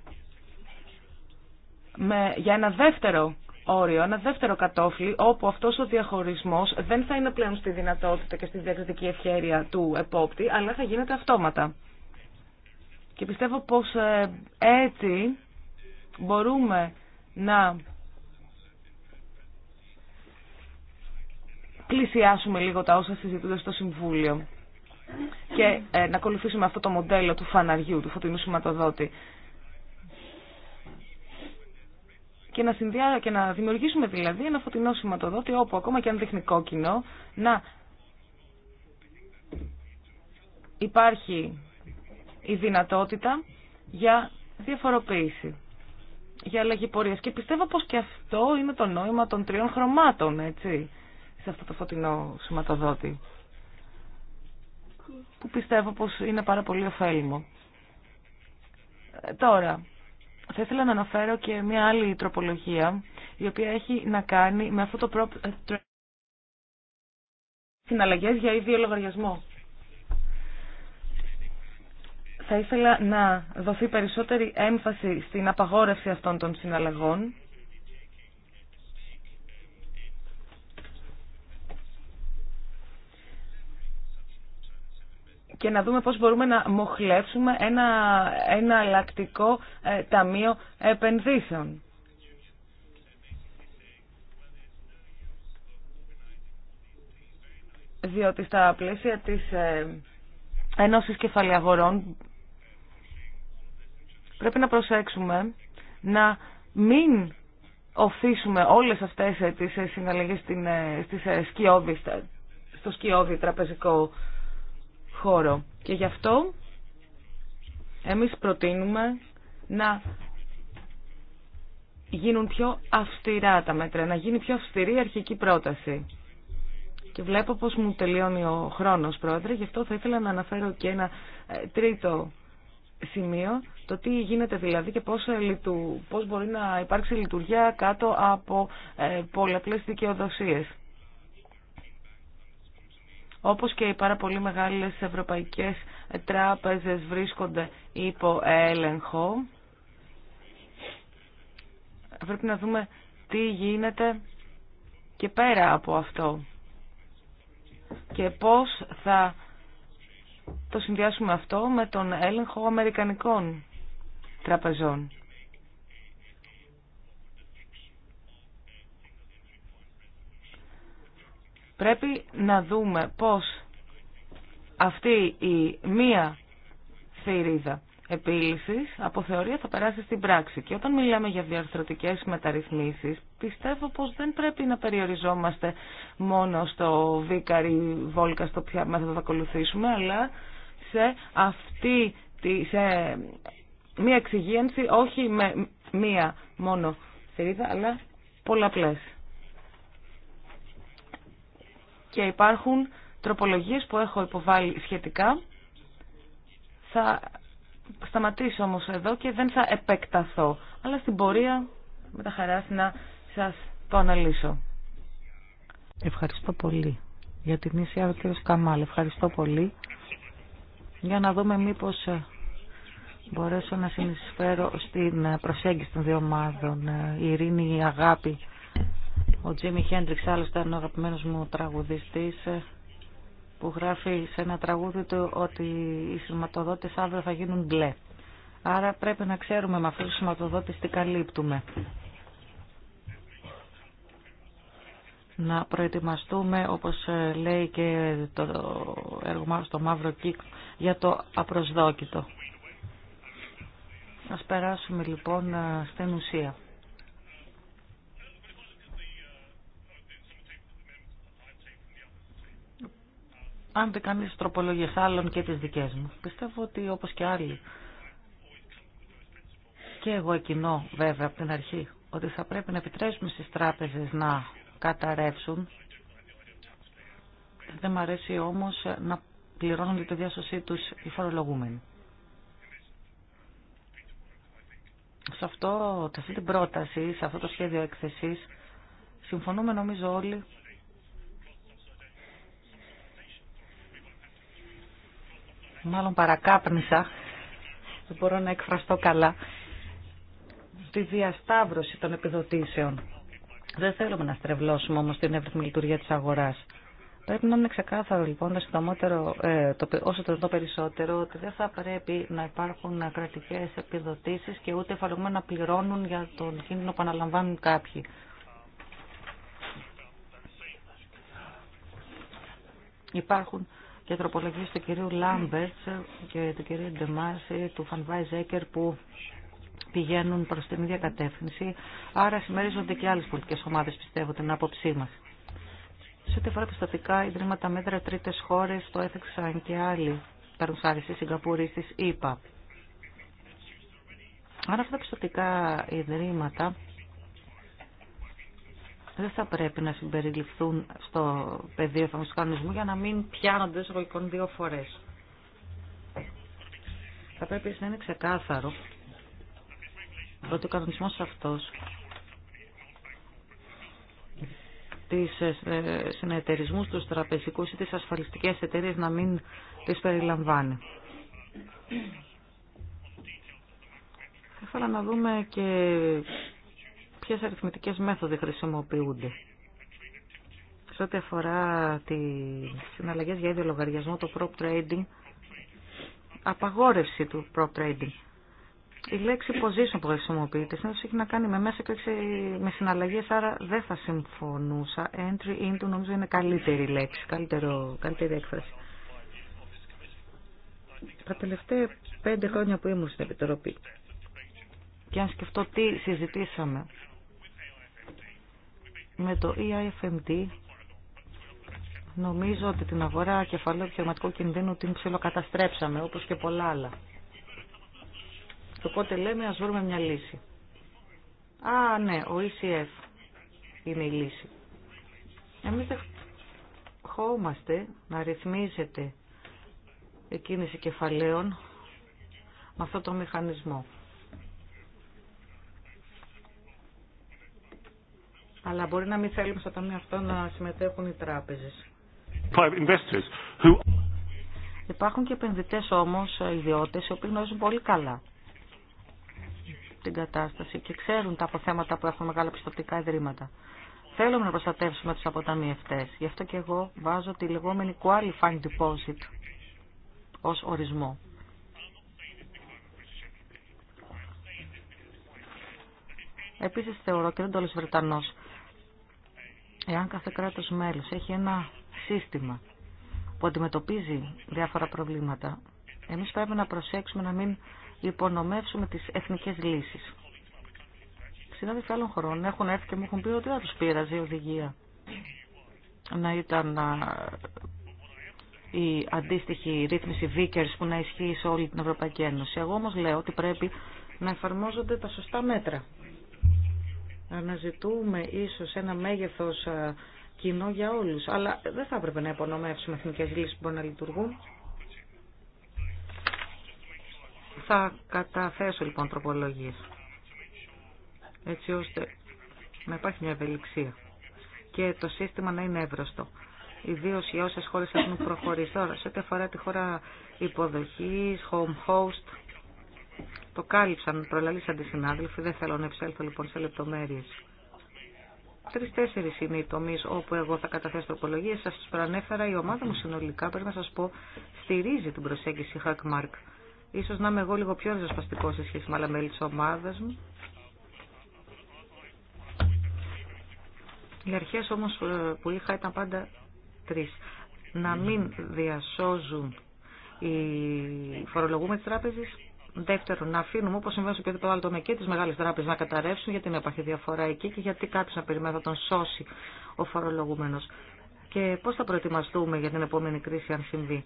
με, για ένα δεύτερο όριο, ένα δεύτερο κατόφλι, όπου αυτός ο διαχωρισμός δεν θα είναι πλέον στη δυνατότητα και στη διακριτική ευχέρεια του επόπτη, αλλά θα γίνεται αυτόματα. Και πιστεύω πως ε, έτσι μπορούμε να πλησιάσουμε λίγο τα όσα συζητούνται στο Συμβούλιο και ε, να ακολουθήσουμε αυτό το μοντέλο του φαναριού, του φωτεινού σηματοδότη. και να, συνδυά, και να δημιουργήσουμε δηλαδή ένα φωτεινό σηματοδότη όπου ακόμα και αν δείχνει κόκκινο να υπάρχει η δυνατότητα για διαφοροποίηση, για αλλαγή πορείας. Και πιστεύω πως και αυτό είναι το νόημα των τριών χρωμάτων, έτσι, σε αυτό το φωτεινό σηματοδότη, που πιστεύω πως είναι πάρα πολύ ωφέλιμο. Ε, τώρα, θα ήθελα να αναφέρω και μια άλλη τροπολογία, η οποία έχει να κάνει με αυτό το πρόβλημα. συναλλαγές για ίδιο λογαριασμό. Θα ήθελα να δοθεί περισσότερη έμφαση στην απαγόρευση αυτών των συναλλαγών και να δούμε πώς μπορούμε να μοχλεύσουμε ένα αλλακτικό ε, ταμείο επενδύσεων. Διότι στα πλαίσια της ε, Ένωσης Κεφαλαιαγορών πρέπει να προσέξουμε να μην οφήσουμε όλες αυτές ε, τις ε, συναλλαγές στην, ε, στις στο σκιώδη τραπεζικό χώρο. Και γι' αυτό εμείς προτείνουμε να γίνουν πιο αυστηρά τα μέτρα, να γίνει πιο αυστηρή η αρχική πρόταση. Και βλέπω πως μου τελειώνει ο χρόνος, Πρόεδρε, γι' αυτό θα ήθελα να αναφέρω και ένα ε, τρίτο σημείο, το τι γίνεται δηλαδή και πώς, ε, πώς μπορεί να υπάρξει λειτουργία κάτω από ε, πολλαπλές δικαιοδοσίες όπως και οι πάρα πολύ μεγάλες ευρωπαϊκές τράπεζες βρίσκονται υπό έλεγχο. Πρέπει να δούμε τι γίνεται και πέρα από αυτό και πώς θα το συνδυάσουμε αυτό με τον έλεγχο αμερικανικών τραπεζών. Πρέπει να δούμε πώς αυτή η μία θηρίδα επίλυσης από θεωρία θα περάσει στην πράξη. Και όταν μιλάμε για διαρθρωτικές μεταρρυθμίσεις, πιστεύω πως δεν πρέπει να περιοριζόμαστε μόνο στο βίκαρι βόλκα στο ποια μέθοδο θα ακολουθήσουμε, αλλά σε αυτή τη, σε μία εξυγίανση, όχι με μία μόνο θηρίδα, αλλά πολλαπλές και υπάρχουν τροπολογίες που έχω υποβάλει σχετικά. Θα σταματήσω όμως εδώ και δεν θα επεκταθώ, αλλά στην πορεία με τα χαρά να σας το αναλύσω. Ευχαριστώ πολύ για την ίσια ο Καμάλ. Ευχαριστώ πολύ. Για να δούμε μήπως ε, μπορέσω να συνεισφέρω στην ε, προσέγγιση των δύο ομάδων. Η ε, ειρήνη, η αγάπη ο Τζίμι Χέντριξ άλλωστε ήταν ο αγαπημένος μου τραγουδιστής ε, που γράφει σε ένα τραγούδι του ότι οι σηματοδότες αύριο θα γίνουν μπλε. Άρα πρέπει να ξέρουμε με αυτούς τους σηματοδότες τι καλύπτουμε. Να προετοιμαστούμε, όπως ε, λέει και το έργο μας στο Μαύρο Κίκ, για το απροσδόκητο. Ας περάσουμε λοιπόν ε, στην ουσία. αν δεν κανείς τροπολογίε άλλων και τι δικές μου. Πιστεύω ότι όπως και άλλοι, και εγώ εκείνο βέβαια από την αρχή, ότι θα πρέπει να επιτρέψουμε στις τράπεζες να καταρρεύσουν. Δεν μου αρέσει όμως να πληρώνουν για τη διάσωσή τους οι φορολογούμενοι. Σε, αυτό, σε αυτή την πρόταση, σε αυτό το σχέδιο έκθεσης, συμφωνούμε νομίζω όλοι μάλλον παρακάπνισα, δεν μπορώ να εκφραστώ καλά, τη διασταύρωση των επιδοτήσεων. Δεν θέλουμε να στρεβλώσουμε όμως την εύρυθμη λειτουργία της αγοράς. Πρέπει να είναι ξεκάθαρο λοιπόν το ε, το, όσο το περισσότερο, ότι δεν θα πρέπει να υπάρχουν κρατικές επιδοτήσεις και ούτε φαλούμε να πληρώνουν για τον κίνδυνο που αναλαμβάνουν κάποιοι. Υπάρχουν και τροπολογίες του κυρίου Λάμπερτς και του κυρίου Ντεμάση, του Φανβάι Ζέκερ που πηγαίνουν προς την ίδια κατεύθυνση. Άρα συμμερίζονται και άλλες πολιτικέ ομάδες πιστεύω την άποψή μα. Σε ό,τι αφορά πιστοτικά ιδρύματα μέτρα τρίτες χώρες το έθεξαν και άλλοι παρουσάρι στη Σιγκαπούρη στις ΗΠΑ. Άρα αυτά τα πιστοτικά ιδρύματα δεν θα πρέπει να συμπεριληφθούν στο πεδίο εφαρμογή κανονισμού για να μην πιάνονται εισαγωγικών δύο φορέ. Θα πρέπει να είναι ξεκάθαρο ότι ο κανονισμό αυτό τις ε, συνεταιρισμού του τραπεζικού ή τις ασφαλιστικές εταιρείε να μην τις περιλαμβάνει. Θα ήθελα να δούμε και ποιες αριθμητικές μέθοδοι χρησιμοποιούνται. Σε ό,τι αφορά τις συναλλαγές για ίδιο λογαριασμό, το prop trading, απαγόρευση του prop trading. Η λέξη position που χρησιμοποιείται συνήθως έχει να κάνει με μέσα και με συναλλαγές, άρα δεν θα συμφωνούσα. Entry into νομίζω είναι καλύτερη λέξη, καλύτερο, καλύτερη έκφραση. Τα τελευταία πέντε χρόνια που ήμουν στην Επιτροπή και αν σκεφτώ τι συζητήσαμε με το EIFMD νομίζω ότι την αγορά κεφαλαίου επιχειρηματικού κινδύνου την ψηλοκαταστρέψαμε όπως και πολλά άλλα. Οπότε λέμε ας βρούμε μια λύση. Α, ναι, ο ECF είναι η λύση. Εμείς δεχόμαστε να ρυθμίζεται η κίνηση κεφαλαίων με αυτό το μηχανισμό. αλλά μπορεί να μην θέλουμε στο ταμείο αυτό να συμμετέχουν οι τράπεζες. Υπάρχουν και επενδυτές όμως, ε, ιδιώτες, οι οποίοι γνωρίζουν πολύ καλά την κατάσταση και ξέρουν τα αποθέματα που έχουν μεγάλα πιστοτικά ιδρύματα. Θέλουμε να προστατεύσουμε τους αποταμιευτές. Γι' αυτό και εγώ βάζω τη λεγόμενη qualifying deposit ως ορισμό. Επίσης θεωρώ και δεν το Βρετανός Εάν κάθε κράτος μέλος έχει ένα σύστημα που αντιμετωπίζει διάφορα προβλήματα, εμείς πρέπει να προσέξουμε να μην υπονομεύσουμε τις εθνικές λύσεις. Συνάδελφοι άλλων χωρών έχουν έρθει και μου έχουν πει ότι δεν τους πείραζε η οδηγία να ήταν η αντίστοιχη ρύθμιση Vickers που να ισχύει σε όλη την Ευρωπαϊκή Ένωση. Εγώ όμως λέω ότι πρέπει να εφαρμόζονται τα σωστά μέτρα αναζητούμε ίσως ένα μέγεθος ε, κοινό για όλους. Αλλά δεν θα έπρεπε να υπονομεύσουμε εθνικέ λύσεις που μπορούν να λειτουργούν. Θα καταθέσω λοιπόν τροπολογίες. Έτσι ώστε να υπάρχει μια ευελιξία. Και το σύστημα να είναι εύρωστο. Ιδίω για όσε χώρε έχουν προχωρήσει τώρα, σε ό,τι αφορά τη χώρα υποδοχή, home host, το κάλυψαν προλαλήσαντε συνάδελφοι, δεν θέλω να εξέλθω λοιπόν σε λεπτομέρειε. Τρει-τέσσερι είναι οι τομεί όπου εγώ θα καταθέσω τροπολογίε. Σα τι προανέφερα. Η ομάδα μου συνολικά, πρέπει να σα πω, στηρίζει την προσέγγιση Hackmark. σω να είμαι εγώ λίγο πιο ριζοσπαστικό σε σχέση με άλλα μέλη τη ομάδα μου. Οι αρχέ όμω ε, που είχα ήταν πάντα τρει. Να μην διασώζουν οι φορολογούμενε τράπεζε Δεύτερον, να αφήνουμε όπω συμβαίνει σε οποιοδήποτε άλλο τομέα και τι μεγάλε τράπεζε να καταρρεύσουν, γιατί είναι υπάρχει διαφορά εκεί και γιατί κάποιο να περιμένει να τον σώσει ο φορολογούμενο. Και πώ θα προετοιμαστούμε για την επόμενη κρίση, αν συμβεί.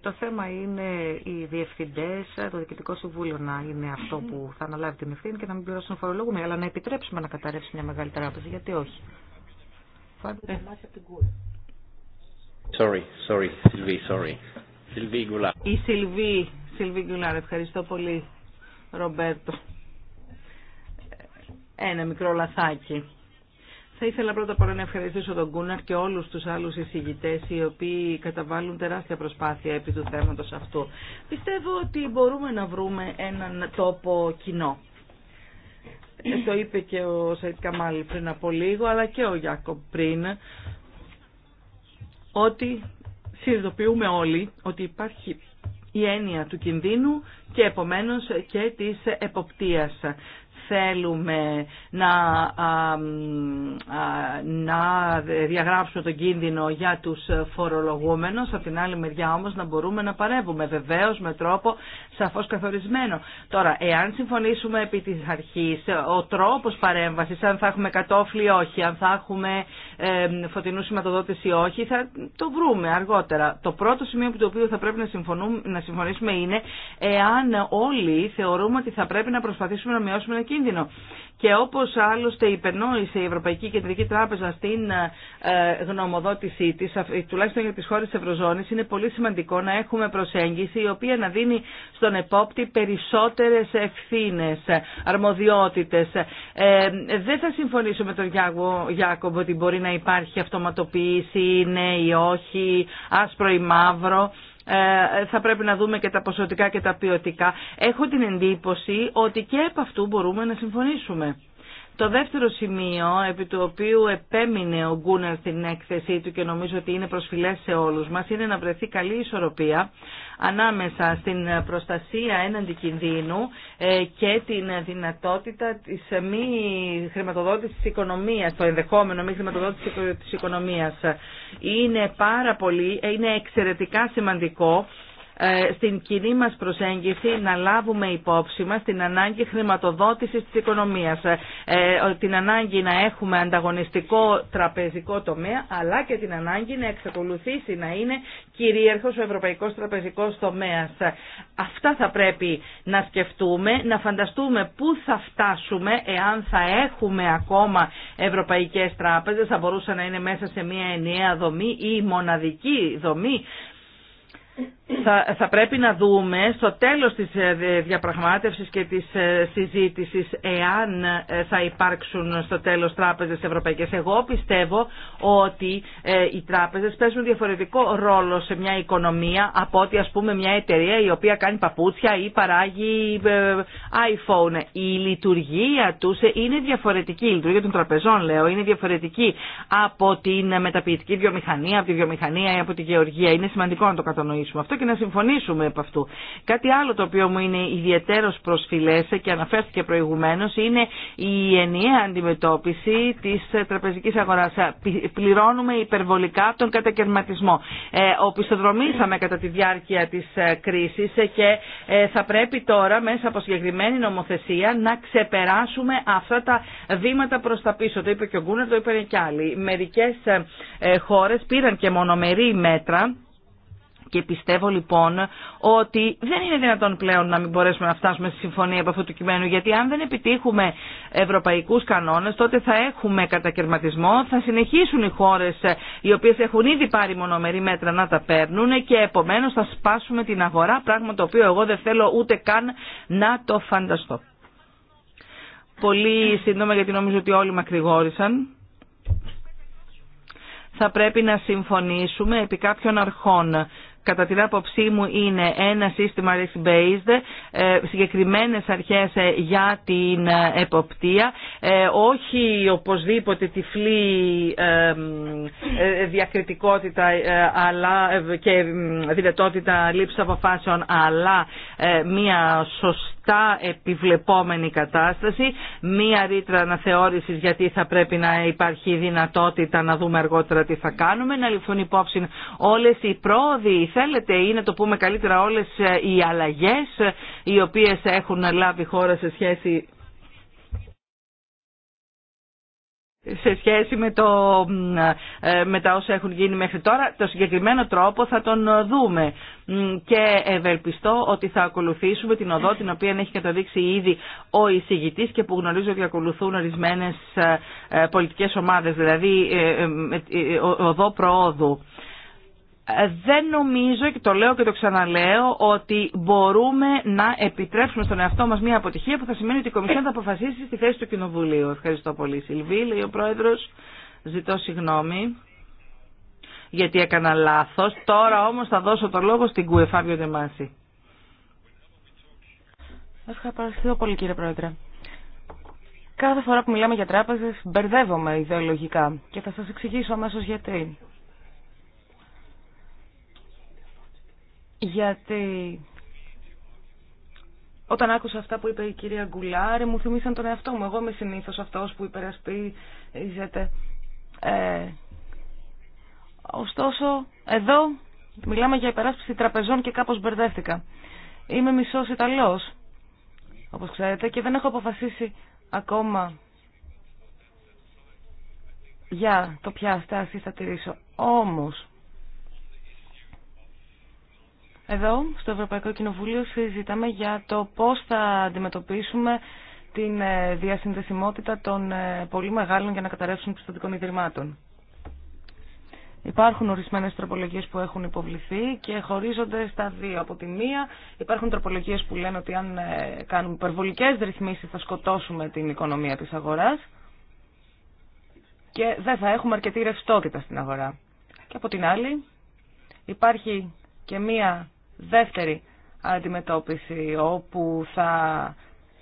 Το θέμα είναι οι διευθυντέ, το Διοικητικό Συμβούλιο να είναι αυτό που θα αναλάβει την ευθύνη και να μην πληρώσουν φορολογούμενοι, αλλά να επιτρέψουμε να καταρρεύσει μια μεγάλη τράπεζα. Γιατί όχι. Ε. Sorry, sorry, Sylvie, sorry. Η Σιλβί, Σιλβί Γκουλάρ, ευχαριστώ πολύ, Ρομπέρτο. Ένα μικρό λαθάκι. Θα ήθελα πρώτα απ' όλα να ευχαριστήσω τον Κούναρ και όλου του άλλου εισηγητέ οι οποίοι καταβάλουν τεράστια προσπάθεια επί του θέματο αυτού. Πιστεύω ότι μπορούμε να βρούμε έναν τόπο κοινό. Ε, το είπε και ο Σαϊτ Καμάλ πριν από λίγο, αλλά και ο Γιάκο πριν, ότι συνειδητοποιούμε όλοι ότι υπάρχει η έννοια του κινδύνου και επομένως και της εποπτείας θέλουμε να, να διαγράψουμε τον κίνδυνο για τους φορολογούμενους, από την άλλη μεριά όμως να μπορούμε να παρεύουμε βεβαίως με τρόπο σαφώς καθορισμένο. Τώρα, εάν συμφωνήσουμε επί της αρχής, ο τρόπος παρέμβασης, αν θα έχουμε κατόφλι ή όχι, αν θα έχουμε φωτεινού σηματοδότηση ή όχι, θα το βρούμε αργότερα. Το πρώτο σημείο που το οποίο θα πρέπει να, να συμφωνήσουμε είναι εάν όλοι θεωρούμε ότι θα πρέπει να προσπαθήσουμε να μειώσουμε ένα κίνδυνο κίνδυνο. Και όπως άλλωστε υπενόησε η Ευρωπαϊκή Κεντρική Τράπεζα στην ε, γνωμοδότησή της, ε, τουλάχιστον για τις χώρες της Ευρωζώνης, είναι πολύ σημαντικό να έχουμε προσέγγιση η οποία να δίνει στον επόπτη περισσότερες ευθύνες, αρμοδιότητες. Ε, δεν θα συμφωνήσω με τον Γιάκο, ότι μπορεί να υπάρχει αυτοματοποίηση, ναι ή όχι, άσπρο ή μαύρο. Ε, θα πρέπει να δούμε και τα ποσοτικά και τα ποιοτικά. Έχω την εντύπωση ότι και από αυτού μπορούμε να συμφωνήσουμε. Το δεύτερο σημείο επί του οποίου επέμεινε ο Γκούναρ στην έκθεσή του και νομίζω ότι είναι προσφυλές σε όλους μας είναι να βρεθεί καλή ισορροπία ανάμεσα στην προστασία έναντι κινδύνου ε, και την δυνατότητα της μη χρηματοδότησης της οικονομίας, το ενδεχόμενο μη χρηματοδότηση της οικονομίας. Είναι πάρα πολύ, ε, είναι εξαιρετικά σημαντικό ε, στην κοινή μας προσέγγιση να λάβουμε υπόψη μας την ανάγκη χρηματοδότησης της οικονομίας, ε, ε, την ανάγκη να έχουμε ανταγωνιστικό τραπεζικό τομέα, αλλά και την ανάγκη να εξακολουθήσει να είναι κυρίαρχος ο ευρωπαϊκός τραπεζικός τομέας. Αυτά θα πρέπει να σκεφτούμε, να φανταστούμε πού θα φτάσουμε εάν θα έχουμε ακόμα ευρωπαϊκές τράπεζες, θα μπορούσαν να είναι μέσα σε μια ενιαία δομή ή μοναδική δομή θα, θα πρέπει να δούμε στο τέλος της ε, διαπραγμάτευσης και της ε, συζήτησης εάν ε, θα υπάρξουν στο τέλος τράπεζες ευρωπαϊκές. Εγώ πιστεύω ότι οι τράπεζες παίζουν διαφορετικό ρόλο σε μια οικονομία από ότι ας πούμε μια εταιρεία η οποία κάνει παπούτσια ή παράγει iPhone. Η λειτουργία τους είναι διαφορετική, η λειτουργία των τραπεζών λέω, είναι διαφορετική από την μεταποιητική βιομηχανία, από τη βιομηχανία ή από τη γεωργία. Είναι σημαντικό να το κατανοήσουμε αυτό και να συμφωνήσουμε από αυτού. Κάτι άλλο το οποίο μου είναι ιδιαίτερο προσφυλέ και αναφέρθηκε προηγουμένω είναι η ενιαία αντιμετώπιση τη τραπεζική αγορά. Πληρώνουμε υπερβολικά τον κατακαιρματισμό. Ε, οπισθοδρομήσαμε κατά τη διάρκεια τη ε, κρίση και ε, θα πρέπει τώρα μέσα από συγκεκριμένη νομοθεσία να ξεπεράσουμε αυτά τα βήματα προ τα πίσω. Το είπε και ο Γκούνερ, το είπε και άλλοι. Μερικές χώρε πήραν και μονομερή μέτρα και πιστεύω λοιπόν ότι δεν είναι δυνατόν πλέον να μην μπορέσουμε να φτάσουμε στη συμφωνία από αυτού του κειμένου, γιατί αν δεν επιτύχουμε ευρωπαϊκούς κανόνες, τότε θα έχουμε κατακαιρματισμό, θα συνεχίσουν οι χώρες ε, οι οποίες έχουν ήδη πάρει μονομερή μέτρα να τα παίρνουν και επομένως θα σπάσουμε την αγορά, πράγμα το οποίο εγώ δεν θέλω ούτε καν να το φανταστώ. Πολύ σύντομα γιατί νομίζω ότι όλοι μακρηγόρησαν. Θα πρέπει να συμφωνήσουμε επί κάποιων αρχών κατά την άποψή μου είναι ένα σύστημα risk-based, ε, συγκεκριμένες αρχές ε, για την ε, εποπτεία, όχι οπωσδήποτε τυφλή διακριτικότητα αλλά και δυνατότητα λήψης αποφάσεων, αλλά μια σωστή τα επιβλεπόμενη κατάσταση, μία ρήτρα αναθεώρηση γιατί θα πρέπει να υπάρχει δυνατότητα να δούμε αργότερα τι θα κάνουμε, να ληφθούν υπόψη όλες οι πρόοδοι, θέλετε ή να το πούμε καλύτερα όλες οι αλλαγέ, οι οποίες έχουν λάβει χώρα σε σχέση σε σχέση με, το, με τα όσα έχουν γίνει μέχρι τώρα. Το συγκεκριμένο τρόπο θα τον δούμε και ευελπιστώ ότι θα ακολουθήσουμε την οδό την οποία έχει καταδείξει ήδη ο εισηγητής και που γνωρίζω ότι ακολουθούν ορισμένες πολιτικές ομάδες, δηλαδή οδό προόδου δεν νομίζω και το λέω και το ξαναλέω ότι μπορούμε να επιτρέψουμε στον εαυτό μας μια αποτυχία που θα σημαίνει ότι η Κομισιόν θα αποφασίσει στη θέση του Κοινοβουλίου. Ευχαριστώ πολύ Σιλβί, λέει ο Πρόεδρος. Ζητώ συγγνώμη γιατί έκανα λάθος. Τώρα όμως θα δώσω το λόγο στην Κουεφάβιο Δεμάση. Ευχαριστώ πολύ κύριε Πρόεδρε. Κάθε φορά που μιλάμε για τράπεζες μπερδεύομαι ιδεολογικά και θα σας εξηγήσω αμέσω γιατί. γιατί όταν άκουσα αυτά που είπε η κυρία Γκουλάρη μου θυμήσαν τον εαυτό μου. Εγώ είμαι συνήθω αυτός που υπερασπίζεται. Ε, ωστόσο, εδώ μιλάμε για υπεράσπιση τραπεζών και κάπως μπερδεύτηκα. Είμαι μισός Ιταλός, όπως ξέρετε, και δεν έχω αποφασίσει ακόμα για το ποια στάση θα τηρήσω. Όμως, εδώ, στο Ευρωπαϊκό Κοινοβούλιο, συζητάμε για το πώς θα αντιμετωπίσουμε την ε, διασυνδεσιμότητα των ε, πολύ μεγάλων για να καταρρεύσουν πιστοτικών ιδρυμάτων. Υπάρχουν ορισμένες τροπολογίες που έχουν υποβληθεί και χωρίζονται στα δύο. Από τη μία υπάρχουν τροπολογίες που λένε ότι αν ε, κάνουμε υπερβολικές ρυθμίσεις θα σκοτώσουμε την οικονομία της αγοράς και δεν θα έχουμε αρκετή ρευστότητα στην αγορά. Και από την άλλη υπάρχει και μία δεύτερη αντιμετώπιση όπου θα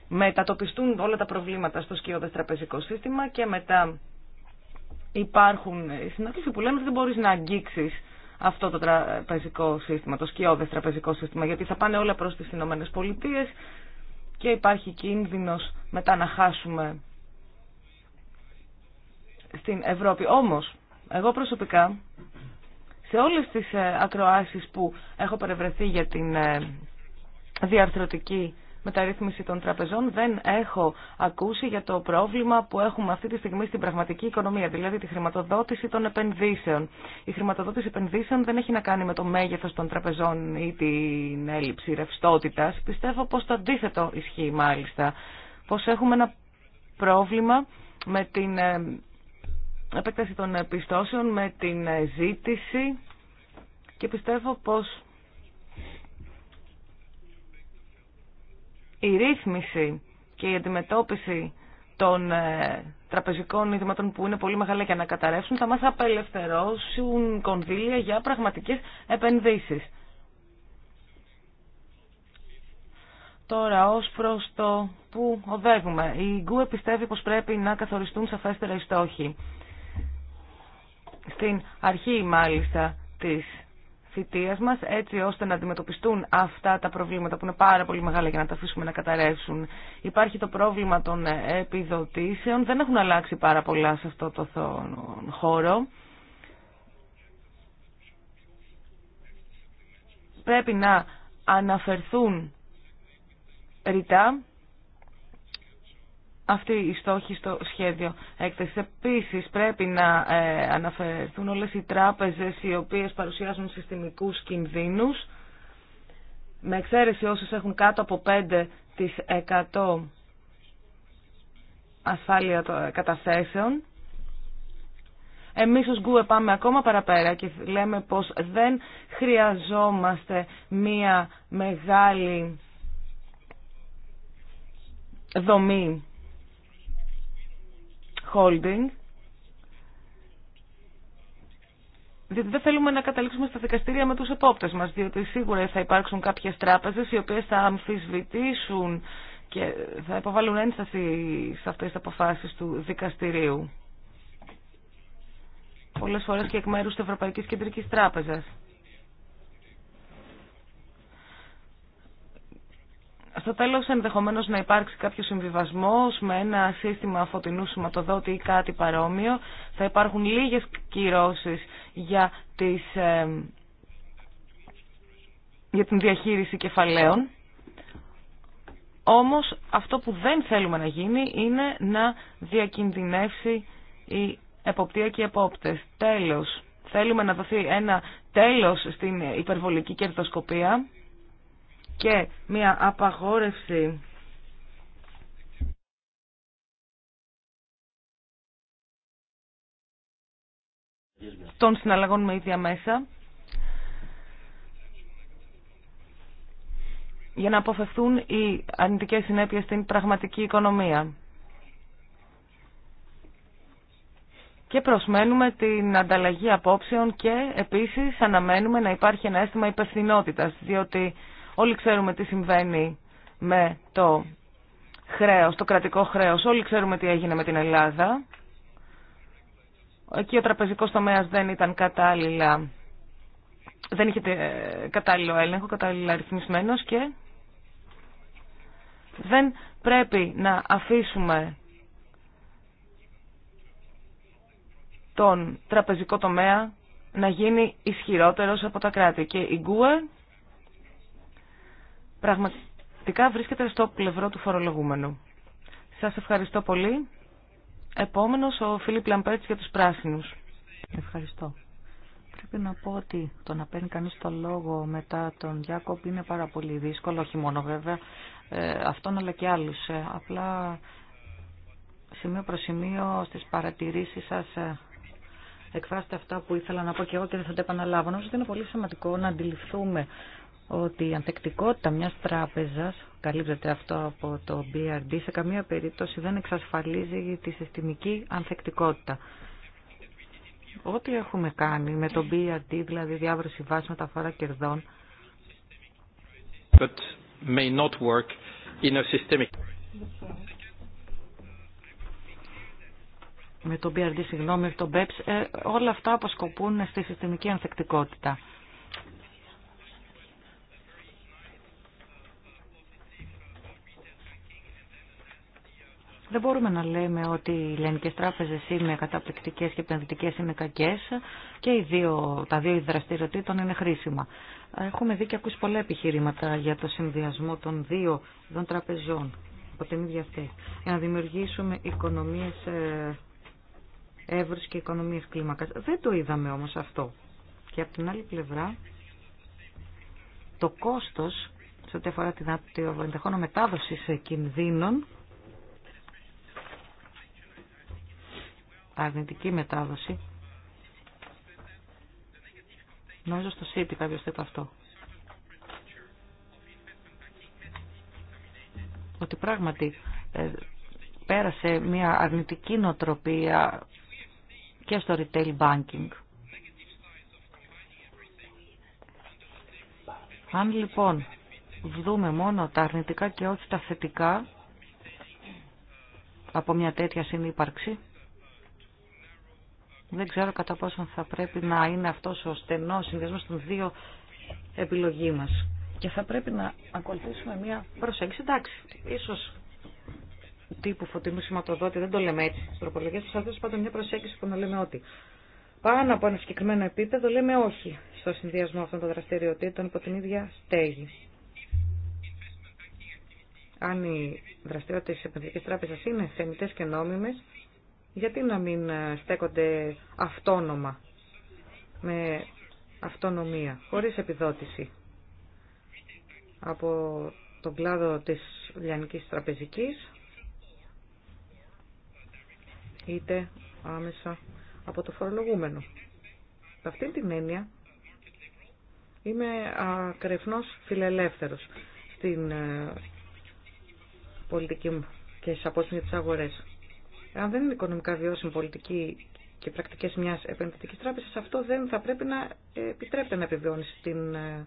μετατοπιστούν όλα τα προβλήματα στο σκιώδες τραπεζικό σύστημα και μετά υπάρχουν συναντήσεις που λένε ότι δεν μπορείς να αγγίξεις αυτό το τραπεζικό σύστημα, το σκιώδες τραπεζικό σύστημα, γιατί θα πάνε όλα προς τις Ηνωμένες Πολιτείες και υπάρχει κίνδυνος μετά να χάσουμε στην Ευρώπη. Όμως, εγώ προσωπικά σε όλες τις ε, ακροάσεις που έχω παρευρεθεί για την ε, διαρθρωτική μεταρρύθμιση των τραπεζών δεν έχω ακούσει για το πρόβλημα που έχουμε αυτή τη στιγμή στην πραγματική οικονομία, δηλαδή τη χρηματοδότηση των επενδύσεων. Η χρηματοδότηση επενδύσεων δεν έχει να κάνει με το μέγεθος των τραπεζών ή την έλλειψη ρευστότητα. Πιστεύω πως το αντίθετο ισχύει μάλιστα, πως έχουμε ένα πρόβλημα με την ε, επέκταση των πιστώσεων με την ζήτηση και πιστεύω πως η ρύθμιση και η αντιμετώπιση των ε, τραπεζικών ιδρυμάτων που είναι πολύ μεγάλα για να καταρρεύσουν θα μας απελευθερώσουν κονδύλια για πραγματικές επενδύσεις. Τώρα, ως προς το που οδεύουμε, η Γκουε πιστεύει πως πρέπει να καθοριστούν σαφέστερα οι στόχοι στην αρχή μάλιστα της θητείας μας, έτσι ώστε να αντιμετωπιστούν αυτά τα προβλήματα που είναι πάρα πολύ μεγάλα για να τα αφήσουμε να καταρρεύσουν. Υπάρχει το πρόβλημα των επιδοτήσεων, δεν έχουν αλλάξει πάρα πολλά σε αυτό το χώρο. Πρέπει να αναφερθούν ρητά αυτή η στόχη στο σχέδιο έκθεση. Επίση πρέπει να ε, αναφερθούν όλες οι τράπεζες οι οποίες παρουσιάζουν συστημικούς κινδύνους με εξαίρεση όσους έχουν κάτω από 5% ασφάλεια ε, καταθέσεων. Εμείς ως Γκουε πάμε ακόμα παραπέρα και λέμε πως δεν χρειαζόμαστε μία μεγάλη δομή holding, διότι δεν θέλουμε να καταλήξουμε στα δικαστήρια με τους επόπτες μας, διότι σίγουρα θα υπάρξουν κάποιες τράπεζες οι οποίες θα αμφισβητήσουν και θα υποβάλουν ένσταση σε αυτές τις αποφάσεις του δικαστηρίου. Πολλές φορές και εκ μέρους της Ευρωπαϊκής Κεντρικής Τράπεζας. στο τέλο, ενδεχομένω να υπάρξει κάποιο συμβιβασμό με ένα σύστημα φωτεινού σηματοδότη ή κάτι παρόμοιο. Θα υπάρχουν λίγες κυρώσει για, ε, για την διαχείριση κεφαλαίων. Όμως αυτό που δεν θέλουμε να γίνει είναι να διακινδυνεύσει η εποπτεία και οι επόπτε. Τέλος. Θέλουμε να δοθεί ένα τέλος στην υπερβολική κερδοσκοπία και μια απαγόρευση των συναλλαγών με ίδια μέσα για να αποφευθούν οι αρνητικές συνέπειες στην πραγματική οικονομία. Και προσμένουμε την ανταλλαγή απόψεων και επίσης αναμένουμε να υπάρχει ένα αίσθημα υπευθυνότητας, διότι Όλοι ξέρουμε τι συμβαίνει με το χρέος, το κρατικό χρέος. Όλοι ξέρουμε τι έγινε με την Ελλάδα. Εκεί ο τραπεζικός τομέας δεν ήταν κατάλληλα, δεν είχε ε, κατάλληλο έλεγχο, κατάλληλα ρυθμισμένος. και δεν πρέπει να αφήσουμε τον τραπεζικό τομέα να γίνει ισχυρότερος από τα κράτη. Και η Google πραγματικά βρίσκεται στο πλευρό του φορολογούμενου. Σας ευχαριστώ πολύ. Επόμενος ο Φίλιπ Λαμπέτς για τους πράσινους. Ευχαριστώ. Πρέπει να πω ότι το να παίρνει κανείς το λόγο μετά τον Γιάκοπ είναι πάρα πολύ δύσκολο, όχι μόνο βέβαια ε, αυτόν αλλά και άλλους. Ε, απλά σημείο προς σημείο στις παρατηρήσεις σας ε, εκφράστε αυτά που ήθελα να πω και εγώ και δεν θα τα επαναλάβω. Νομίζω ότι είναι πολύ σημαντικό να αντιληφθούμε ότι η ανθεκτικότητα μιας τράπεζας, καλύπτεται αυτό από το BRD, σε καμία περίπτωση δεν εξασφαλίζει τη συστημική ανθεκτικότητα. Ό,τι έχουμε κάνει με το BRD, δηλαδή διάβρωση βάση μεταφορά κερδών, But may not work in a με το BRD, συγγνώμη, το BEPS, ε, όλα αυτά αποσκοπούν στη συστημική ανθεκτικότητα. Δεν μπορούμε να λέμε ότι οι ελληνικέ τράπεζε είναι καταπληκτικέ και επενδυτικέ είναι κακέ και οι δύο, τα δύο δραστηριοτήτων είναι χρήσιμα. Έχουμε δει και ακούσει πολλά επιχειρήματα για το συνδυασμό των δύο των τραπεζών από την ίδια αυτή. Για να δημιουργήσουμε οικονομίε ε, εύρου και οικονομίε κλίμακα. Δεν το είδαμε όμω αυτό. Και από την άλλη πλευρά, το κόστο σε ό,τι αφορά την ενδεχόμενο μετάδοση κινδύνων αρνητική μετάδοση. Νομίζω στο ΣΥΤΙ κάποιος το αυτό. Ότι πράγματι ε, πέρασε μια αρνητική νοοτροπία και στο retail banking. Αν λοιπόν δούμε μόνο τα αρνητικά και όχι τα θετικά από μια τέτοια συνύπαρξη, δεν ξέρω κατά πόσο θα πρέπει να είναι αυτός ο στενός συνδυασμός των δύο επιλογή μας. Και θα πρέπει να ακολουθήσουμε μια προσέγγιση. Εντάξει, ίσως τύπου φωτεινού σηματοδότη, δεν το λέμε έτσι Τροπολογίε τροπολογίες, αλλά τέλο μια προσέγγιση που να λέμε ότι πάνω από ένα συγκεκριμένο επίπεδο λέμε όχι στο συνδυασμό αυτών των δραστηριοτήτων υπό την ίδια στέγη. Αν οι δραστηριότητε τη Επενδυτική Τράπεζα είναι θεμητέ και νόμιμε, γιατί να μην ε, στέκονται αυτόνομα, με αυτονομία, χωρίς επιδότηση από τον κλάδο της λιανικής τραπεζικής, είτε άμεσα από το φορολογούμενο. Σε αυτήν την έννοια είμαι ακρεφνός φιλελεύθερος στην ε, πολιτική μου και στις απόψεις της αγορές. Αν δεν είναι οικονομικά βιώσιμη πολιτική και πρακτικέ μια επενδυτική τράπεζα, αυτό δεν θα πρέπει να επιτρέπεται να επιβιώνει στην ε,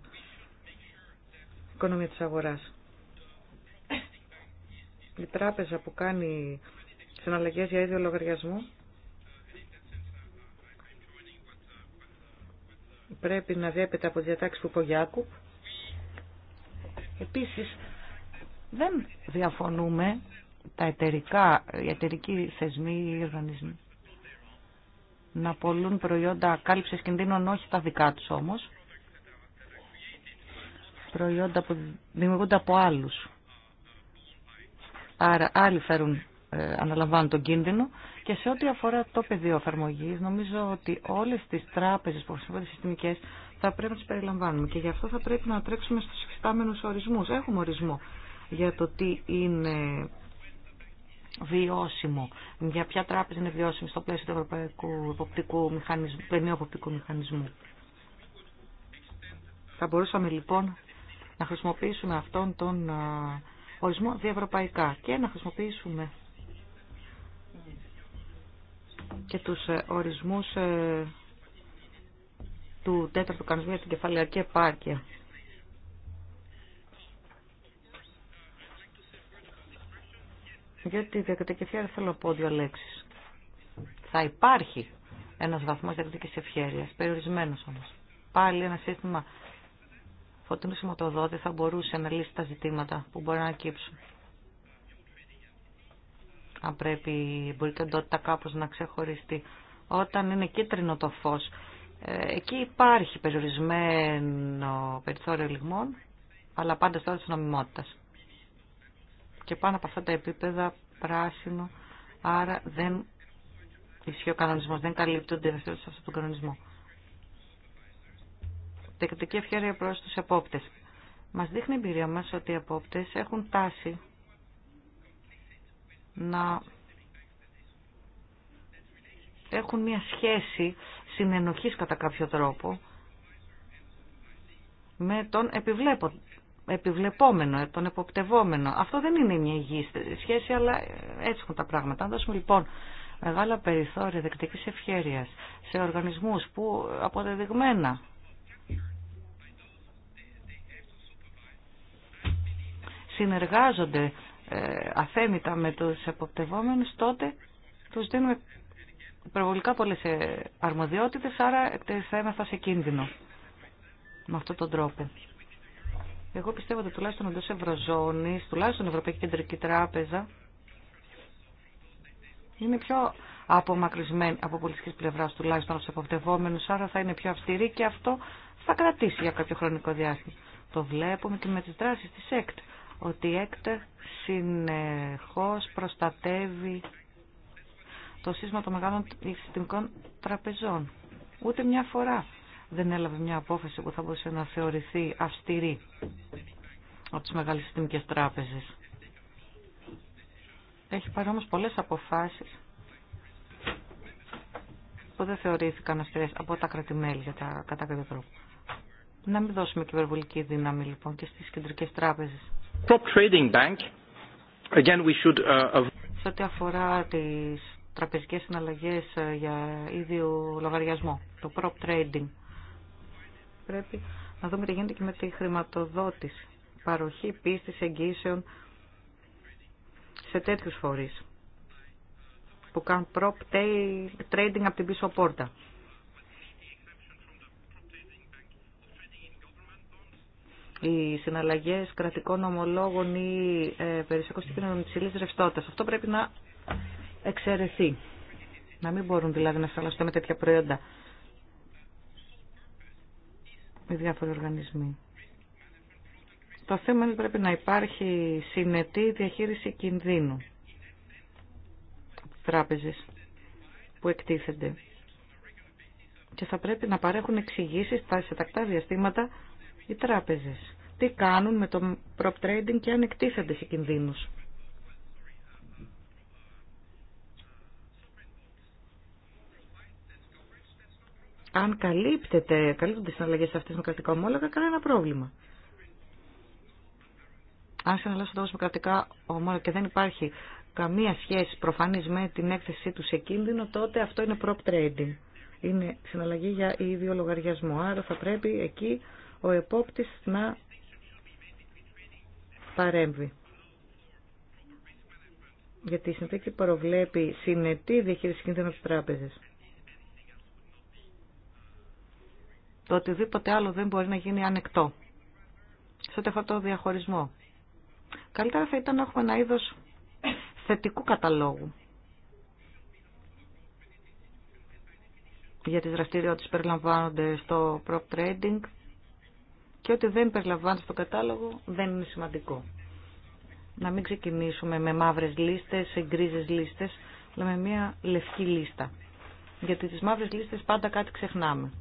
οικονομία τη αγορά. Η τράπεζα που κάνει συναλλαγέ για ίδιο λογαριασμό πρέπει να διέπεται από διατάξει του Πογιάκου. Επίση, δεν διαφωνούμε τα εταιρικά, οι εταιρικοί θεσμοί ή οργανισμοί να πολλούν προϊόντα κάλυψης κινδύνων, όχι τα δικά τους όμως, προϊόντα που δημιουργούνται από άλλους. Άρα άλλοι φέρουν, ε, αναλαμβάνουν τον κίνδυνο και σε ό,τι αφορά το πεδίο εφαρμογή, νομίζω ότι όλες τις τράπεζες που χρησιμοποιούνται συστημικές θα πρέπει να τις περιλαμβάνουμε και γι' αυτό θα πρέπει να τρέξουμε στους εξετάμενου ορισμούς. Έχουμε ορισμό για το τι είναι βιώσιμο. Για ποια τράπεζα είναι βιώσιμη στο πλαίσιο του Ευρωπαϊκού Εποπτικού Μηχανισμού, Μηχανισμού. Θα μπορούσαμε λοιπόν να χρησιμοποιήσουμε αυτόν τον ορισμό διευρωπαϊκά και να χρησιμοποιήσουμε και τους ε, ορισμούς ε, του τέταρτου κανονισμού για την κεφαλαιακή επάρκεια. Γιατί τη διακριτική ευχαίρεια θέλω να πω δύο λέξει. Θα υπάρχει ένας βαθμός διακριτικής ευχαίρεια, περιορισμένο όμως. Πάλι ένα σύστημα φωτεινού σηματοδότη θα μπορούσε να λύσει τα ζητήματα που μπορεί να ανακύψουν. Αν πρέπει μπορεί εμπορική εντότητα κάπως να ξεχωριστεί. Όταν είναι κίτρινο το φως, ε, εκεί υπάρχει περιορισμένο περιθώριο λιγμών, αλλά πάντα στο όριο τη και πάνω από αυτά τα επίπεδα πράσινο, άρα δεν ισχύει ο κανονισμό, δεν καλύπτει τον σε αυτόν τον κανονισμό. Τεκτική ευχαίρεια προ του επόπτε. Μα δείχνει η εμπειρία μα ότι οι επόπτε έχουν τάση να έχουν μια σχέση συνενοχής κατά κάποιο τρόπο με τον επιβλέπον επιβλεπόμενο, τον εποπτευόμενο. Αυτό δεν είναι μια υγιή σχέση, αλλά έτσι έχουν τα πράγματα. Αν δώσουμε λοιπόν μεγάλα περιθώρια δεκτικής ευχέρεια σε οργανισμούς που αποδεδειγμένα συνεργάζονται ε, αθέμητα με τους εποπτευόμενους, τότε τους δίνουμε προβολικά πολλές ε, αρμοδιότητες, άρα θα σε κίνδυνο με αυτόν τον τρόπο. Εγώ πιστεύω ότι τουλάχιστον εντό Ευρωζώνη, τουλάχιστον Ευρωπαϊκή Κεντρική Τράπεζα, είναι πιο απομακρυσμένη από πολιτική πλευρά τουλάχιστον από του εποπτευόμενου, άρα θα είναι πιο αυστηρή και αυτό θα κρατήσει για κάποιο χρονικό διάστημα. Το βλέπουμε και με τι δράσει τη ΕΚΤ, ότι η ΕΚΤ συνεχώ προστατεύει το σύστημα των μεγάλων συστημικών τραπεζών. Ούτε μια φορά δεν έλαβε μια απόφαση που θα μπορούσε να θεωρηθεί αυστηρή από τις μεγάλες συστημικές τράπεζες. Έχει πάρει όμως πολλές αποφάσεις που δεν θεωρήθηκαν αυστηρές από τα κρατημέλη για τα κατά κάποιο Να μην δώσουμε κυβερβολική δύναμη λοιπόν και στις κεντρικές τράπεζες. Uh, Σε ό,τι αφορά τις τραπεζικές συναλλαγές ε, για ίδιο λογαριασμό, το prop trading πρέπει να δούμε τι γίνεται και με τη χρηματοδότηση, παροχή πίστη εγγύσεων σε τέτοιους φορείς που κάνουν prop trading από την πίσω πόρτα. οι συναλλαγέ κρατικών ομολόγων ή ε, περιουσιακών στοιχείων ρευστότητα. Αυτό πρέπει να εξαιρεθεί. Να μην μπορούν δηλαδή να συναλλαστούν με τέτοια προϊόντα οι διάφοροι οργανισμοί. Το θέμα είναι ότι πρέπει να υπάρχει συνετή διαχείριση κινδύνου τράπεζες που εκτίθενται και θα πρέπει να παρέχουν εξηγήσεις σε τακτά διαστήματα οι τράπεζες. Τι κάνουν με το prop trading και αν εκτίθενται σε κινδύνους. αν καλύπτεται, καλύπτονται οι συναλλαγές αυτές με κρατικά ομόλογα, κανένα πρόβλημα. Αν συναλλάσσονται όμως με κρατικά ομόλογα και δεν υπάρχει καμία σχέση προφανής με την έκθεσή του σε κίνδυνο, τότε αυτό είναι prop trading. Είναι συναλλαγή για ίδιο λογαριασμό. Άρα θα πρέπει εκεί ο επόπτης να παρέμβει. Γιατί η συνθήκη προβλέπει συνετή διαχείριση κίνδυνων από Το οτιδήποτε άλλο δεν μπορεί να γίνει ανεκτό. Σε ό,τι το διαχωρισμό. Καλύτερα θα ήταν να έχουμε ένα είδος θετικού καταλόγου για τις δραστηριότητες που περιλαμβάνονται στο prop trading και ότι δεν περιλαμβάνεται στο κατάλογο δεν είναι σημαντικό. Να μην ξεκινήσουμε με μαύρες λίστες, γκρίζες λίστες, αλλά με μια λευκή λίστα. Γιατί τις μαύρες λίστες πάντα κάτι ξεχνάμε.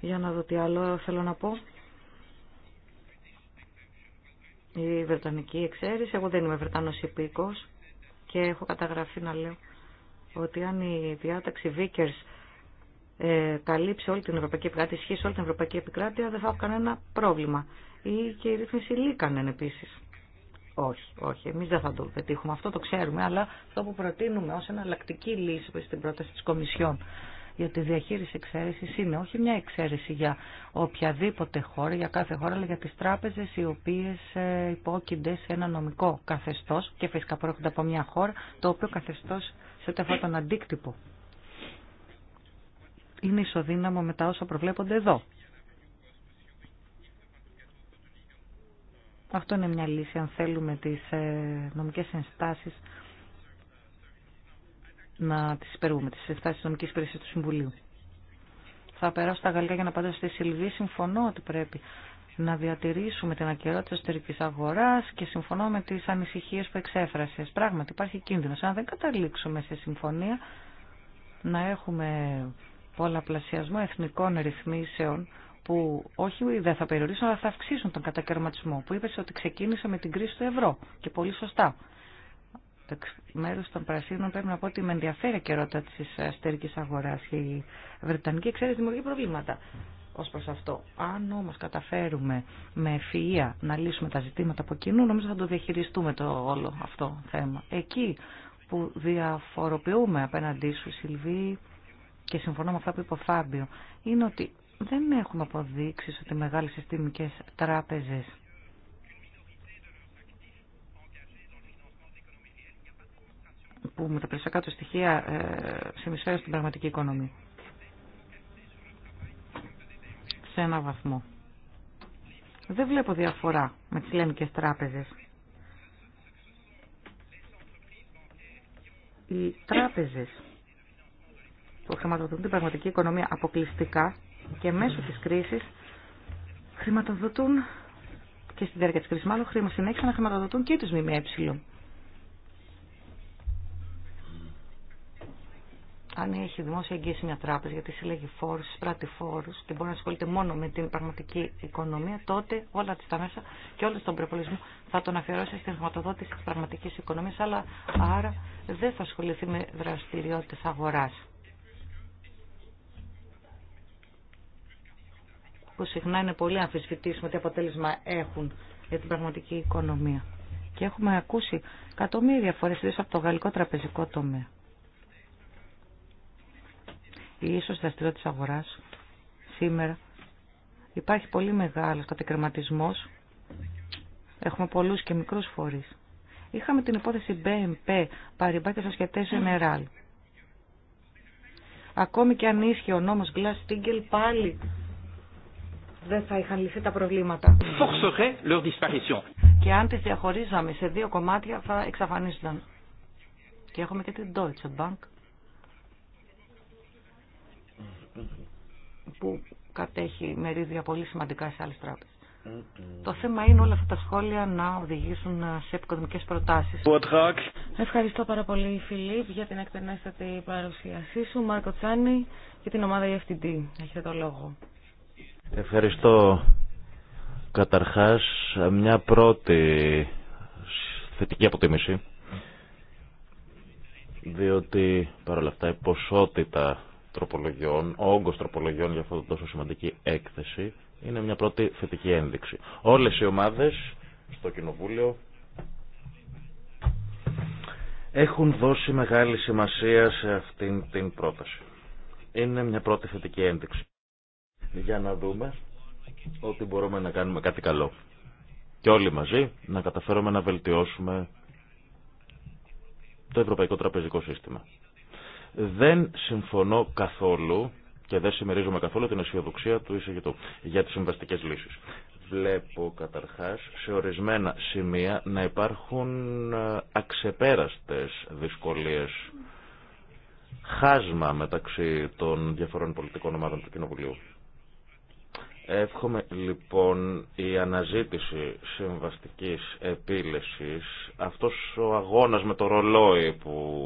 Για να δω τι άλλο θέλω να πω. Η Βρετανική εξαίρεση. Εγώ δεν είμαι Βρετανός υπήκος και έχω καταγραφεί να λέω ότι αν η διάταξη Vickers ε, καλύψει όλη την Ευρωπαϊκή Επικράτεια, ισχύει σε όλη την Ευρωπαϊκή Επικράτεια, δεν θα έχω κανένα πρόβλημα. Ή και η ρύθμιση Λίκανεν επίση. Όχι, όχι, εμεί δεν θα το πετύχουμε. Αυτό το ξέρουμε, αλλά αυτό που προτείνουμε ω εναλλακτική λύση στην πρόταση τη Κομισιόν γιατί η διαχείριση εξαίρεση είναι όχι μια εξαίρεση για οποιαδήποτε χώρα, για κάθε χώρα, αλλά για τι τράπεζε οι οποίε ε, υπόκεινται σε ένα νομικό καθεστώ και φυσικά πρόκειται από μια χώρα, το οποίο καθεστώ σε ό,τι τον αντίκτυπο είναι ισοδύναμο με τα όσα προβλέπονται εδώ. Αυτό είναι μια λύση αν θέλουμε τις ε, νομικές ενστάσεις να τις υπερβούμε, τις εφτάσεις νομικής υπηρεσίας του Συμβουλίου. Θα περάσω στα γαλλικά για να απαντήσω στη Σιλβή. Συμφωνώ ότι πρέπει να διατηρήσουμε την ακαιρότητα τη εσωτερική αγορά και συμφωνώ με τι ανησυχίε που εξέφρασε. Πράγματι, υπάρχει κίνδυνο. Αν δεν καταλήξουμε σε συμφωνία, να έχουμε πολλαπλασιασμό εθνικών ρυθμίσεων που όχι δεν θα περιορίσουν, αλλά θα αυξήσουν τον κατακαιρματισμό. Που είπε ότι ξεκίνησε με την κρίση του ευρώ και πολύ σωστά το μέρο των πρασίνων πρέπει να πω ότι με ενδιαφέρει καιρότητα τη αστέρικη αγορά. Η Βρετανική εξαίρεση δημιουργεί προβλήματα ω προ αυτό. Αν όμω καταφέρουμε με ευφυα να λύσουμε τα ζητήματα από κοινού, νομίζω θα το διαχειριστούμε το όλο αυτό θέμα. Εκεί που διαφοροποιούμε απέναντί σου, Σιλβί, και συμφωνώ με αυτά που είπε ο Φάμπιο, είναι ότι δεν έχουμε αποδείξει ότι μεγάλε συστημικέ τράπεζε που με τα περισσότερα του στοιχεία ε, συνεισφέρουν στην πραγματική οικονομία. Σε ένα βαθμό. Δεν βλέπω διαφορά με τις λέμικες τράπεζες. Οι τράπεζες που χρηματοδοτούν την πραγματική οικονομία αποκλειστικά και μέσω της κρίσης χρηματοδοτούν και στην διάρκεια της κρίσης μάλλον χρήμα συνέχισαν να χρηματοδοτούν και τους ΜΜΕ. αν έχει δημόσια εγγύηση μια τράπεζα γιατί συλλέγει φόρου, πράττει φόρου και μπορεί να ασχολείται μόνο με την πραγματική οικονομία, τότε όλα τα μέσα και όλο τον προπολογισμό θα τον αφιερώσει στην χρηματοδότηση τη πραγματική οικονομία, αλλά άρα δεν θα ασχοληθεί με δραστηριότητε αγορά. Που συχνά είναι πολύ αμφισβητήσιμο τι αποτέλεσμα έχουν για την πραγματική οικονομία. Και έχουμε ακούσει εκατομμύρια φορέ από το γαλλικό τραπεζικό τομέα η ίσως δραστηριότητα τη αγοράς σήμερα. Υπάρχει πολύ μεγάλος κατεκρεματισμός. Έχουμε πολλούς και μικρούς φορείς. Είχαμε την υπόθεση BMP, Παριμπά και σχετές Γενεράλ. Ακόμη και αν ίσχυε ο νόμος Glass-Steagall πάλι δεν θα είχαν λυθεί τα προβλήματα. και αν τις διαχωρίζαμε σε δύο κομμάτια θα εξαφανίζονταν. Και έχουμε και την Deutsche Bank που κατέχει μερίδια πολύ σημαντικά σε άλλες τράπεζες. Mm-hmm. Το θέμα είναι όλα αυτά τα σχόλια να οδηγήσουν σε επικοδομικές προτάσεις. Ευχαριστώ πάρα πολύ Φιλίπ για την εκτενέστατη παρουσίασή σου. Μάρκο Τσάνι και την ομάδα EFTD. Έχετε το λόγο. Ευχαριστώ. Καταρχάς μια πρώτη θετική αποτίμηση διότι παρόλα αυτά η ποσότητα τροπολογιών, ο όγκος τροπολογιών για αυτό το τόσο σημαντική έκθεση είναι μια πρώτη θετική ένδειξη. Όλες οι ομάδες στο Κοινοβούλιο έχουν δώσει μεγάλη σημασία σε αυτήν την πρόταση. Είναι μια πρώτη θετική ένδειξη. Για να δούμε ότι μπορούμε να κάνουμε κάτι καλό. Και όλοι μαζί να καταφέρουμε να βελτιώσουμε το Ευρωπαϊκό Τραπεζικό Σύστημα. Δεν συμφωνώ καθόλου και δεν συμμερίζομαι καθόλου την αισιοδοξία του εισηγητού για τις συμβαστικές λύσεις. Βλέπω καταρχάς σε ορισμένα σημεία να υπάρχουν ε, αξεπέραστες δυσκολίες χάσμα μεταξύ των διαφορών πολιτικών ομάδων του Κοινοβουλίου. Εύχομαι λοιπόν η αναζήτηση συμβαστικής επίλεσης, αυτός ο αγώνας με το ρολόι που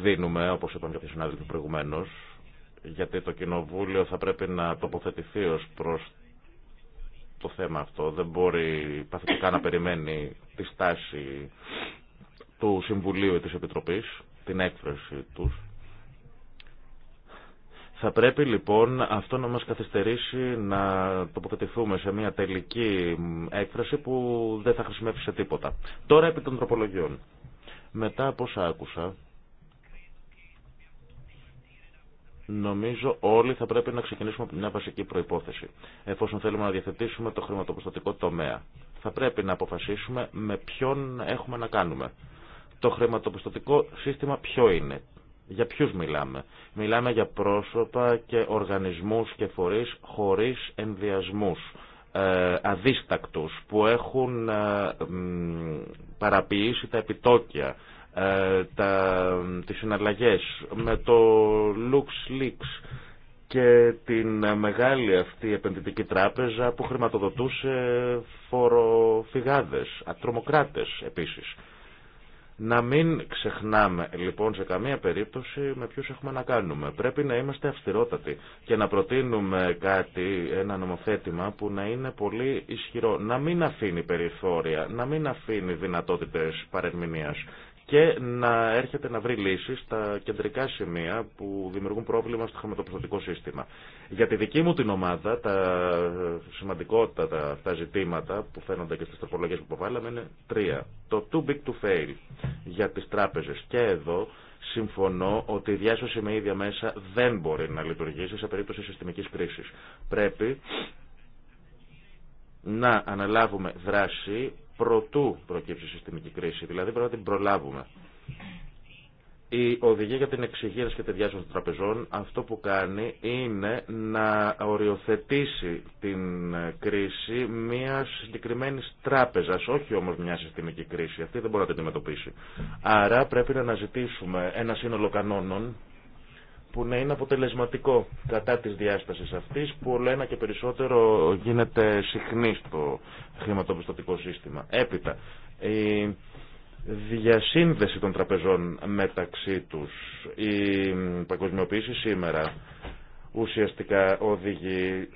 δίνουμε, όπω είπαμε και συνάδελφοι προηγουμένως, γιατί το Κοινοβούλιο θα πρέπει να τοποθετηθεί ω προς το θέμα αυτό. Δεν μπορεί παθητικά να περιμένει τη στάση του Συμβουλίου ή της Επιτροπής, την έκφραση τους. Θα πρέπει λοιπόν αυτό να μας καθυστερήσει να τοποθετηθούμε σε μια τελική έκφραση που δεν θα χρησιμεύσει σε τίποτα. Τώρα επί των τροπολογιών. Μετά από όσα άκουσα, Νομίζω όλοι θα πρέπει να ξεκινήσουμε από μια βασική προπόθεση. Εφόσον θέλουμε να διαθετήσουμε το χρηματοπιστωτικό τομέα, θα πρέπει να αποφασίσουμε με ποιον έχουμε να κάνουμε. Το χρηματοπιστωτικό σύστημα ποιο είναι, για ποιου μιλάμε. Μιλάμε για πρόσωπα και οργανισμού και φορεί χωρί ενδιασμού ε, αδίστακτους που έχουν ε, παραποιήσει τα επιτόκια ε, τα, τις συναλλαγές, με το Lux LuxLeaks και την μεγάλη αυτή επενδυτική τράπεζα που χρηματοδοτούσε φοροφυγάδες, ατρομοκράτες επίσης. Να μην ξεχνάμε λοιπόν σε καμία περίπτωση με ποιους έχουμε να κάνουμε. Πρέπει να είμαστε αυστηρότατοι και να προτείνουμε κάτι, ένα νομοθέτημα που να είναι πολύ ισχυρό. Να μην αφήνει περιθώρια, να μην αφήνει δυνατότητες παρεμμηνίας και να έρχεται να βρει λύσεις στα κεντρικά σημεία που δημιουργούν πρόβλημα στο χρηματοπιστωτικό σύστημα. Για τη δική μου την ομάδα, τα σημαντικότατα αυτά ζητήματα που φαίνονται και στις τροπολογίες που προβάλαμε είναι τρία. Το too big to fail για τις τράπεζες. Και εδώ συμφωνώ ότι η διάσωση με ίδια μέσα δεν μπορεί να λειτουργήσει σε περίπτωση συστημικής κρίσης. Πρέπει να αναλάβουμε δράση προτού προκύψει συστημική κρίση, δηλαδή πρέπει να την προλάβουμε. Η οδηγία για την εξηγήραση και τη διάσωση των τραπεζών αυτό που κάνει είναι να οριοθετήσει την κρίση μια συγκεκριμένη τράπεζα, όχι όμω μια συστημική κρίση. Αυτή δεν μπορεί να την αντιμετωπίσει. Άρα πρέπει να αναζητήσουμε ένα σύνολο κανόνων που να είναι αποτελεσματικό κατά της διάστασης αυτής που όλο ένα και περισσότερο γίνεται συχνή στο χρηματοπιστωτικό σύστημα. Έπειτα, η διασύνδεση των τραπεζών μεταξύ τους, η παγκοσμιοποίηση σήμερα ουσιαστικά οδηγεί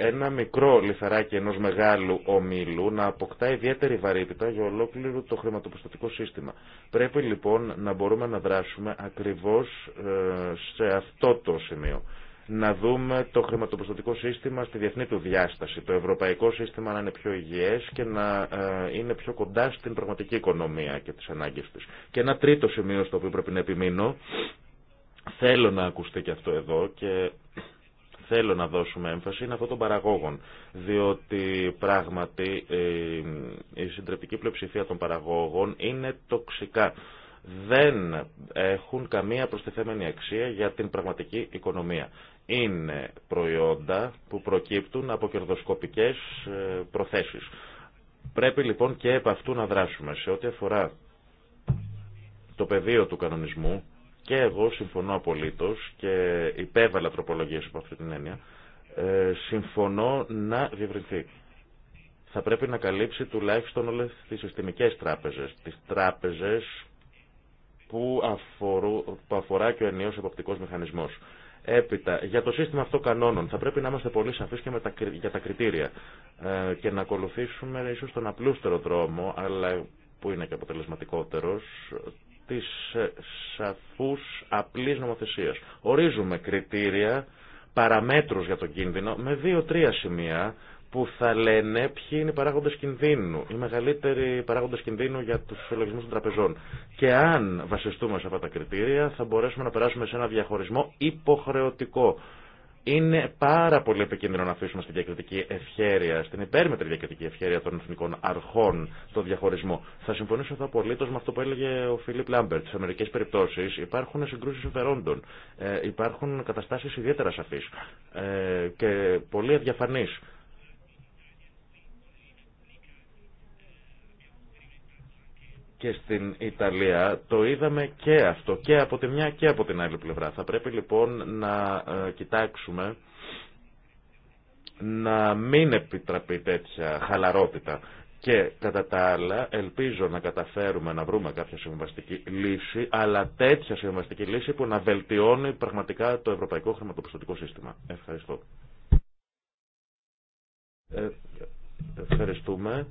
ένα μικρό λιθαράκι ενός μεγάλου ομίλου να αποκτά ιδιαίτερη βαρύτητα για ολόκληρο το χρηματοπιστωτικό σύστημα. Πρέπει λοιπόν να μπορούμε να δράσουμε ακριβώς ε, σε αυτό το σημείο. Να δούμε το χρηματοπιστωτικό σύστημα στη διεθνή του διάσταση, το ευρωπαϊκό σύστημα να είναι πιο υγιές και να ε, είναι πιο κοντά στην πραγματική οικονομία και τις ανάγκες της. Και ένα τρίτο σημείο στο οποίο πρέπει να επιμείνω θέλω να ακουστεί και αυτό εδώ και θέλω να δώσουμε έμφαση είναι αυτό των παραγόγων. Διότι πράγματι η συντριπτική πλειοψηφία των παραγόγων είναι τοξικά. Δεν έχουν καμία προστιθέμενη αξία για την πραγματική οικονομία. Είναι προϊόντα που προκύπτουν από κερδοσκοπικές ε, προθέσεις. Πρέπει λοιπόν και επ' αυτού να δράσουμε. Σε ό,τι αφορά το πεδίο του κανονισμού, και εγώ συμφωνώ απολύτω και υπέβαλα τροπολογίε από αυτή την έννοια. Ε, συμφωνώ να διευρυνθεί. Θα πρέπει να καλύψει τουλάχιστον όλε τι συστημικέ τράπεζε. Τι τράπεζε που, που, αφορά και ο ενιαίο εποπτικό μηχανισμό. Έπειτα, για το σύστημα αυτό κανόνων θα πρέπει να είμαστε πολύ σαφεί και με τα, για τα κριτήρια ε, και να ακολουθήσουμε ίσω τον απλούστερο δρόμο, αλλά που είναι και αποτελεσματικότερος, της ε, σαφούς απλής νομοθεσίας. Ορίζουμε κριτήρια, παραμέτρους για τον κίνδυνο με δύο-τρία σημεία που θα λένε ποιοι είναι οι παράγοντε κινδύνου, οι μεγαλύτεροι παράγοντες κινδύνου για τους συλλογισμού των τραπεζών. Και αν βασιστούμε σε αυτά τα κριτήρια, θα μπορέσουμε να περάσουμε σε ένα διαχωρισμό υποχρεωτικό είναι πάρα πολύ επικίνδυνο να αφήσουμε στην διακριτική ευχέρεια, στην υπέρμετρη διακριτική ευχέρεια των εθνικών αρχών, το διαχωρισμό. Θα συμφωνήσω εδώ απολύτω με αυτό που έλεγε ο Φίλιπ Λάμπερτ. Σε μερικέ περιπτώσει υπάρχουν συγκρούσει συμφερόντων, ε, υπάρχουν καταστάσει ιδιαίτερα σαφεί ε, και πολύ αδιαφανεί. και στην Ιταλία το είδαμε και αυτό, και από τη μια και από την άλλη πλευρά. Θα πρέπει λοιπόν να ε, κοιτάξουμε να μην επιτραπεί τέτοια χαλαρότητα. Και κατά τα άλλα, ελπίζω να καταφέρουμε να βρούμε κάποια συμβαστική λύση, αλλά τέτοια συμβαστική λύση που να βελτιώνει πραγματικά το ευρωπαϊκό χρηματοπιστωτικό σύστημα. Ευχαριστώ. Ε, ευχαριστούμε.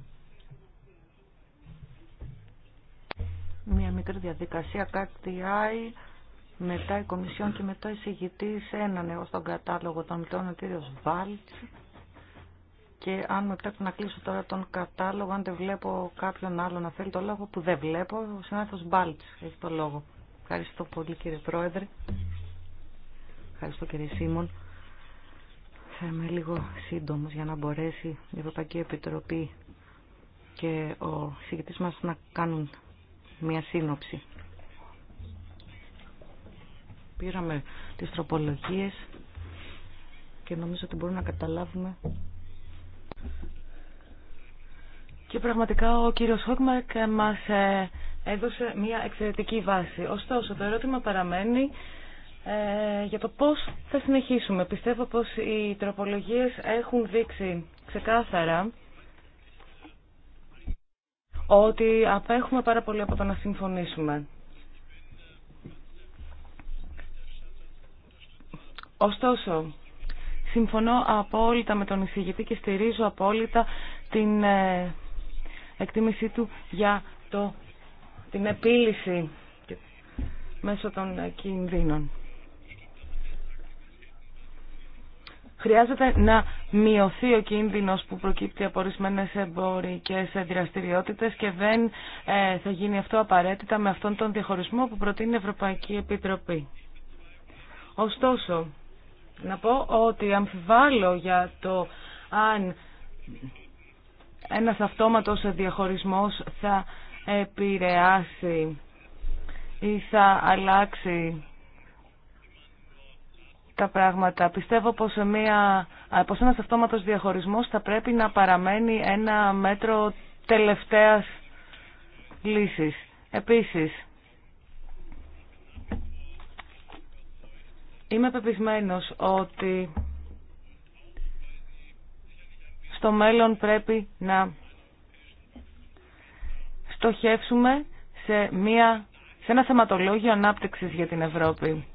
Μια μικρή διαδικασία, κάτι Μετά η Κομισιόν και μετά η Συγητή σε έναν εγώ στον κατάλογο των μιλών, ο κύριο Βάλτ. Και αν με πρέπει να κλείσω τώρα τον κατάλογο, αν δεν βλέπω κάποιον άλλο να θέλει το λόγο που δεν βλέπω, ο συνάδελφο Βάλτς έχει το λόγο. Ευχαριστώ πολύ κύριε Πρόεδρε. Ευχαριστώ κύριε Σίμων. Θα είμαι λίγο σύντομο για να μπορέσει η Ευρωπαϊκή Επιτροπή και ο συγκεκριτής μας να κάνουν μια σύνοψη. Πήραμε τις τροπολογίες και νομίζω ότι μπορούμε να καταλάβουμε. Και πραγματικά ο κύριος Χόκμαρκ μας ε, έδωσε μια εξαιρετική βάση. Ωστόσο, το ερώτημα παραμένει ε, για το πώς θα συνεχίσουμε. Πιστεύω πως οι τροπολογίες έχουν δείξει ξεκάθαρα ότι απέχουμε πάρα πολύ από το να συμφωνήσουμε. Ωστόσο, συμφωνώ απόλυτα με τον εισηγητή και στηρίζω απόλυτα την ε, εκτίμησή του για το, την επίλυση μέσω των κινδύνων. Χρειάζεται να μειωθεί ο κίνδυνος που προκύπτει από ορισμένε εμπορικές δραστηριότητες και δεν ε, θα γίνει αυτό απαραίτητα με αυτόν τον διαχωρισμό που προτείνει η Ευρωπαϊκή Επιτροπή. Ωστόσο, να πω ότι αμφιβάλλω για το αν ένας αυτόματος διαχωρισμός θα επηρεάσει ή θα αλλάξει τα πράγματα. Πιστεύω πως, μια, πως ένας αυτόματος διαχωρισμός θα πρέπει να παραμένει ένα μέτρο τελευταίας λύσης. Επίσης, είμαι πεπισμένος ότι στο μέλλον πρέπει να στοχεύσουμε σε, μια, σε ένα θεματολόγιο ανάπτυξης για την Ευρώπη.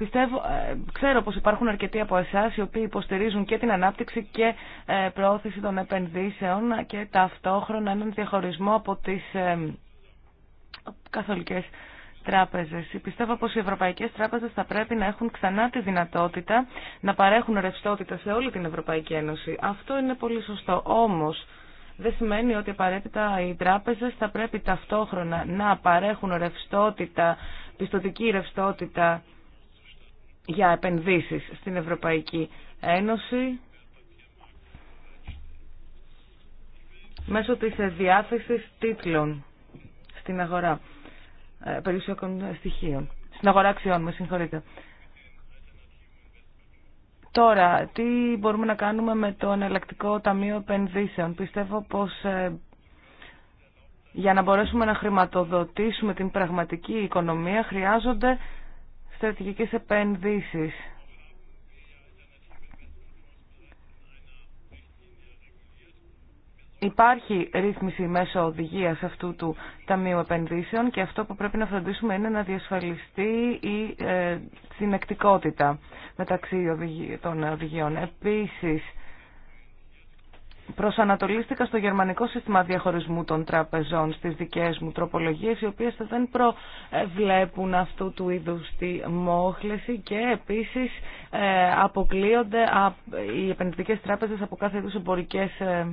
Πιστεύω, ε, ξέρω πως υπάρχουν αρκετοί από εσάς οι οποίοι υποστηρίζουν και την ανάπτυξη και ε, προώθηση των επενδύσεων και ταυτόχρονα έναν διαχωρισμό από τις ε, καθολικές τράπεζες. Πιστεύω πως οι ευρωπαϊκές τράπεζες θα πρέπει να έχουν ξανά τη δυνατότητα να παρέχουν ρευστότητα σε όλη την Ευρωπαϊκή Ένωση. Αυτό είναι πολύ σωστό. Όμως, δεν σημαίνει ότι απαραίτητα οι τράπεζες θα πρέπει ταυτόχρονα να παρέχουν ρευστότητα, πιστοτική ρευστότητα για επενδύσεις στην Ευρωπαϊκή Ένωση μέσω της διάθεσης τίτλων στην αγορά ε, περιουσιακών στοιχείων. Στην αγορά αξιών, με συγχωρείτε. Τώρα, τι μπορούμε να κάνουμε με το εναλλακτικό ταμείο επενδύσεων. Πιστεύω πως ε, για να μπορέσουμε να χρηματοδοτήσουμε την πραγματική οικονομία χρειάζονται στρατηγικές επενδύσεις. Υπάρχει ρύθμιση μέσω οδηγίας αυτού του Ταμείου Επενδύσεων και αυτό που πρέπει να φροντίσουμε είναι να διασφαλιστεί η ε, συνεκτικότητα μεταξύ των οδηγιών. Επίσης, προσανατολίστηκα στο γερμανικό σύστημα διαχωρισμού των τραπεζών στις δικές μου τροπολογίες, οι οποίες δεν προβλέπουν αυτού του είδους τη μόχλεση και επίσης ε, αποκλείονται οι επενδυτικές τράπεζες από κάθε είδους εμπορικές ε,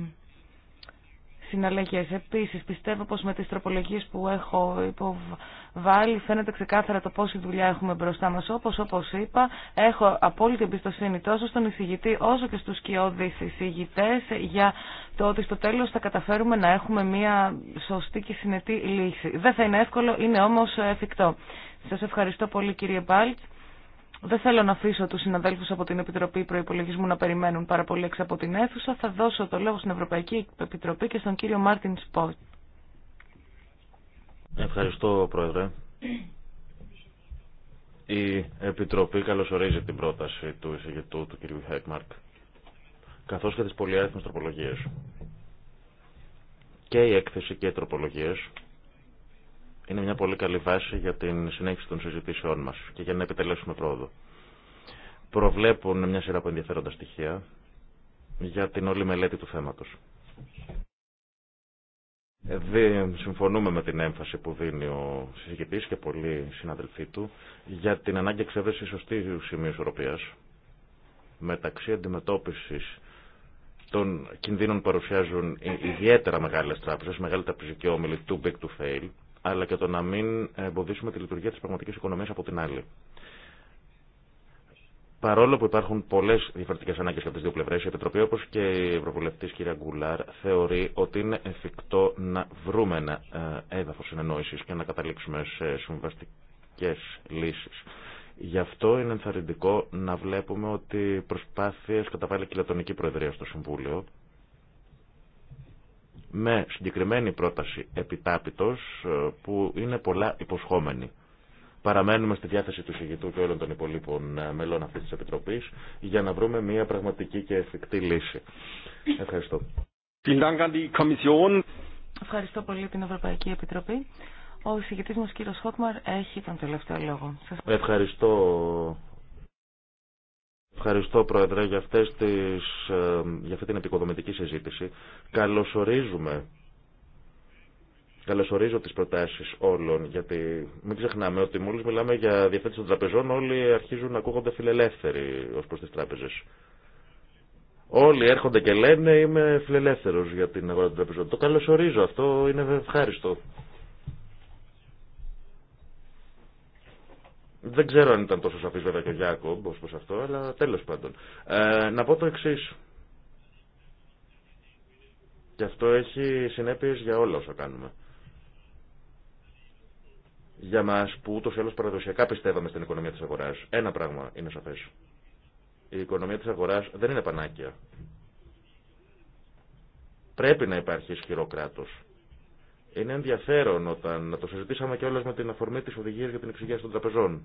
συναλλαγές. Επίσης, πιστεύω πως με τις τροπολογίες που έχω υποβάλει φαίνεται ξεκάθαρα το πόση δουλειά έχουμε μπροστά μας. Όπως, όπως είπα, έχω απόλυτη εμπιστοσύνη τόσο στον εισηγητή όσο και στους κοιόδης εισηγητές για το ότι στο τέλος θα καταφέρουμε να έχουμε μια σωστή και συνετή λύση. Δεν θα είναι εύκολο, είναι όμως εφικτό. Σας ευχαριστώ πολύ κύριε Μπάλτ. Δεν θέλω να αφήσω τους συναδέλφους από την Επιτροπή Προϋπολογισμού να περιμένουν πάρα πολύ έξω από την αίθουσα. Θα δώσω το λόγο στην Ευρωπαϊκή Επιτροπή και στον κύριο Μάρτιν Σπότ. Ευχαριστώ, Πρόεδρε. Η Επιτροπή καλωσορίζει την πρόταση του εισηγητού του κύριου Χέκμαρκ, καθώς και τις πολυάριθμες τροπολογίες. Και η έκθεση και οι τροπολογίες είναι μια πολύ καλή βάση για την συνέχιση των συζητήσεών μας και για να επιτελέσουμε πρόοδο. Προβλέπουν μια σειρά από ενδιαφέροντα στοιχεία για την όλη μελέτη του θέματος. Δε, συμφωνούμε με την έμφαση που δίνει ο συζητητής και πολλοί συναδελφοί του για την ανάγκη εξέβρεση σωστή σημείου ισορροπίας μεταξύ αντιμετώπισης των κινδύνων που παρουσιάζουν ιδιαίτερα μεγάλες τράπεζες, μεγάλη τραπεζική όμιλη too big to fail, αλλά και το να μην εμποδίσουμε τη λειτουργία της πραγματικής οικονομίας από την άλλη. Παρόλο που υπάρχουν πολλέ διαφορετικέ ανάγκε από τι δύο πλευρέ, η Επιτροπή, όπω και η Ευρωβουλευτή κυρία Γκουλάρ, θεωρεί ότι είναι εφικτό να βρούμε ένα ε, έδαφο συνεννόηση και να καταλήξουμε σε συμβαστικέ λύσει. Γι' αυτό είναι ενθαρρυντικό να βλέπουμε ότι προσπάθειε καταβάλει και η Λατωνική Προεδρία στο Συμβούλιο με συγκεκριμένη πρόταση επιτάπητος ε, που είναι πολλά υποσχόμενη. Παραμένουμε στη διάθεση του συγητού και όλων των υπολείπων ε, μελών αυτής της Επιτροπής για να βρούμε μια πραγματική και εφικτή λύση. Ευχαριστώ. Ευχαριστώ πολύ την Ευρωπαϊκή Επιτροπή. Ο εισηγητής μας κύριος Χότμαρ έχει τον τελευταίο λόγο. Ευχαριστώ Ευχαριστώ, Πρόεδρε, για, αυτές τις, ε, για αυτή την επικοδομητική συζήτηση. Καλωσορίζουμε Καλωσορίζω τι προτάσει όλων, γιατί μην ξεχνάμε ότι μόλι μιλάμε για διαθέτηση των τραπεζών, όλοι αρχίζουν να ακούγονται φιλελεύθεροι ω προ τι τράπεζε. Όλοι έρχονται και λένε είμαι φιλελεύθερο για την αγορά των τραπεζών. Το καλωσορίζω, αυτό είναι ευχάριστο. Δεν ξέρω αν ήταν τόσο σαφής βέβαια και ο Γιάκομπ ως προς αυτό, αλλά τέλος πάντων. Ε, να πω το εξή. Και αυτό έχει συνέπειες για όλα όσα κάνουμε. Για μας που ούτως ή άλλως παραδοσιακά πιστεύαμε στην οικονομία της αγοράς, ένα πράγμα είναι σαφές. Η οικονομία της αγοράς δεν είναι πανάκια. Πρέπει να υπάρχει ισχυρό κράτος είναι ενδιαφέρον όταν το συζητήσαμε και κιόλα με την αφορμή τη οδηγία για την εξηγία των τραπεζών.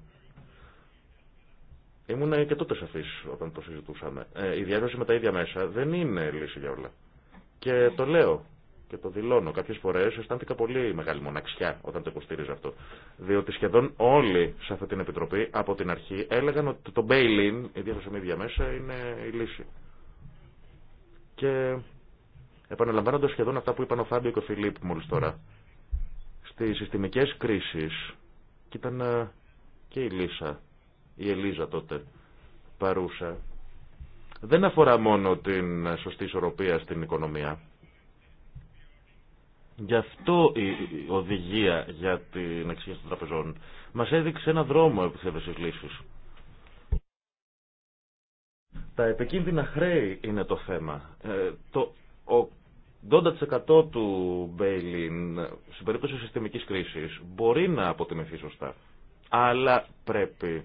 Ήμουν και τότε σαφή όταν το συζητούσαμε. Ε, η διάδοση με τα ίδια μέσα δεν είναι λύση για όλα. Και το λέω και το δηλώνω. Κάποιε φορέ αισθάνθηκα πολύ μεγάλη μοναξιά όταν το υποστήριζα αυτό. Διότι σχεδόν όλοι σε αυτή την επιτροπή από την αρχή έλεγαν ότι το bail-in, η διάδοση με ίδια μέσα, είναι η λύση. Και Επαναλάμβανοντα σχεδόν αυτά που είπαν ο Φάμπιο και ο Φιλίπ μόλι τώρα. Στι συστημικές κρίσεις, και ήταν ε, και η Λίσα, η Ελίζα τότε παρούσα, δεν αφορά μόνο την σωστή ισορροπία στην οικονομία. Γι' αυτό η οδηγία για την αξία των τραπεζών μας έδειξε ένα δρόμο επιθέβεσης λύσης. Τα επικίνδυνα χρέη είναι το θέμα. Ε, το, ο 80% του bail-in στην περίπτωση συστημική κρίσης μπορεί να αποτιμηθεί σωστά. Αλλά πρέπει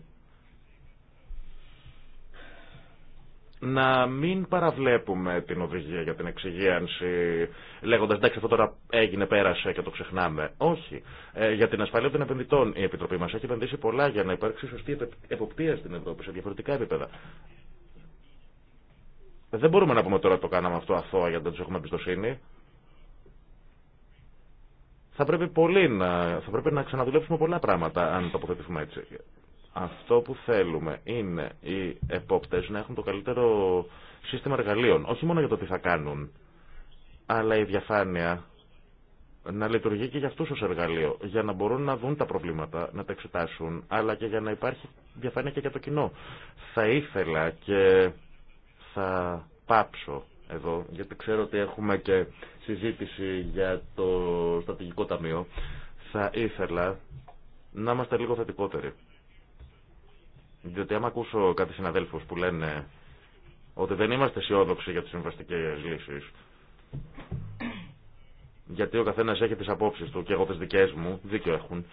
να μην παραβλέπουμε την οδηγία για την εξυγίανση λέγοντα εντάξει αυτό τώρα έγινε, πέρασε και το ξεχνάμε. Όχι. Ε, για την ασφαλεία των επενδυτών η Επιτροπή μα έχει επενδύσει πολλά για να υπάρξει σωστή εποπτεία στην Ευρώπη σε διαφορετικά επίπεδα. Δεν μπορούμε να πούμε τώρα το κάναμε αυτό αθώα γιατί δεν του έχουμε εμπιστοσύνη. Θα πρέπει, πολύ να, θα πρέπει να ξαναδουλέψουμε πολλά πράγματα αν το αποθετηθούμε έτσι. Αυτό που θέλουμε είναι οι επόπτες να έχουν το καλύτερο σύστημα εργαλείων. Όχι μόνο για το τι θα κάνουν, αλλά η διαφάνεια να λειτουργεί και για αυτούς ως εργαλείο, για να μπορούν να δουν τα προβλήματα, να τα εξετάσουν, αλλά και για να υπάρχει διαφάνεια και για το κοινό. Θα ήθελα και θα πάψω εδώ, γιατί ξέρω ότι έχουμε και συζήτηση για το στρατηγικό ταμείο. Θα ήθελα να είμαστε λίγο θετικότεροι. Διότι άμα ακούσω κάτι συναδέλφους που λένε ότι δεν είμαστε αισιόδοξοι για τις συμβαστικές λύσεις, γιατί ο καθένας έχει τις απόψεις του και εγώ τις δικές μου, δίκιο έχουν,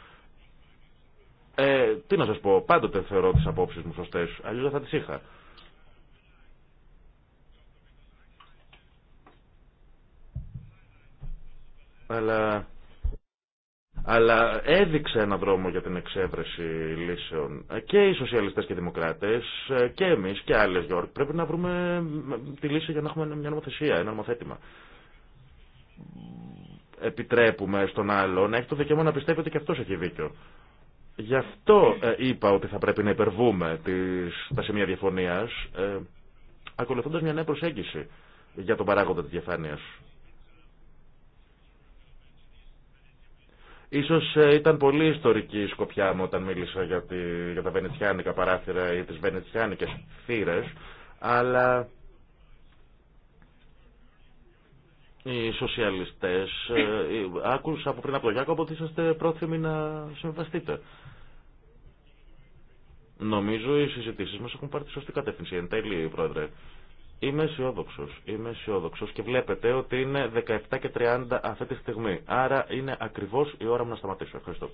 ε, τι να σας πω, πάντοτε θεωρώ τις απόψεις μου σωστές, αλλιώς θα τις είχα. αλλά, αλλά έδειξε έναν δρόμο για την εξέβρεση λύσεων. Και οι σοσιαλιστές και οι δημοκράτες, και εμείς και άλλες, Γιώργ, πρέπει να βρούμε τη λύση για να έχουμε μια νομοθεσία, ένα νομοθέτημα. Επιτρέπουμε στον άλλον να έχει το δικαίωμα να πιστεύει ότι και αυτός έχει δίκιο. Γι' αυτό ε, είπα ότι θα πρέπει να υπερβούμε τις, τα σημεία διαφωνίας, ε, ακολουθώντας μια νέα προσέγγιση για τον παράγοντα της διαφάνειας. Ίσως ε, ήταν πολύ ιστορική η σκοπιά μου όταν μίλησα για, τη, για τα βενετσιάνικα παράθυρα ή τις βενετσιάνικες θύρες, αλλά οι σοσιαλιστές ε, ε, άκουσα από πριν από τον Γιάκοπο ότι είσαστε πρόθυμοι να συμβαστείτε. Νομίζω οι συζητήσεις μας έχουν πάρει τη σωστή κατεύθυνση. Εν τέλει, Πρόεδρε, Είμαι αισιόδοξο. Είμαι αισιόδοξο και βλέπετε ότι είναι 17 και 30 αυτή τη στιγμή. Άρα είναι ακριβώ η ώρα μου να σταματήσω. Ευχαριστώ.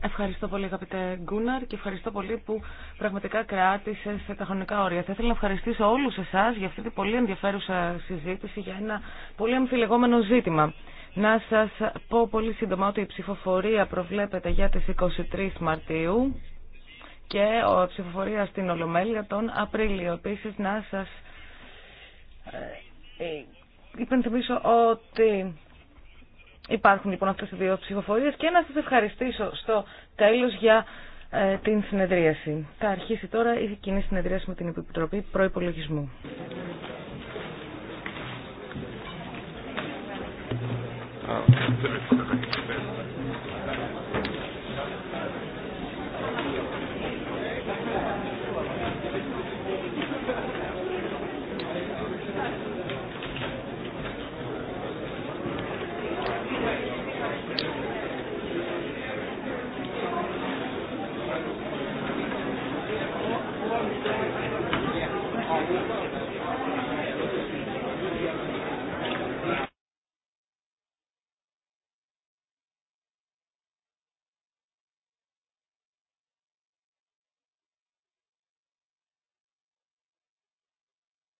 Ευχαριστώ πολύ, αγαπητέ Γκούναρ, και ευχαριστώ πολύ που πραγματικά κράτησε τα χρονικά όρια. Θα ήθελα να ευχαριστήσω όλου εσά για αυτή την πολύ ενδιαφέρουσα συζήτηση για ένα πολύ αμφιλεγόμενο ζήτημα. Να σα πω πολύ σύντομα ότι η ψηφοφορία προβλέπεται για τι 23 Μαρτίου και ο ψηφοφορία στην Ολομέλεια τον Απρίλιο. Επίση να σα ε, ε, υπενθυμίσω ότι υπάρχουν λοιπόν αυτές οι δύο ψηφοφορίες και να σας ευχαριστήσω στο τέλο για ε, την συνεδρίαση. Θα αρχίσει τώρα η κοινή συνεδρίαση με την Επιτροπή Προϋπολογισμού. Oh.